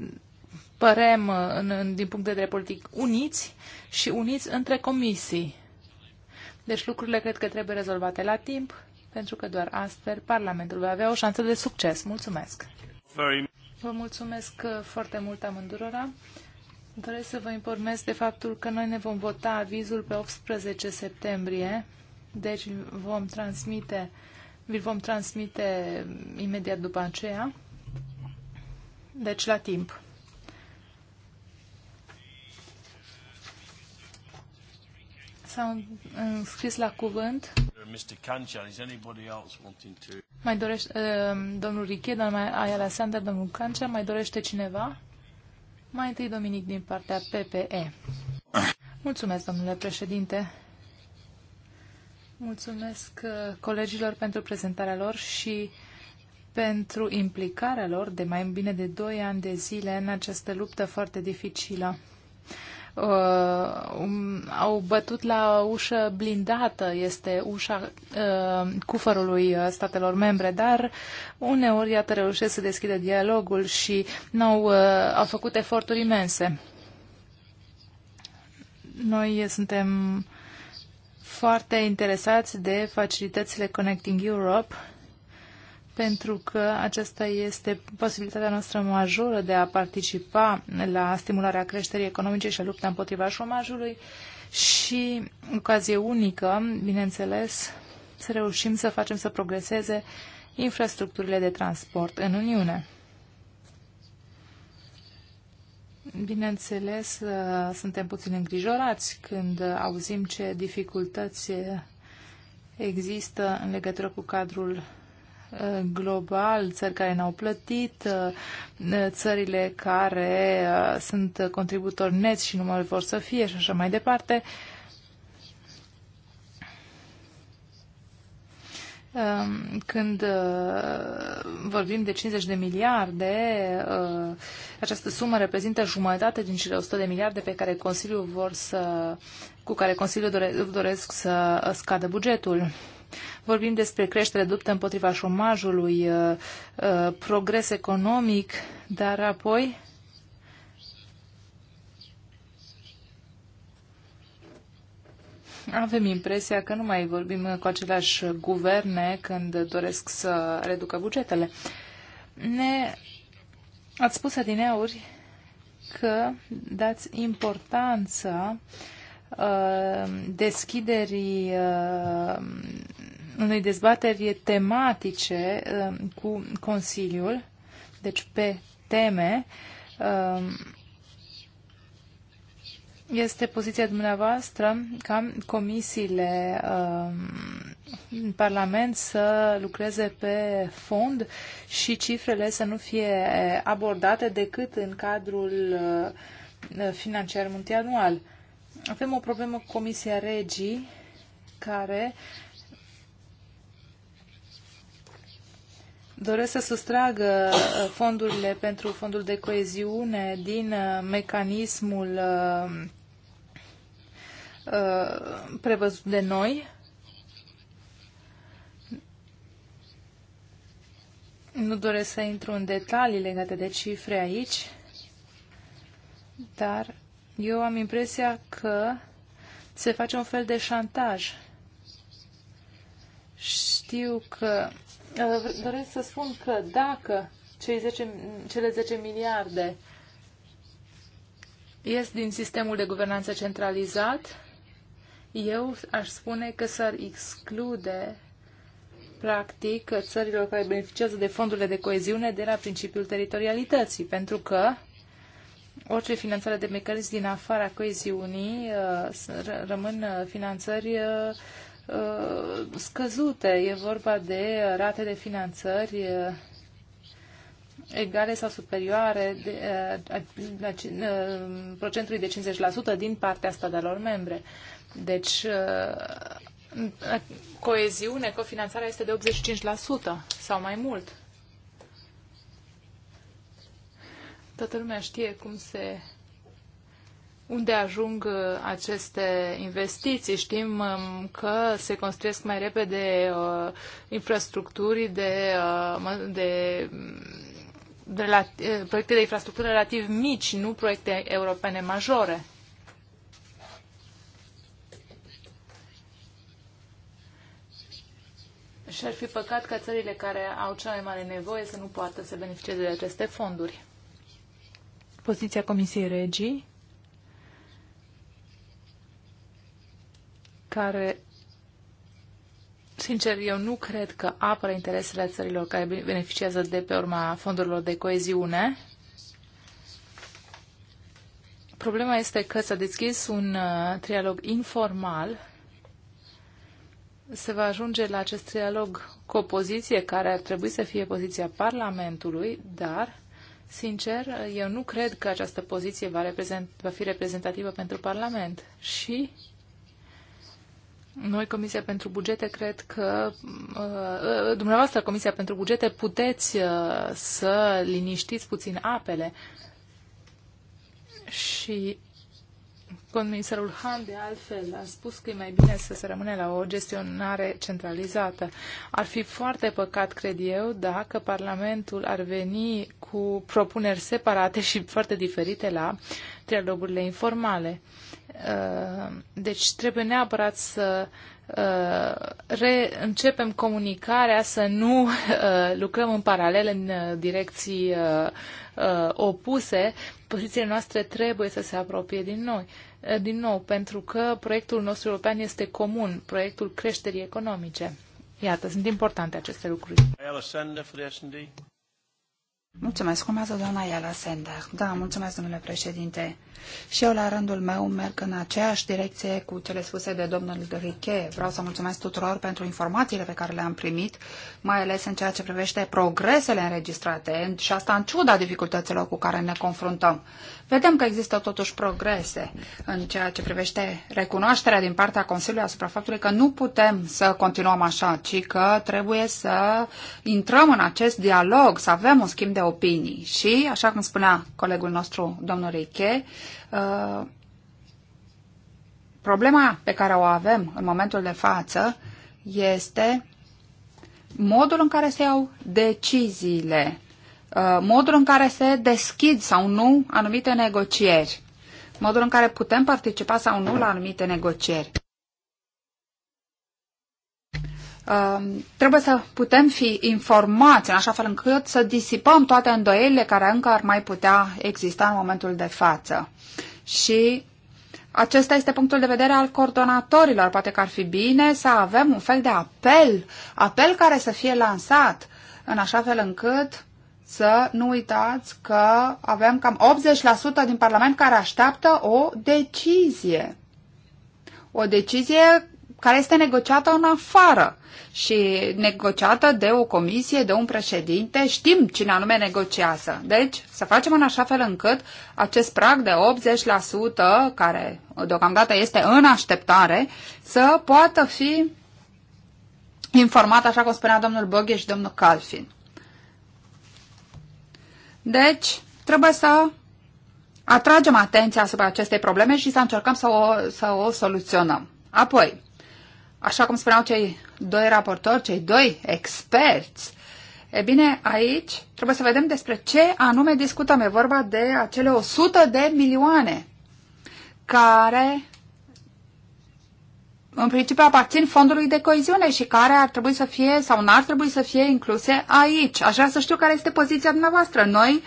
părem, uh, în, în, din punct de vedere politic, uniți și uniți între comisii. Deci lucrurile cred că trebuie rezolvate la timp, pentru că doar astfel Parlamentul va avea o șansă de succes. Mulțumesc! Vă mulțumesc uh, foarte mult amândurora. Doresc să vă informez de faptul că noi ne vom vota avizul pe 18 septembrie, deci vom transmite vi vom transmite imediat după aceea. Deci la timp. S-au înscris la cuvânt. Mai dorește uh, domnul Riche, domnul Alexander, Sander, domnul Cancea, mai dorește cineva? Mai întâi Dominic din partea PPE. Mulțumesc, domnule președinte. Mulțumesc uh, colegilor pentru prezentarea lor și pentru implicarea lor de mai bine de 2 ani de zile în această luptă foarte dificilă. Uh, um, au bătut la ușă blindată, este ușa uh, cufărului uh, statelor membre, dar uneori, iată, reușesc să deschidă dialogul și -au, uh, au făcut eforturi imense. Noi suntem foarte interesați de facilitățile Connecting Europe, pentru că aceasta este posibilitatea noastră majoră de a participa la stimularea creșterii economice și a lupta împotriva șomajului și ocazie unică, bineînțeles, să reușim să facem să progreseze infrastructurile de transport în Uniune. Bineînțeles, uh, suntem puțin îngrijorați când auzim ce dificultăți există în legătură cu cadrul uh, global, țări care n-au plătit, uh, țările care sunt contributori neți și nu mai vor să fie și așa mai departe. Um, când uh, vorbim de 50 de miliarde, uh, această sumă reprezintă jumătate din cele 100 de miliarde pe care Consiliul vor să, cu care Consiliul dore, doresc să uh, scadă bugetul. Vorbim despre creștere, luptă împotriva șomajului, progres economic, dar apoi avem impresia că nu mai vorbim cu aceleași guverne când doresc să reducă bugetele. Ne ați spus adineauri că dați importanța uh, deschiderii uh, unei dezbateri tematice uh, cu Consiliul, deci pe teme, uh, este poziția dumneavoastră ca comisiile uh, în Parlament să lucreze pe fond și cifrele să nu fie abordate decât în cadrul uh, financiar multianual. Avem o problemă cu Comisia Regii care doresc să sustragă uh, fondurile pentru fondul de coeziune din uh, mecanismul uh, Uh, prevăzut de noi. Nu doresc să intru în detalii legate de cifre aici, dar eu am impresia că se face un fel de șantaj. Știu că... Uh, doresc să spun că dacă cei 10, cele 10 miliarde ies din sistemul de guvernanță centralizat, eu aș spune că s-ar exclude practic țărilor care beneficiază de fondurile de coeziune de la principiul teritorialității, pentru că orice finanțare de mecanism din afara coeziunii uh, rămân uh, finanțări uh, scăzute. E vorba de rate de finanțări egale sau superioare de, a, a, a, procentului de 50% din partea statelor membre. Deci, uh, coeziune, cofinanțarea este de 85% sau mai mult. Toată lumea știe cum se unde ajung uh, aceste investiții? Știm um, că se construiesc mai repede uh, infrastructuri de, uh, de, de de uh, proiecte de infrastructură relativ mici, nu proiecte europene majore. Și ar fi păcat ca țările care au cea mai mare nevoie să nu poată să beneficieze de aceste fonduri. Poziția Comisiei Regii, care, sincer, eu nu cred că apără interesele țărilor care beneficiază de pe urma fondurilor de coeziune, Problema este că s-a deschis un uh, trialog informal se va ajunge la acest dialog cu o poziție care ar trebui să fie poziția Parlamentului, dar, sincer, eu nu cred că această poziție va, reprezent, va fi reprezentativă pentru Parlament. Și noi, Comisia pentru Bugete, cred că uh, uh dumneavoastră, Comisia pentru Bugete, puteți uh, să liniștiți puțin apele și Comisarul Han, de altfel, a spus că e mai bine să se rămâne la o gestionare centralizată. Ar fi foarte păcat, cred eu, dacă Parlamentul ar veni cu propuneri separate și foarte diferite la trialogurile informale. Uh, deci trebuie neapărat să Uh, reîncepem comunicarea, să nu uh, lucrăm în paralel în uh, direcții opuse, pozițiile noastre trebuie să se apropie din noi. Din nou, pentru că proiectul nostru european este comun, proiectul creșterii economice. Iată, sunt importante aceste lucruri. Mulțumesc, urmează doamna Iala Sender. Da, mulțumesc, domnule președinte. Și eu, la rândul meu, merg în aceeași direcție cu cele spuse de domnul Riche. Vreau să mulțumesc tuturor pentru informațiile pe care le-am primit, mai ales în ceea ce privește progresele înregistrate și asta în ciuda dificultăților cu care ne confruntăm. Vedem că există totuși progrese în ceea ce privește recunoașterea din partea Consiliului asupra faptului că nu putem să continuăm așa, ci că trebuie să intrăm în acest dialog, să avem un schimb de opinii și, așa cum spunea colegul nostru, domnul Reiche, uh, problema pe care o avem în momentul de față este modul în care se iau deciziile, uh, modul în care se deschid sau nu anumite negocieri, modul în care putem participa sau nu la anumite negocieri. Um, trebuie să putem fi informați în așa fel încât să disipăm toate îndoielile care încă ar mai putea exista în momentul de față. Și acesta este punctul de vedere al coordonatorilor. Poate că ar fi bine să avem un fel de apel, apel care să fie lansat în așa fel încât să nu uitați că avem cam 80% din Parlament care așteaptă o decizie. O decizie care este negociată în afară și negociată de o comisie, de un președinte, știm cine anume negociază. Deci, să facem în așa fel încât acest prag de 80%, care deocamdată este în așteptare, să poată fi informat, așa cum spunea domnul Boghe și domnul Calfin. Deci, trebuie să atragem atenția asupra acestei probleme și să încercăm să o, să o soluționăm. Apoi, așa cum spuneau cei doi raportori, cei doi experți, e bine, aici trebuie să vedem despre ce anume discutăm. E vorba de acele 100 de milioane care în principiu aparțin fondului de coeziune și care ar trebui să fie sau n-ar trebui să fie incluse aici. Aș vrea să știu care este poziția dumneavoastră. Noi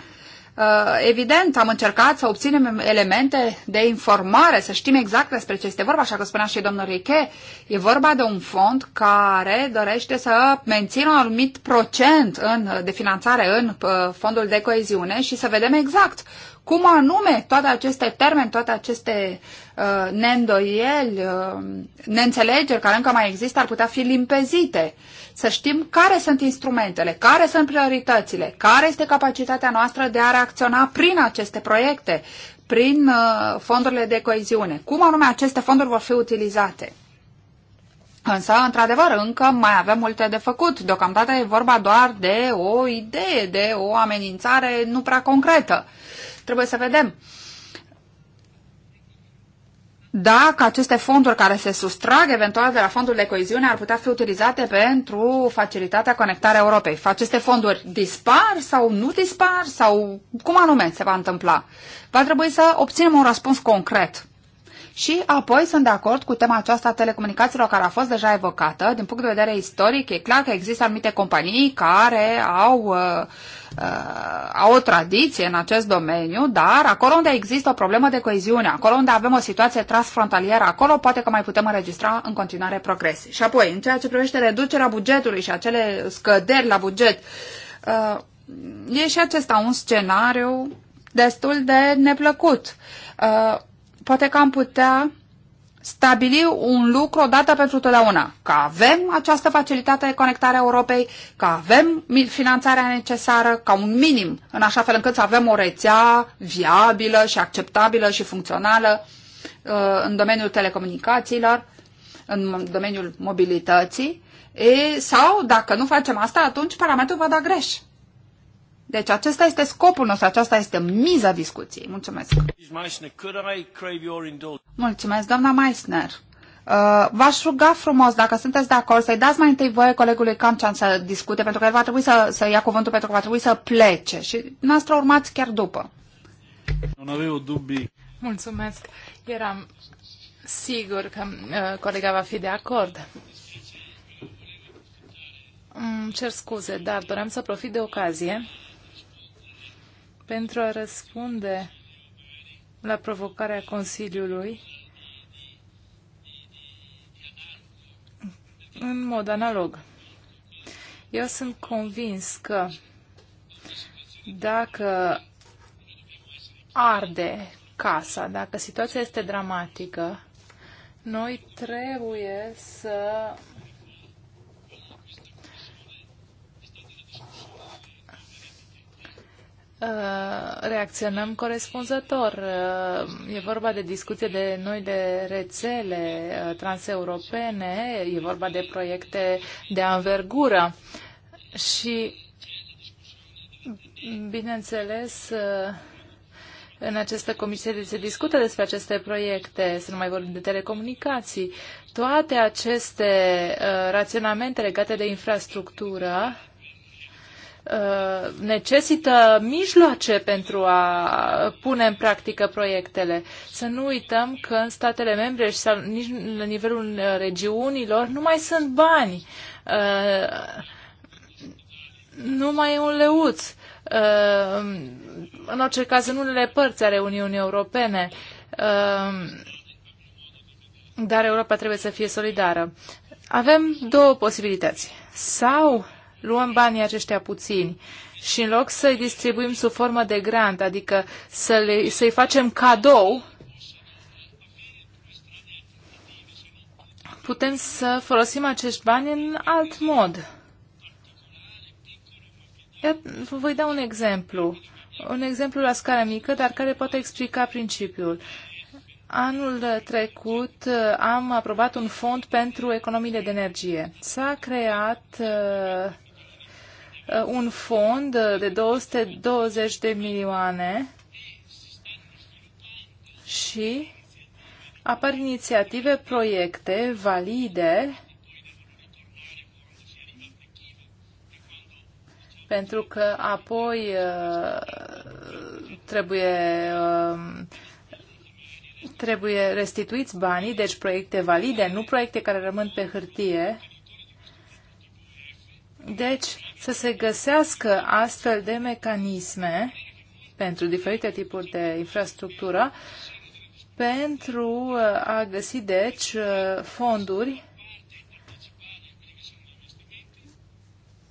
Uh, evident, am încercat să obținem elemente de informare, să știm exact despre ce este vorba, așa că spunea și domnul Riche, e vorba de un fond care dorește să mențină un anumit procent în, de finanțare în uh, fondul de coeziune și să vedem exact cum anume toate aceste termeni, toate aceste uh, neîndoieli, uh, neînțelegeri care încă mai există ar putea fi limpezite? Să știm care sunt instrumentele, care sunt prioritățile, care este capacitatea noastră de a reacționa prin aceste proiecte, prin uh, fondurile de coeziune. Cum anume aceste fonduri vor fi utilizate? Însă, într-adevăr, încă mai avem multe de făcut. Deocamdată e vorba doar de o idee, de o amenințare nu prea concretă. Trebuie să vedem dacă aceste fonduri care se sustrag eventual de la fondul de coeziune ar putea fi utilizate pentru facilitatea conectarea Europei. Aceste fonduri dispar sau nu dispar sau cum anume se va întâmpla? Va trebui să obținem un răspuns concret. Și apoi sunt de acord cu tema aceasta a telecomunicațiilor care a fost deja evocată. Din punct de vedere istoric, e clar că există anumite companii care au uh, Uh, au o tradiție în acest domeniu, dar acolo unde există o problemă de coeziune, acolo unde avem o situație transfrontalieră, acolo poate că mai putem înregistra în continuare progrese. Și apoi, în ceea ce privește reducerea bugetului și acele scăderi la buget, uh, e și acesta un scenariu destul de neplăcut. Uh, poate că am putea stabili un lucru odată pentru totdeauna, că avem această facilitate de conectare a Europei, că avem finanțarea necesară, ca un minim, în așa fel încât să avem o rețea viabilă și acceptabilă și funcțională uh, în domeniul telecomunicațiilor, în domeniul mobilității, e, sau dacă nu facem asta, atunci parametrul va da greș. Deci acesta este scopul nostru, aceasta este miza discuției. Mulțumesc. Mulțumesc, doamna Meissner. Uh, v-aș ruga frumos, dacă sunteți de acord, să-i dați mai întâi voie colegului Camcean să discute, pentru că el va trebui să, să ia cuvântul, pentru că va trebui să plece. Și noastră urmați chiar după. Nu aveau dubii. Mulțumesc. Eram sigur că uh, colega va fi de acord. Îmi cer scuze, dar doream să profit de ocazie pentru a răspunde la provocarea Consiliului în mod analog. Eu sunt convins că dacă arde casa, dacă situația este dramatică, noi trebuie să Uh, reacționăm corespunzător. Uh, e vorba de discuție de noi de rețele uh, transeuropene, e vorba de proiecte de anvergură și, bineînțeles, în această comisie se discută despre aceste proiecte, să nu mai vorbim de telecomunicații. Toate aceste uh, raționamente legate de infrastructură Uh, necesită mijloace pentru a pune în practică proiectele. Să nu uităm că în statele membre și nici la nivelul uh, regiunilor nu mai sunt bani, uh, nu mai e un leuț. În orice caz, în unele părți ale Uniunii Europene. Dar Europa trebuie să fie solidară. Avem două posibilități. Sau luăm banii aceștia puțini și în loc să-i distribuim sub formă de grant, adică să le, să-i facem cadou, putem să folosim acești bani în alt mod. vă voi da un exemplu. Un exemplu la scară mică, dar care poate explica principiul. Anul trecut uh, am aprobat un fond pentru economiile de energie. S-a creat uh, Uh, un fond de 220 de milioane și apar inițiative, proiecte valide pentru că apoi uh, trebuie um, trebuie restituiți banii, deci proiecte valide, nu proiecte care rămân pe hârtie. Deci, să se găsească astfel de mecanisme pentru diferite tipuri de infrastructură pentru uh, a găsi, deci, uh, fonduri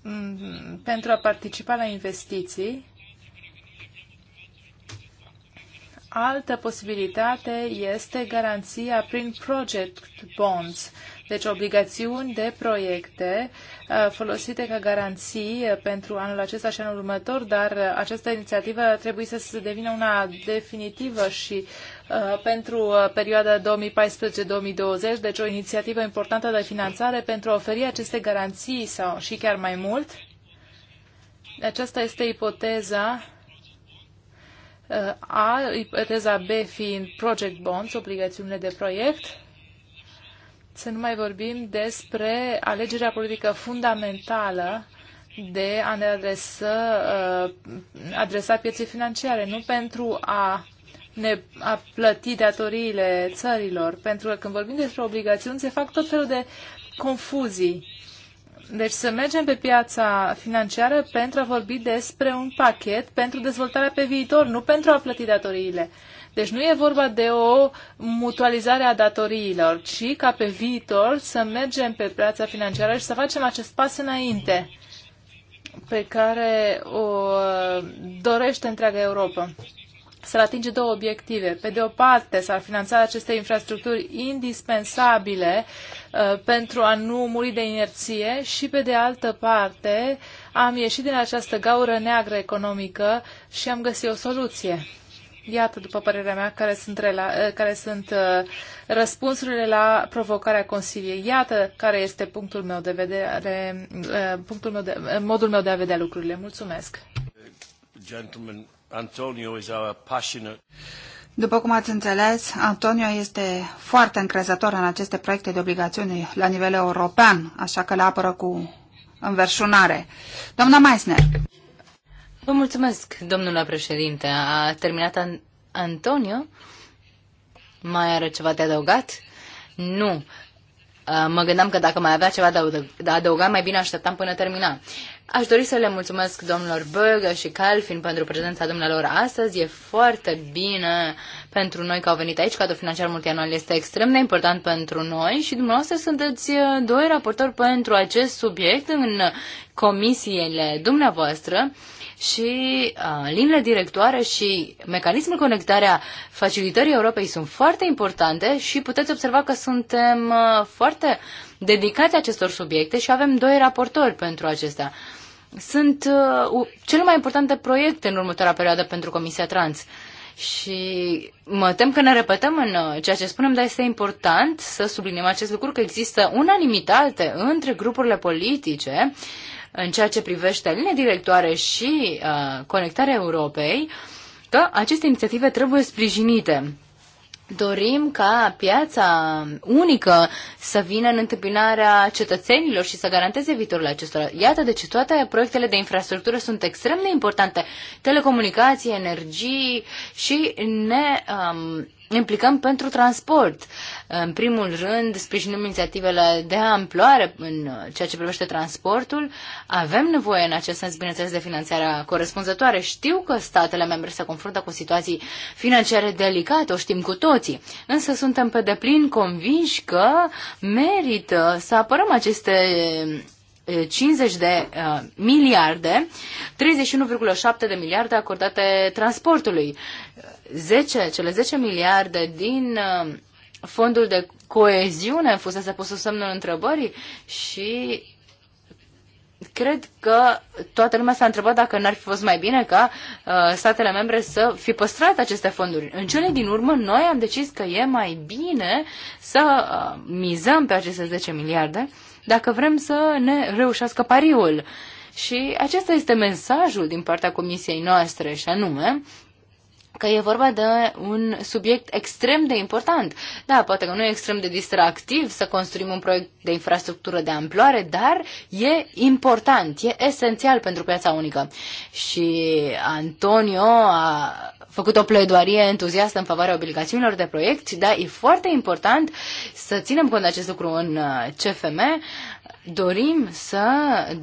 mm, pentru a participa la investiții Altă posibilitate este garanția prin project bonds, deci obligațiuni de proiecte uh, folosite ca garanții pentru anul acesta și anul următor, dar această inițiativă trebuie să se devină una definitivă și uh, pentru uh, perioada 2014-2020, deci o inițiativă importantă de finanțare pentru a oferi aceste garanții sau și chiar mai mult. Aceasta este ipoteza a, ipoteza B fiind project bonds, obligațiunile de proiect, să nu mai vorbim despre alegerea politică fundamentală de a ne adresa, uh, adresa pieței financiare, nu pentru a ne a plăti datoriile țărilor, pentru că când vorbim despre obligațiuni se fac tot felul de confuzii deci să mergem pe piața financiară pentru a vorbi despre un pachet pentru dezvoltarea pe viitor, nu pentru a plăti datoriile. Deci nu e vorba de o mutualizare a datoriilor, ci ca pe viitor să mergem pe piața financiară și să facem acest pas înainte pe care o dorește întreaga Europa s-ar atinge două obiective. Pe de o parte, s-ar finanța aceste infrastructuri indispensabile uh, pentru a nu muri de inerție și, pe de altă parte, am ieșit din această gaură neagră economică și am găsit o soluție. Iată, după părerea mea, care sunt, rela- uh, care sunt uh, răspunsurile la provocarea Consiliei. Iată care este punctul meu de vedere, punctul meu de, modul meu de a vedea lucrurile. Mulțumesc. Gentlemen. Antonio is our passionate... După cum ați înțeles, Antonio este foarte încrezător în aceste proiecte de obligațiuni la nivel european, așa că le apără cu înverșunare. Doamna Meissner. Vă mulțumesc, domnule președinte. A terminat an Antonio. Mai are ceva de adăugat? Nu. Mă gândeam că dacă mai avea ceva de adăugat, mai bine așteptam până termina. Aș dori să le mulțumesc domnilor Bărgă și Calfin pentru prezența dumnealor astăzi. E foarte bine pentru noi că au venit aici. Cadrul financiar multianual este extrem de important pentru noi și dumneavoastră sunteți uh, doi raportori pentru acest subiect în comisiile dumneavoastră și uh, liniile directoare și mecanismul conectarea facilitării Europei sunt foarte importante și puteți observa că suntem uh, foarte dedicați acestor subiecte și avem doi raportori pentru acestea sunt uh, cele mai importante proiecte în următoarea perioadă pentru Comisia Trans. Și mă tem că ne repetăm în uh, ceea ce spunem, dar este important să subliniem acest lucru, că există unanimitate între grupurile politice în ceea ce privește linia directoare și uh, conectarea Europei, că aceste inițiative trebuie sprijinite dorim ca piața unică să vină în întâmpinarea cetățenilor și să garanteze viitorul acestora. Iată de ce toate proiectele de infrastructură sunt extrem de importante. Telecomunicații, energii și ne um, implicăm pentru transport. În primul rând, sprijinim inițiativele de amploare în ceea ce privește transportul. Avem nevoie în acest sens, bineînțeles, de finanțarea corespunzătoare. Știu că statele membre se confruntă cu situații financiare delicate, o știm cu toții, însă suntem pe deplin convinși că merită să apărăm aceste 50 de uh, miliarde, 31,7 de miliarde acordate transportului. 10, cele 10 miliarde din uh, fondul de coeziune fusese pus sub semnul întrebării și cred că toată lumea s-a întrebat dacă n-ar fi fost mai bine ca uh, statele membre să fi păstrat aceste fonduri. În cele din urmă, noi am decis că e mai bine să uh, mizăm pe aceste 10 miliarde dacă vrem să ne reușească pariul. Și acesta este mesajul din partea comisiei noastre, și anume că e vorba de un subiect extrem de important. Da, poate că nu e extrem de distractiv să construim un proiect de infrastructură de amploare, dar e important, e esențial pentru piața unică. Și Antonio a făcut o pledoarie entuziastă în favoarea obligațiunilor de proiect, dar e foarte important să ținem cont de acest lucru în uh, CFM. Dorim să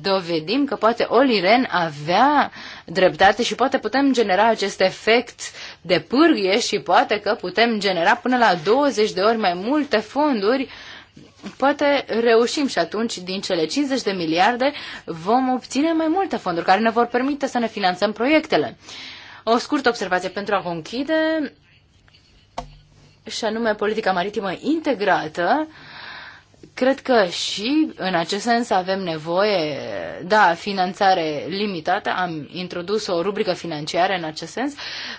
dovedim că poate Oliren avea dreptate și poate putem genera acest efect de pârghie și poate că putem genera până la 20 de ori mai multe fonduri poate reușim și atunci din cele 50 de miliarde vom obține mai multe fonduri care ne vor permite să ne finanțăm proiectele. O scurtă observație pentru a conchide, și anume politica maritimă integrată, cred că și în acest sens avem nevoie, da, finanțare limitată, am introdus o rubrică financiară în acest sens,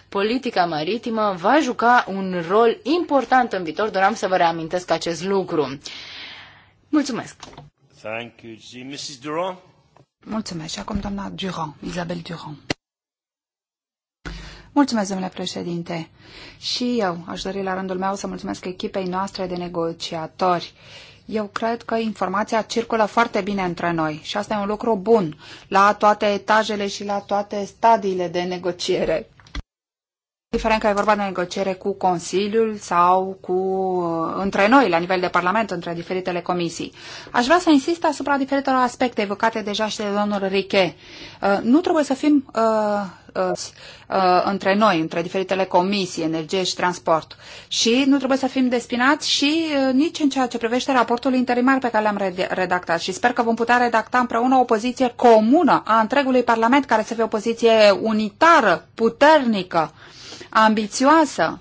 politica maritimă va juca un rol important în viitor, doream să vă reamintesc acest lucru. Mulțumesc! Thank you, Mrs. Durand. Mulțumesc. Și acum doamna Durand, Isabel Durand. Mulțumesc, domnule președinte. Și eu aș dori la rândul meu să mulțumesc echipei noastre de negociatori. Eu cred că informația circulă foarte bine între noi și asta e un lucru bun la toate etajele și la toate stadiile de negociere indiferent că e vorba de negociere cu Consiliul sau cu, uh, între noi, la nivel de Parlament, între diferitele comisii. Aș vrea să insist asupra diferitelor aspecte evocate deja și de domnul Riche. Uh, nu trebuie să fim uh, între noi, între diferitele comisii, energie și transport. Și nu trebuie să fim despinați și nici în ceea ce privește raportul interimar pe care l-am redactat. Și sper că vom putea redacta împreună o poziție comună a întregului Parlament, care să fie o poziție unitară, puternică, ambițioasă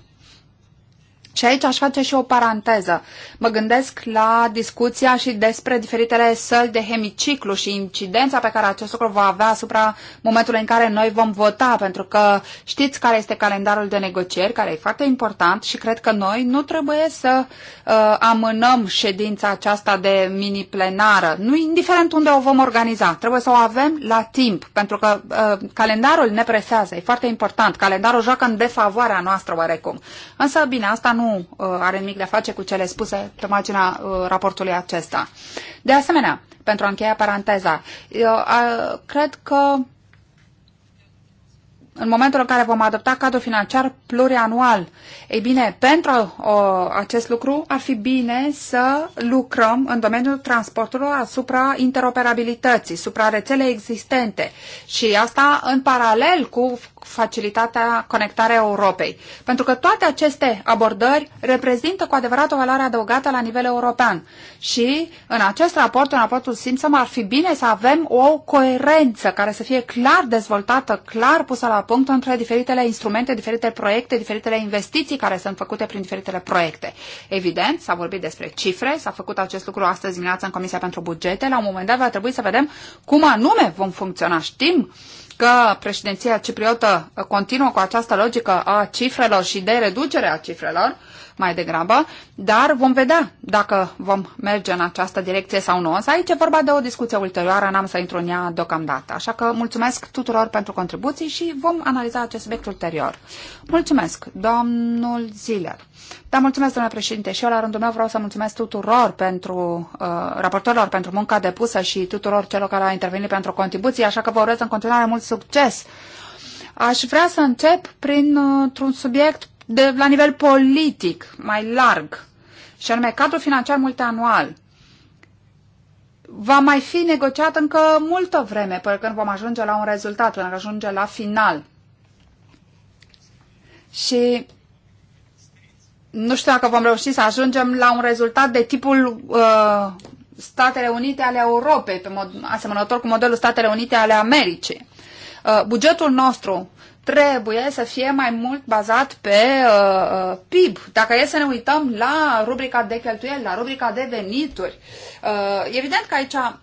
și aici aș face și o paranteză. Mă gândesc la discuția și despre diferitele săli de hemiciclu și incidența pe care acest lucru va avea asupra momentului în care noi vom vota, pentru că știți care este calendarul de negocieri, care e foarte important și cred că noi nu trebuie să uh, amânăm ședința aceasta de mini-plenară, nu indiferent unde o vom organiza, trebuie să o avem la timp, pentru că uh, calendarul ne presează, e foarte important, calendarul joacă în defavoarea noastră oarecum. Însă, bine, asta nu uh, are nimic de a face cu cele spuse pe marginea uh, raportului acesta. De asemenea, pentru a încheia paranteza, uh, cred că în momentul în care vom adopta cadrul financiar plurianual. Ei bine, pentru uh, acest lucru ar fi bine să lucrăm în domeniul transporturilor asupra interoperabilității, supra rețelei existente și asta în paralel cu facilitatea conectarea Europei. Pentru că toate aceste abordări reprezintă cu adevărat o valoare adăugată la nivel european. Și în acest raport, în raportul Simpson, ar fi bine să avem o coerență care să fie clar dezvoltată, clar pusă la punct între diferitele instrumente, diferite proiecte, diferitele investiții care sunt făcute prin diferitele proiecte. Evident, s-a vorbit despre cifre, s-a făcut acest lucru astăzi dimineața în Comisia pentru Bugete. La un moment dat va trebui să vedem cum anume vom funcționa. Știm că președinția cipriotă continuă cu această logică a cifrelor și de reducere a cifrelor, mai degrabă, dar vom vedea dacă vom merge în această direcție sau nu. Însă aici e vorba de o discuție ulterioară, n-am să intru în ea deocamdată. Așa că mulțumesc tuturor pentru contribuții și vom analiza acest subiect ulterior. Mulțumesc, domnul Ziller. Da, mulțumesc, domnule președinte, și eu la rândul meu vreau să mulțumesc tuturor pentru, uh, raportorilor pentru munca depusă și tuturor celor care au intervenit pentru contribuții, așa că vă urez în continuare mult succes. Aș vrea să încep printr-un uh, subiect de la nivel politic, mai larg, și anume cadrul financiar multianual, va mai fi negociat încă multă vreme până când vom ajunge la un rezultat, până când ajunge la final. Și nu știu dacă vom reuși să ajungem la un rezultat de tipul uh, Statele Unite ale Europei, pe mod, asemănător cu modelul Statele Unite ale Americii. Uh, bugetul nostru trebuie să fie mai mult bazat pe uh, uh PIB. Dacă e să ne uităm la rubrica de cheltuieli, la rubrica de venituri, uh, evident că aici uh,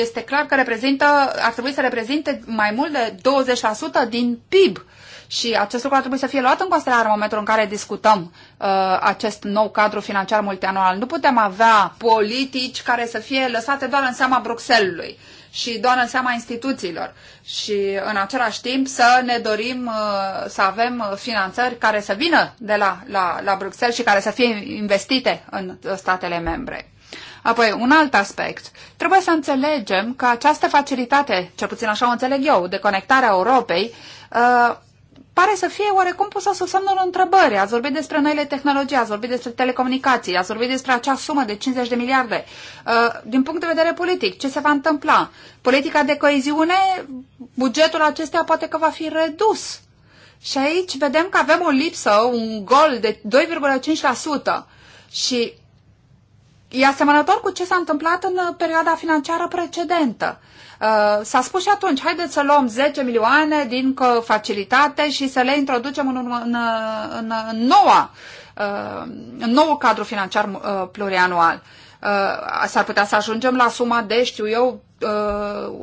este clar că reprezintă, ar trebui să reprezinte mai mult de 20% din PIB. Uh, și acest lucru ar trebui să fie luat în considerare în momentul în care discutăm uh, acest nou cadru financiar multianual. Nu putem avea politici care să fie lăsate doar în seama Bruxellesului și doar în seama instituțiilor. Și în același timp să ne dorim uh, să avem finanțări care să vină de la, la, la Bruxelles și care să fie investite în statele membre. Apoi, un alt aspect. Trebuie să înțelegem că această facilitate, cel puțin așa o înțeleg eu, de conectarea Europei, uh, pare să fie oarecum pusă sub semnul întrebării. Ați vorbit despre noile tehnologii, ați vorbit despre telecomunicații, ați vorbit despre acea sumă de 50 de miliarde. Uh, din punct de vedere politic, ce se va întâmpla? Politica de coeziune, bugetul acestea poate că va fi redus. Și aici vedem că avem o lipsă, un gol de 2,5% și e asemănător cu ce s-a întâmplat în uh, perioada financiară precedentă. Uh, s-a spus și atunci, haideți să luăm 10 milioane din facilitate și să le introducem în, în, uh, în, uh, în, noua, în nou cadru financiar plurianual. S-ar putea să ajungem la suma de, știu eu,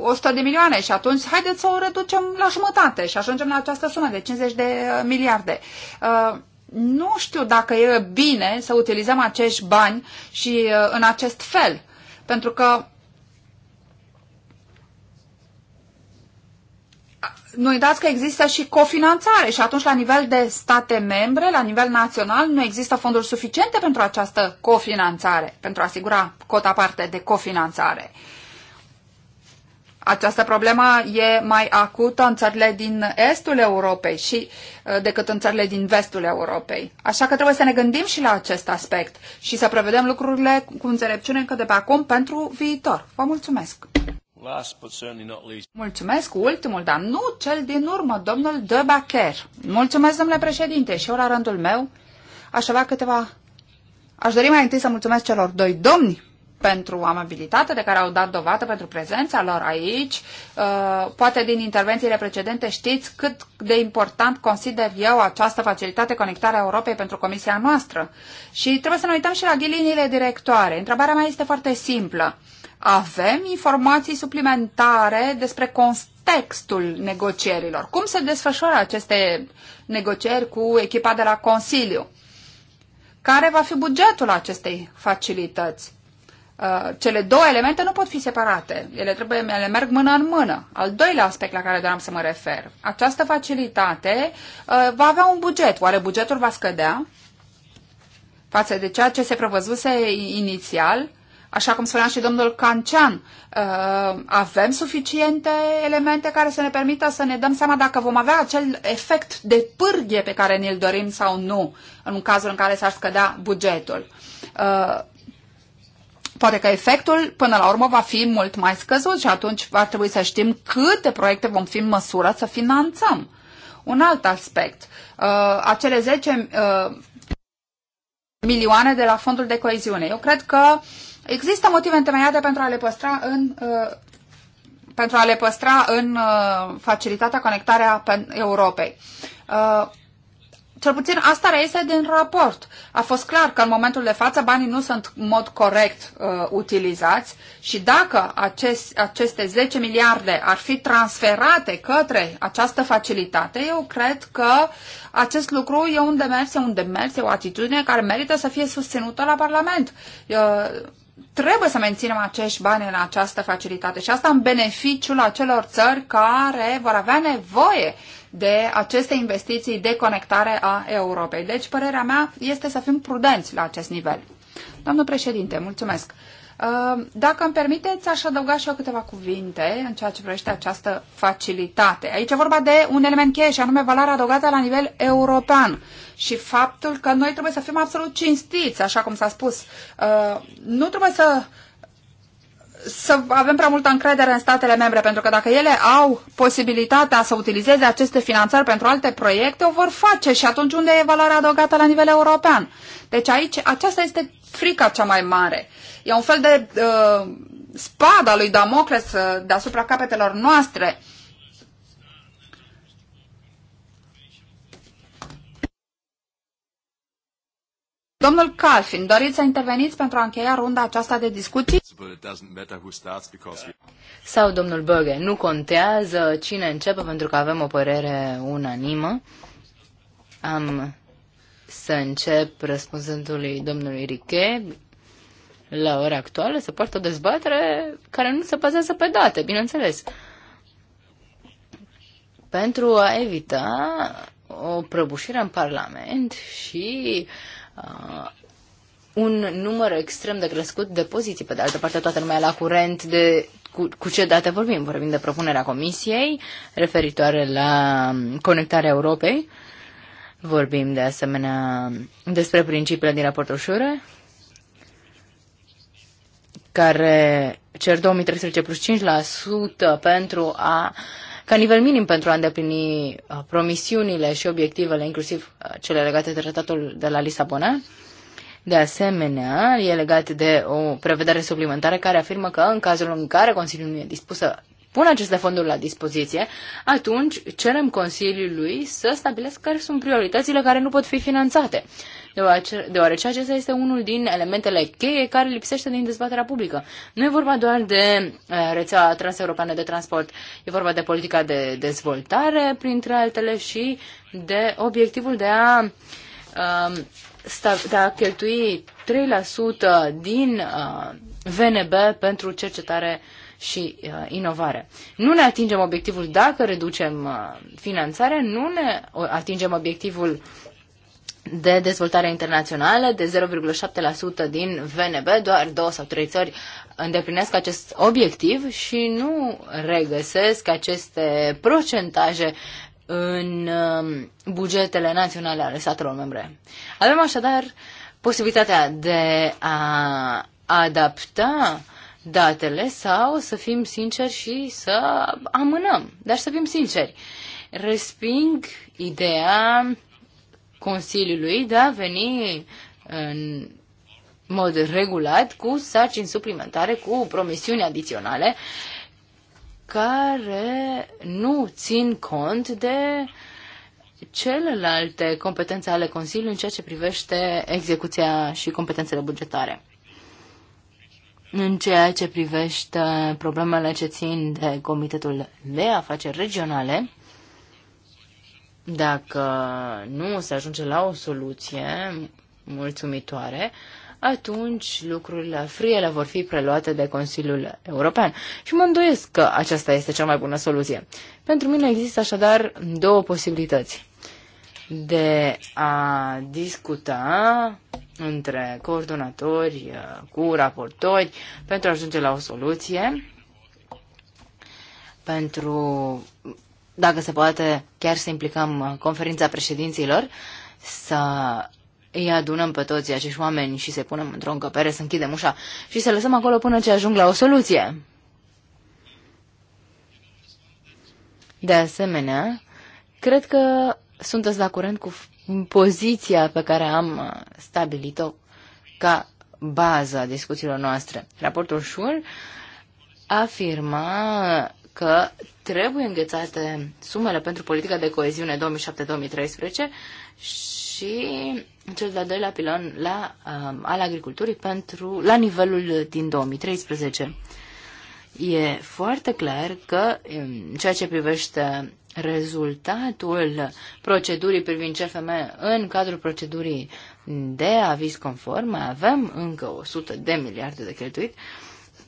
100 de milioane și atunci haideți să o reducem la jumătate și ajungem la această sumă de 50 de miliarde nu știu dacă e bine să utilizăm acești bani și în acest fel. Pentru că nu uitați că există și cofinanțare și atunci la nivel de state membre, la nivel național, nu există fonduri suficiente pentru această cofinanțare, pentru a asigura cota parte de cofinanțare. Această problemă e mai acută în țările din estul Europei și uh, decât în țările din vestul Europei. Așa că trebuie să ne gândim și la acest aspect și să prevedem lucrurile cu înțelepciune încă de pe acum pentru viitor. Vă mulțumesc! Mulțumesc, ultimul, dar nu cel din urmă, domnul De Bacher. Mulțumesc, domnule președinte, și eu la rândul meu aș avea câteva... Aș dori mai întâi să mulțumesc celor doi domni pentru amabilitate de care au dat dovadă pentru prezența lor aici. Uh, poate din intervențiile precedente știți cât de important consider eu această facilitate conectarea Europei pentru comisia noastră. Și trebuie să ne uităm și la ghiliniile directoare. Întrebarea mea este foarte simplă. Avem informații suplimentare despre contextul negocierilor. Cum se desfășoară aceste negocieri cu echipa de la Consiliu? Care va fi bugetul acestei facilități? Uh, cele două elemente nu pot fi separate. Ele trebuie, ele merg mână în mână. Al doilea aspect la care doream să mă refer. Această facilitate uh, va avea un buget. Oare bugetul va scădea față de ceea ce se prevăzuse inițial? Așa cum spunea și domnul Cancian, uh, avem suficiente elemente care să ne permită să ne dăm seama dacă vom avea acel efect de pârghie pe care ne-l dorim sau nu, în cazul în care s-ar scădea bugetul. Uh, poate că efectul, până la urmă, va fi mult mai scăzut și atunci va trebui să știm câte proiecte vom fi în măsură să finanțăm. Un alt aspect, uh, acele 10 milioane de la fondul de coeziune. Eu cred că uh, Există motive întemeiate pentru a le păstra în, uh, pentru a le păstra în uh, facilitatea conectarea Europei. Uh, cel puțin asta reiese din raport. A fost clar că în momentul de față banii nu sunt în mod corect uh, utilizați și dacă acest, aceste 10 miliarde ar fi transferate către această facilitate, eu cred că acest lucru e un demers, e un demers, e o atitudine care merită să fie susținută la Parlament. Uh, trebuie să menținem acești bani în această facilitate și asta în beneficiul acelor țări care vor avea nevoie de aceste investiții de conectare a Europei. Deci, părerea mea este să fim prudenți la acest nivel. Domnul președinte, mulțumesc. Uh, dacă îmi permiteți, aș adăuga și eu câteva cuvinte în ceea ce privește această facilitate. Aici e vorba de un element cheie și anume valoarea adăugată la nivel european și faptul că noi trebuie să fim absolut cinstiți, așa cum s-a spus. Uh, nu trebuie să să avem prea multă încredere în statele membre, pentru că dacă ele au posibilitatea să utilizeze aceste finanțări pentru alte proiecte, o vor face și atunci unde e valoarea adăugată la nivel european? Deci aici, aceasta este frica cea mai mare. E un fel de uh, spada lui Damocles uh, deasupra capetelor noastre. Domnul Calfin, doriți să interveniți pentru a încheia runda aceasta de discuții? Sau domnul Băghe, nu contează cine începe pentru că avem o părere unanimă. Am să încep răspunzându-lui domnului Riche. La ora actuală se poartă o dezbatere care nu se bazează pe date, bineînțeles. Pentru a evita o prăbușire în Parlament și uh, un număr extrem de crescut de poziții. Pe de altă parte, toată lumea la curent de cu, cu ce date vorbim. Vorbim de propunerea Comisiei referitoare la conectarea Europei. Uh, Vorbim de asemenea despre principiile din raportul Șure, care cer 2013 plus 5% pentru a, ca nivel minim pentru a îndeplini uh, promisiunile și obiectivele, inclusiv uh, cele legate de tratatul de la Lisabona. De asemenea, e legat de o prevedere suplimentară care afirmă că în cazul în care Consiliul nu e să pun aceste fonduri la dispoziție, atunci cerem Consiliului să stabilească care sunt prioritățile care nu pot fi finanțate, deoarece, acesta este unul din elementele cheie care lipsește din dezbaterea publică. Nu e vorba doar de eh, rețeaua transeuropeană de transport, e vorba de politica de dezvoltare, printre altele, și de obiectivul de a, ehm, de a cheltui 3% din eh, VNB pentru cercetare uh, și uh, inovare. Nu ne atingem obiectivul dacă reducem uh, finanțarea, nu ne atingem obiectivul de dezvoltare internațională de 0,7% din VNB, doar două sau trei țări îndeplinesc acest obiectiv și nu regăsesc aceste procentaje în um, bugetele naționale ale statelor membre. Avem așadar posibilitatea de a adapta datele sau să fim sinceri și să amânăm. Dar să fim sinceri. Resping ideea Consiliului de a veni în mod regulat cu sarcini suplimentare, cu promisiuni adiționale care nu țin cont de celelalte competențe ale Consiliului în ceea ce privește execuția și competențele bugetare. În ceea ce privește problemele ce țin de Comitetul de Afaceri Regionale, dacă nu se ajunge la o soluție mulțumitoare, atunci lucrurile friele vor fi preluate de Consiliul European. Și mă îndoiesc că aceasta este cea mai bună soluție. Pentru mine există așadar două posibilități de a discuta între coordonatori uh, cu raportori pentru a ajunge la o soluție, pentru, dacă se poate, chiar să implicăm uh, conferința președinților, să îi adunăm pe toți acești oameni și să punem într-o încăpere, să închidem ușa și să lăsăm acolo până ce ajung la o soluție. De asemenea, cred că sunteți la curent cu poziția pe care am stabilit-o ca bază a discuțiilor noastre. Raportul Schur afirma că trebuie înghețate sumele pentru politica de coeziune 2007-2013 și cel de-al doilea pilon la, um, al agriculturii pentru, la nivelul din 2013. E foarte clar că în um, ceea ce privește rezultatul procedurii privind CFM în cadrul procedurii de aviz conform, mai avem încă 100 de miliarde de cheltuit,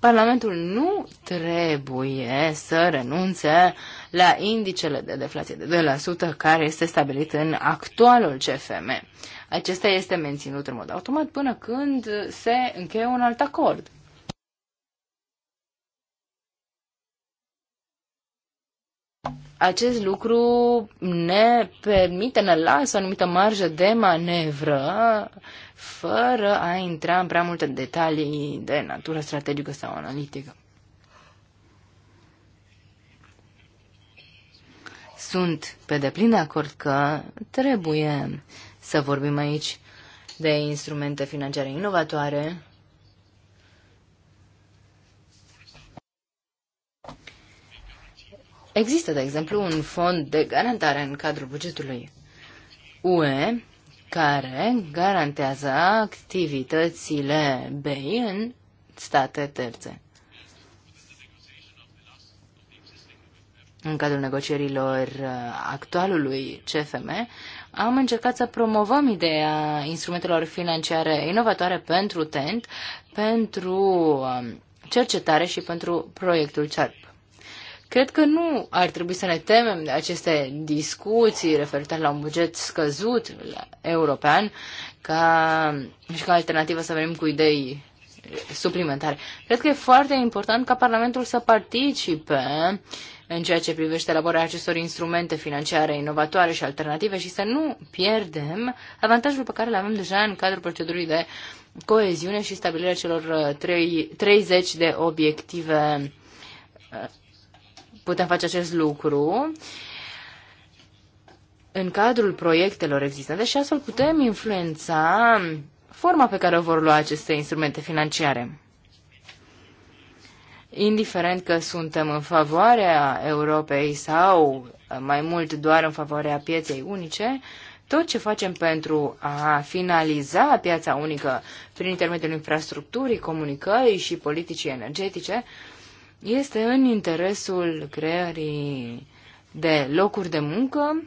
Parlamentul nu trebuie să renunțe la indicele de deflație de 2% care este stabilit în actualul CFM. Acesta este menținut în mod automat până când se încheie un alt acord. acest lucru ne permite, ne lasă o anumită marjă de manevră fără a intra în prea multe detalii de natură strategică sau analitică. Sunt pe deplin de acord că trebuie să vorbim aici de instrumente financiare inovatoare, Există, de exemplu, un fond de garantare în cadrul bugetului UE care garantează activitățile BEI în state terțe. În cadrul negocierilor uh, actualului CFM, am încercat să promovăm ideea instrumentelor financiare inovatoare pentru TENT, pentru um, cercetare și pentru proiectul CERP. Cred că nu ar trebui să ne temem de aceste discuții referitoare la un buget scăzut european ca, și ca alternativă să venim cu idei suplimentare. Cred că e foarte important ca Parlamentul să participe în ceea ce privește elaborarea acestor instrumente financiare inovatoare și alternative și să nu pierdem avantajul pe care îl avem deja în cadrul procedurii de coeziune și stabilirea celor 30 uh, de obiective uh, putem face acest lucru în cadrul proiectelor existente și astfel putem influența forma pe care o vor lua aceste instrumente financiare. Indiferent că suntem în favoarea Europei sau mai mult doar în favoarea pieței unice, tot ce facem pentru a finaliza piața unică prin intermediul infrastructurii, comunicării și politicii energetice este în interesul creării de locuri de muncă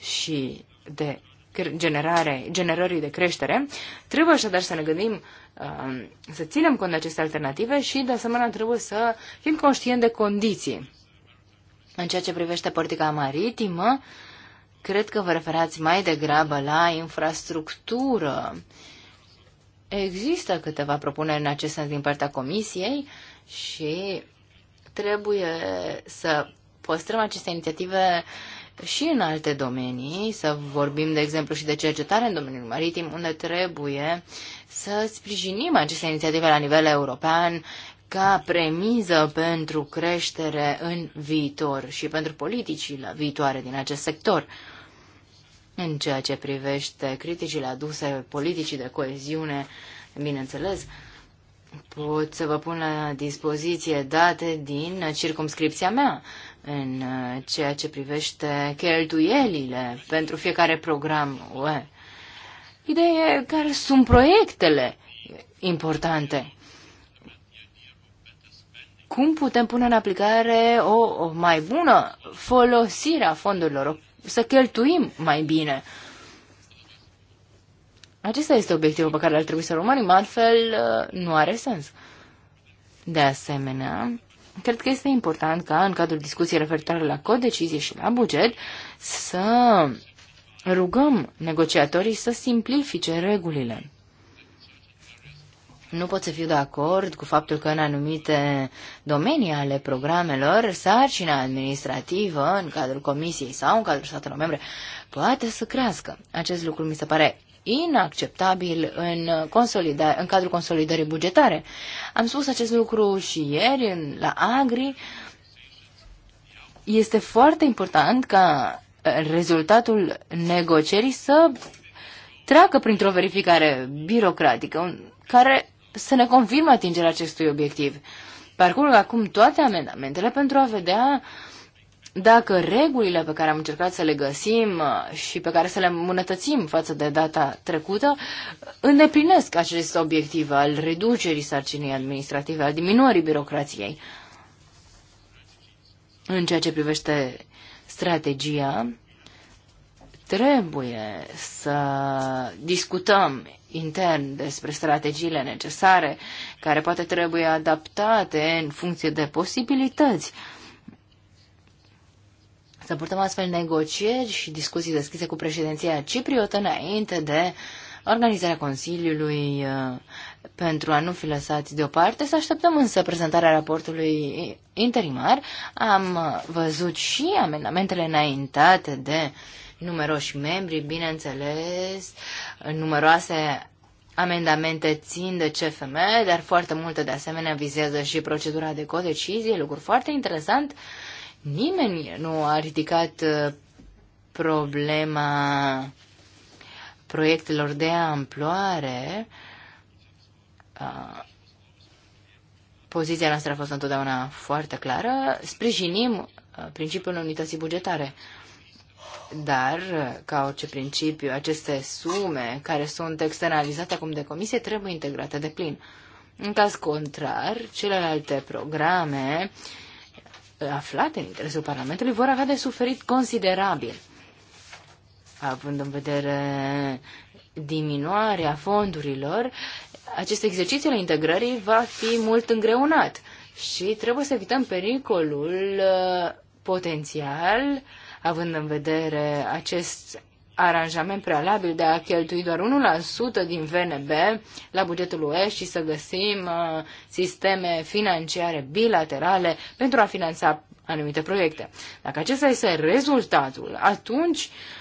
și de generare, generării de creștere. Trebuie așadar să ne gândim um, să ținem cont de aceste alternative și, de asemenea, trebuie să fim conștienți de condiții. În ceea ce privește politica maritimă, cred că vă referați mai degrabă la infrastructură. Există câteva propuneri în acest sens din partea Comisiei și trebuie să păstrăm aceste inițiative și în alte domenii, să vorbim, de exemplu, și de cercetare în domeniul maritim, unde trebuie să sprijinim aceste inițiative la nivel european ca premiză pentru creștere în viitor și pentru politicile viitoare din acest sector. În ceea ce privește criticile aduse politicii de coeziune, bineînțeles, uh, pot să vă pun la dispoziție date din circumscripția mea în uh, ceea ce privește cheltuielile pentru fiecare program UE. Ideea e care sunt proiectele importante. Cum putem pune în aplicare o, o mai bună folosire a fondurilor, să cheltuim mai bine. Uh, acesta este obiectivul pe care ar trebui să l urmărim, altfel uh, nu are sens. De asemenea, cred că este important ca în cadrul discuției referitoare la codecizie și la buget să rugăm negociatorii să simplifice regulile. Nu pot să fiu de acord cu faptul că în anumite domenii ale programelor, sarcina administrativă în cadrul comisiei sau în cadrul statelor membre poate să crească. Acest lucru mi se pare inacceptabil în, consolida- în cadrul consolidării bugetare. Am spus acest lucru și ieri în, la Agri. Este foarte important ca uh, rezultatul negocierii să treacă printr-o verificare birocratică care să ne confirme atingerea acestui obiectiv. Parcurg acum toate amendamentele pentru a vedea uh, dacă regulile pe care am încercat să le găsim uh, și pe care să le îmbunătățim față de data trecută îndeplinesc acest obiectiv al reducerii sarcinii administrative, al diminuării birocrației. În ceea ce privește strategia, trebuie să discutăm intern despre strategiile necesare, care poate trebuie adaptate în funcție de posibilități. Uh, să purtăm astfel negocieri și discuții deschise cu președinția cipriotă înainte de organizarea Consiliului uh, pentru a nu fi lăsați deoparte. Să așteptăm însă prezentarea raportului interimar. Am uh, văzut și amendamentele înaintate de numeroși membri, bineînțeles, numeroase amendamente țin de CFM, dar foarte multe de asemenea vizează și procedura de codecizie, lucru foarte interesant. Nimeni nu a ridicat uh, problema proiectelor de amploare. Uh, poziția noastră a fost întotdeauna foarte clară. Sprijinim uh, principiul unității bugetare. Dar, ca orice principiu, aceste sume care sunt externalizate acum de comisie trebuie integrate de plin. În caz contrar, celelalte programe uh, aflate în interesul Parlamentului vor avea de suferit considerabil, având în vedere diminuarea fondurilor, acest exercițiu al integrării va fi mult îngreunat și trebuie să evităm pericolul uh, potențial, având în vedere acest aranjament prealabil de a cheltui doar 1% din VNB la bugetul UE și să găsim uh, sisteme financiare bilaterale pentru a finanța anumite proiecte. Dacă acesta este rezultatul, atunci uh,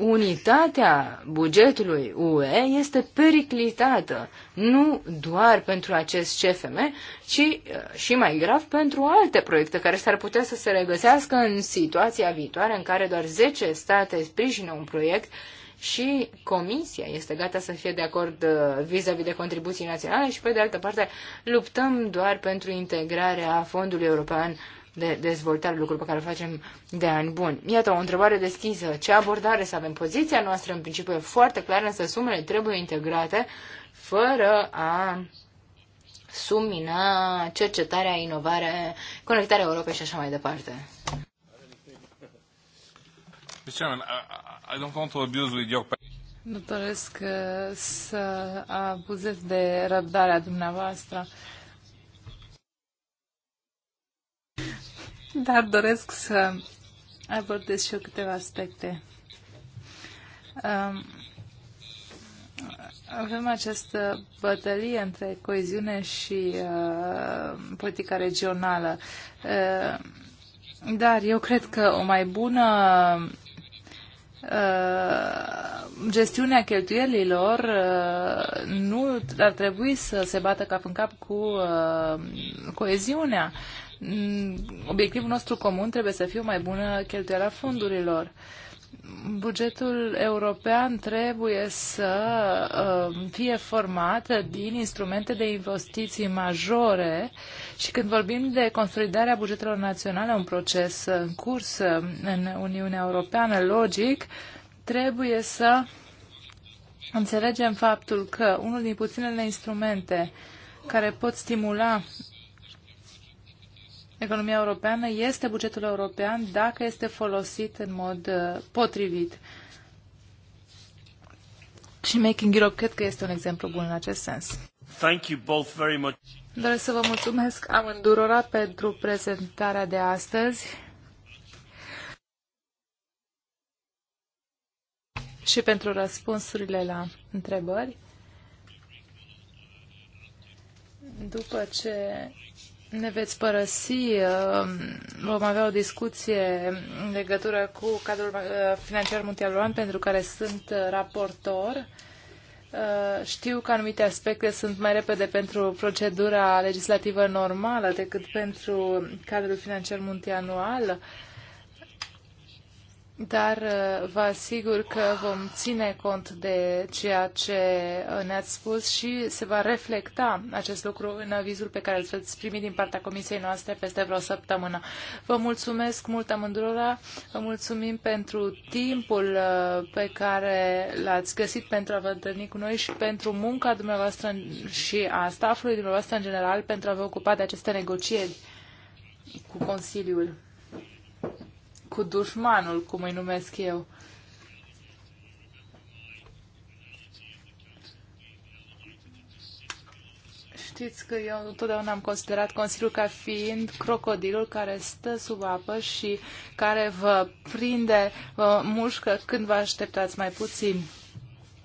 unitatea bugetului UE este periclitată, nu doar pentru acest CFM, ci uh, și mai grav pentru alte proiecte care s-ar putea să se regăsească în situația viitoare în care doar 10 state sprijină un proiect și Comisia este gata să fie de acord uh, vis-a-vis -vis de contribuții naționale și, pe de altă parte, luptăm doar pentru integrarea Fondului European de dezvoltare, lucru pe care o facem de ani buni. Iată o întrebare deschisă. Ce abordare să avem? Poziția noastră în principiu e foarte clară, însă sumele trebuie integrate fără a sumina cercetarea, inovare, conectarea Europei și așa mai departe. Nu doresc uh, să abuzez de răbdarea dumneavoastră. dar doresc să abordez și eu câteva aspecte. Um, avem această bătălie între coeziune și uh, politica regională. Uh, dar eu cred că o mai bună uh, gestiunea cheltuielilor nu ar trebui să se bată cap în cap cu coeziunea. Mm, obiectivul nostru comun trebuie să fie o mai bună cheltuială a fondurilor. Bugetul european trebuie să um, fie format din instrumente de investiții majore și când vorbim de consolidarea bugetelor naționale, un proces în curs um, în Uniunea Europeană, logic, trebuie să înțelegem faptul că unul din puținele instrumente care pot stimula Economia europeană este bugetul european dacă este folosit în mod uh, potrivit. Și Making Europe cred că este un exemplu bun în acest sens. Thank you both very much. Doresc să vă mulțumesc amândurora pentru prezentarea de astăzi. și pentru răspunsurile la întrebări. După ce ne veți părăsi, uh, vom avea o discuție în legătură cu cadrul uh, financiar multianual pentru care sunt uh, raportor. Știu că anumite aspecte sunt mai repede pentru procedura legislativă normală decât pentru cadrul financiar multianual. anual dar uh, vă asigur că vom ține cont de ceea ce uh, ne-ați spus și se va reflecta acest lucru în avizul pe care îl veți primi din partea comisiei noastre peste vreo săptămână. Vă mulțumesc mult amândurora, vă mulțumim pentru timpul uh, pe care l-ați găsit pentru a vă întâlni cu noi și pentru munca dumneavoastră și a staffului dumneavoastră în general pentru a vă ocupa de aceste negocieri cu Consiliul cu dușmanul, cum îi numesc eu. Știți că eu întotdeauna am considerat Consiliul ca fiind crocodilul care stă sub apă și care vă prinde, vă mușcă când vă așteptați mai puțin.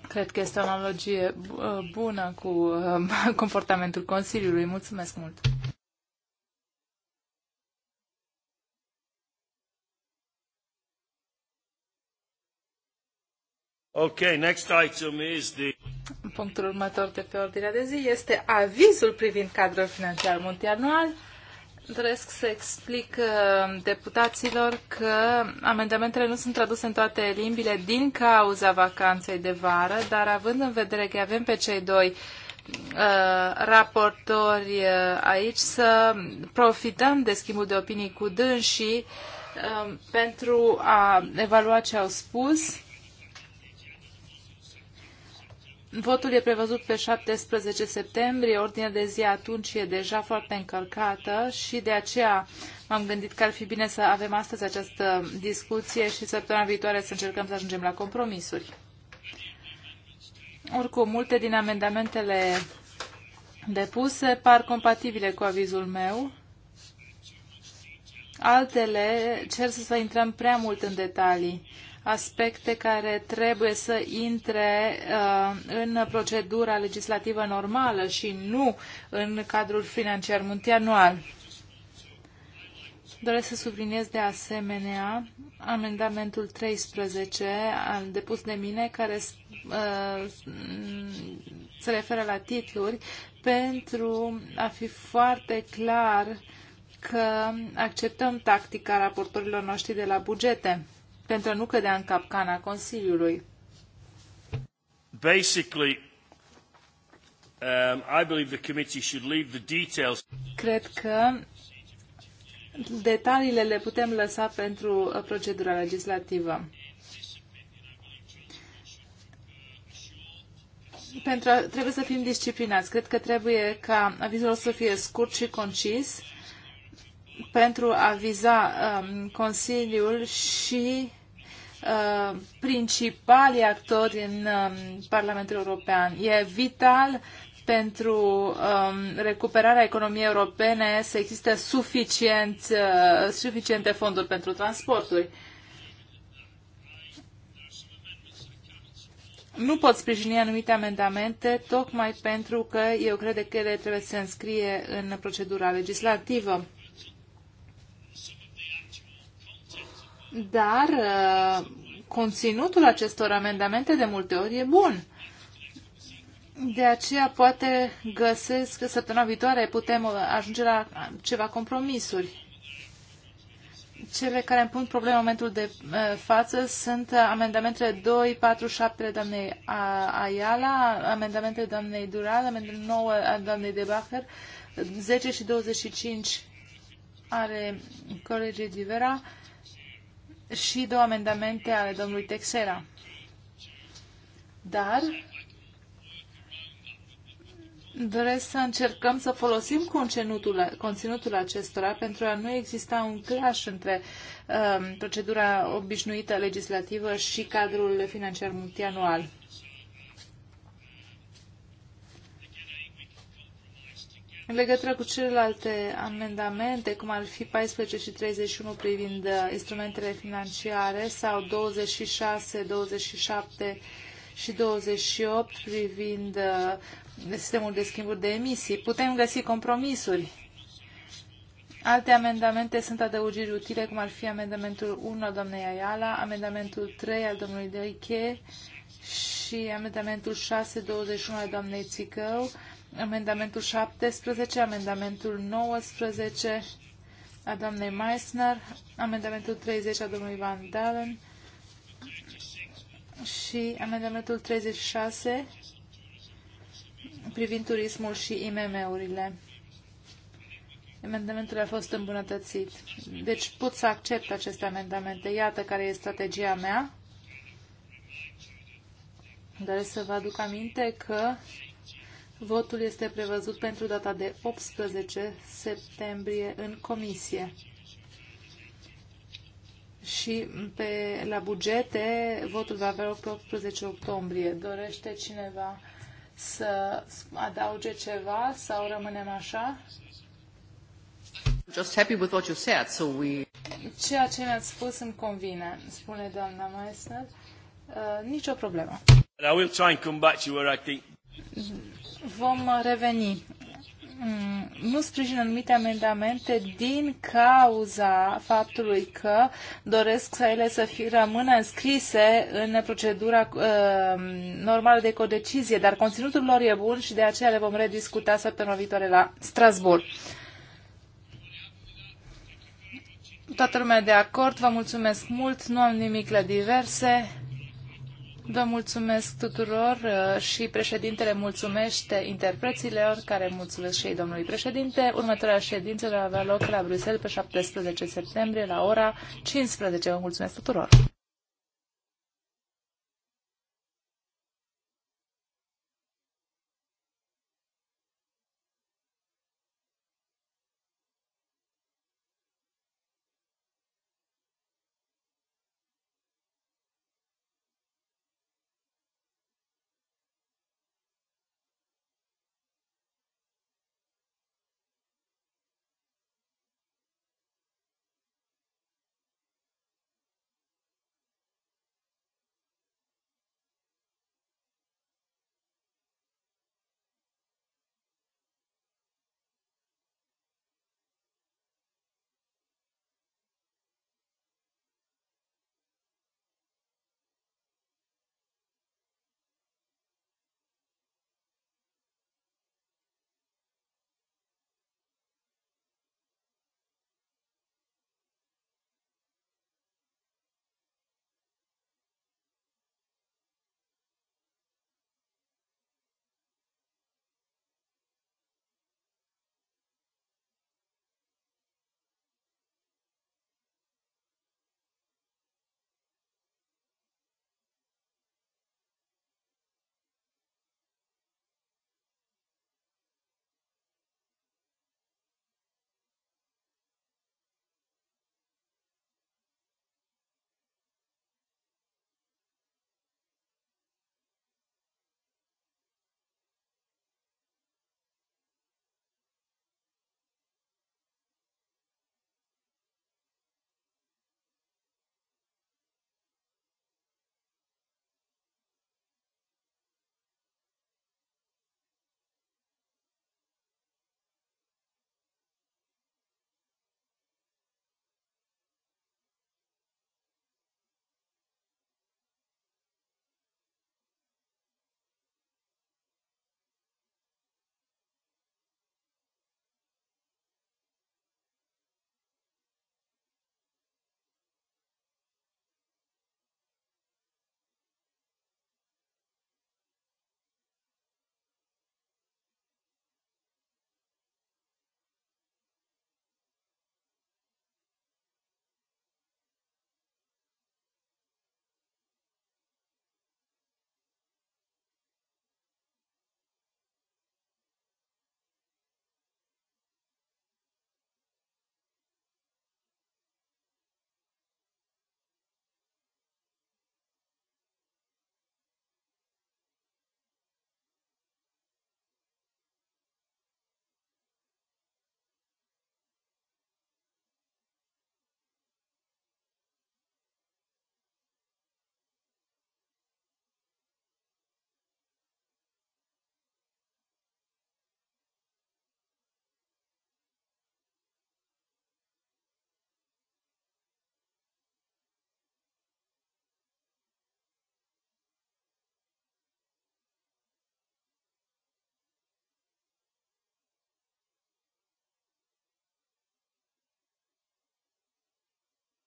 Cred că este o analogie uh, bună cu uh, comportamentul Consiliului. Mulțumesc mult! Okay, next item is the... Punctul următor de pe ordinea de zi este avizul privind cadrul financiar multianual. Doresc să explic uh, deputaților că amendamentele nu sunt traduse în toate limbile din cauza vacanței de vară, dar având în vedere că avem pe cei doi uh, raportori uh, aici, să profităm de schimbul de opinii cu dânsii pentru a evalua ce au spus Votul e prevăzut pe 17 septembrie, ordinea de zi atunci e deja foarte încărcată și de aceea m-am gândit că ar fi bine să avem astăzi această discuție și săptămâna viitoare să încercăm să ajungem la compromisuri. Oricum, multe din amendamentele depuse par compatibile cu avizul meu. Altele cer să intrăm prea mult în detalii aspecte care trebuie să intre uh, în procedura legislativă normală și nu în cadrul financiar multianual. Doresc să subliniez de asemenea amendamentul 13 al depus de mine care uh, se referă la titluri pentru a fi foarte clar că acceptăm tactica raportorilor noștri de la bugete pentru a nu cădea în capcana Consiliului. Basically, um, I believe the committee should leave the details. Cred că detaliile le putem lăsa pentru procedura legislativă. Pentru a, trebuie să fim disciplinați. Cred că trebuie ca avizul să fie scurt și concis pentru a viza um, Consiliul și uh, principalii actori în um, Parlamentul European. E vital pentru um, recuperarea economiei europene să existe suficient, uh, suficiente fonduri pentru transporturi. Nu pot sprijini anumite amendamente, tocmai pentru că eu cred că ele trebuie să se înscrie în procedura legislativă. dar uh, conținutul acestor amendamente de multe ori e bun. De aceea poate găsesc că săptămâna viitoare putem uh, ajunge la ceva compromisuri. Cele care îmi pun probleme în momentul de uh, față sunt amendamentele 2, 4, 7 ale doamnei Ayala, amendamentele doamnei Dural, amendamentele 9 ale doamnei De Bacher, 10 și 25 are colegii Divera, și două amendamente ale domnului Texera. Dar doresc să încercăm să folosim conținutul, conținutul acestora pentru a nu exista un clash între um, procedura obișnuită legislativă și cadrul financiar multianual. În legătură cu celelalte amendamente, cum ar fi 14 și 31 privind uh, instrumentele financiare sau 26, 27 și 28 privind uh, sistemul de schimburi de emisii, putem găsi compromisuri. Alte amendamente sunt adăugiri utile, cum ar fi amendamentul 1 al doamnei Ayala, amendamentul 3 al domnului Deiche și amendamentul 6, 21 al doamnei Țicău, amendamentul 17, amendamentul 19 a doamnei Meissner, amendamentul 30 a domnului Van Dalen și amendamentul 36 privind turismul și IMM-urile. Amendamentul a fost îmbunătățit. Deci pot să accept aceste amendamente. Iată care e strategia mea. Doresc să vă aduc aminte că Votul este prevăzut pentru data de 18 septembrie în comisie. Și pe, la bugete, votul va avea 18 octombrie. Dorește cineva să adauge ceva sau rămânem așa? Just happy with what you said, so we... Ceea ce mi-ați spus îmi convine, spune doamna Meissner. Uh, nicio problemă. I will try and come back to where I think vom reveni. Mm, nu sprijin anumite amendamente din cauza faptului că doresc să ele să fie, rămână înscrise în procedura uh, normală de codecizie, dar conținutul lor e bun și de aceea le vom rediscuta săptămâna viitoare la Strasbourg. Toată lumea de acord, vă mulțumesc mult, nu am nimic la diverse. Vă mulțumesc tuturor uh, și președintele mulțumește interpreților care mulțumesc și ei domnului președinte. Următoarea ședință va avea loc la Bruxelles pe 17 septembrie la ora 15. Vă mulțumesc tuturor!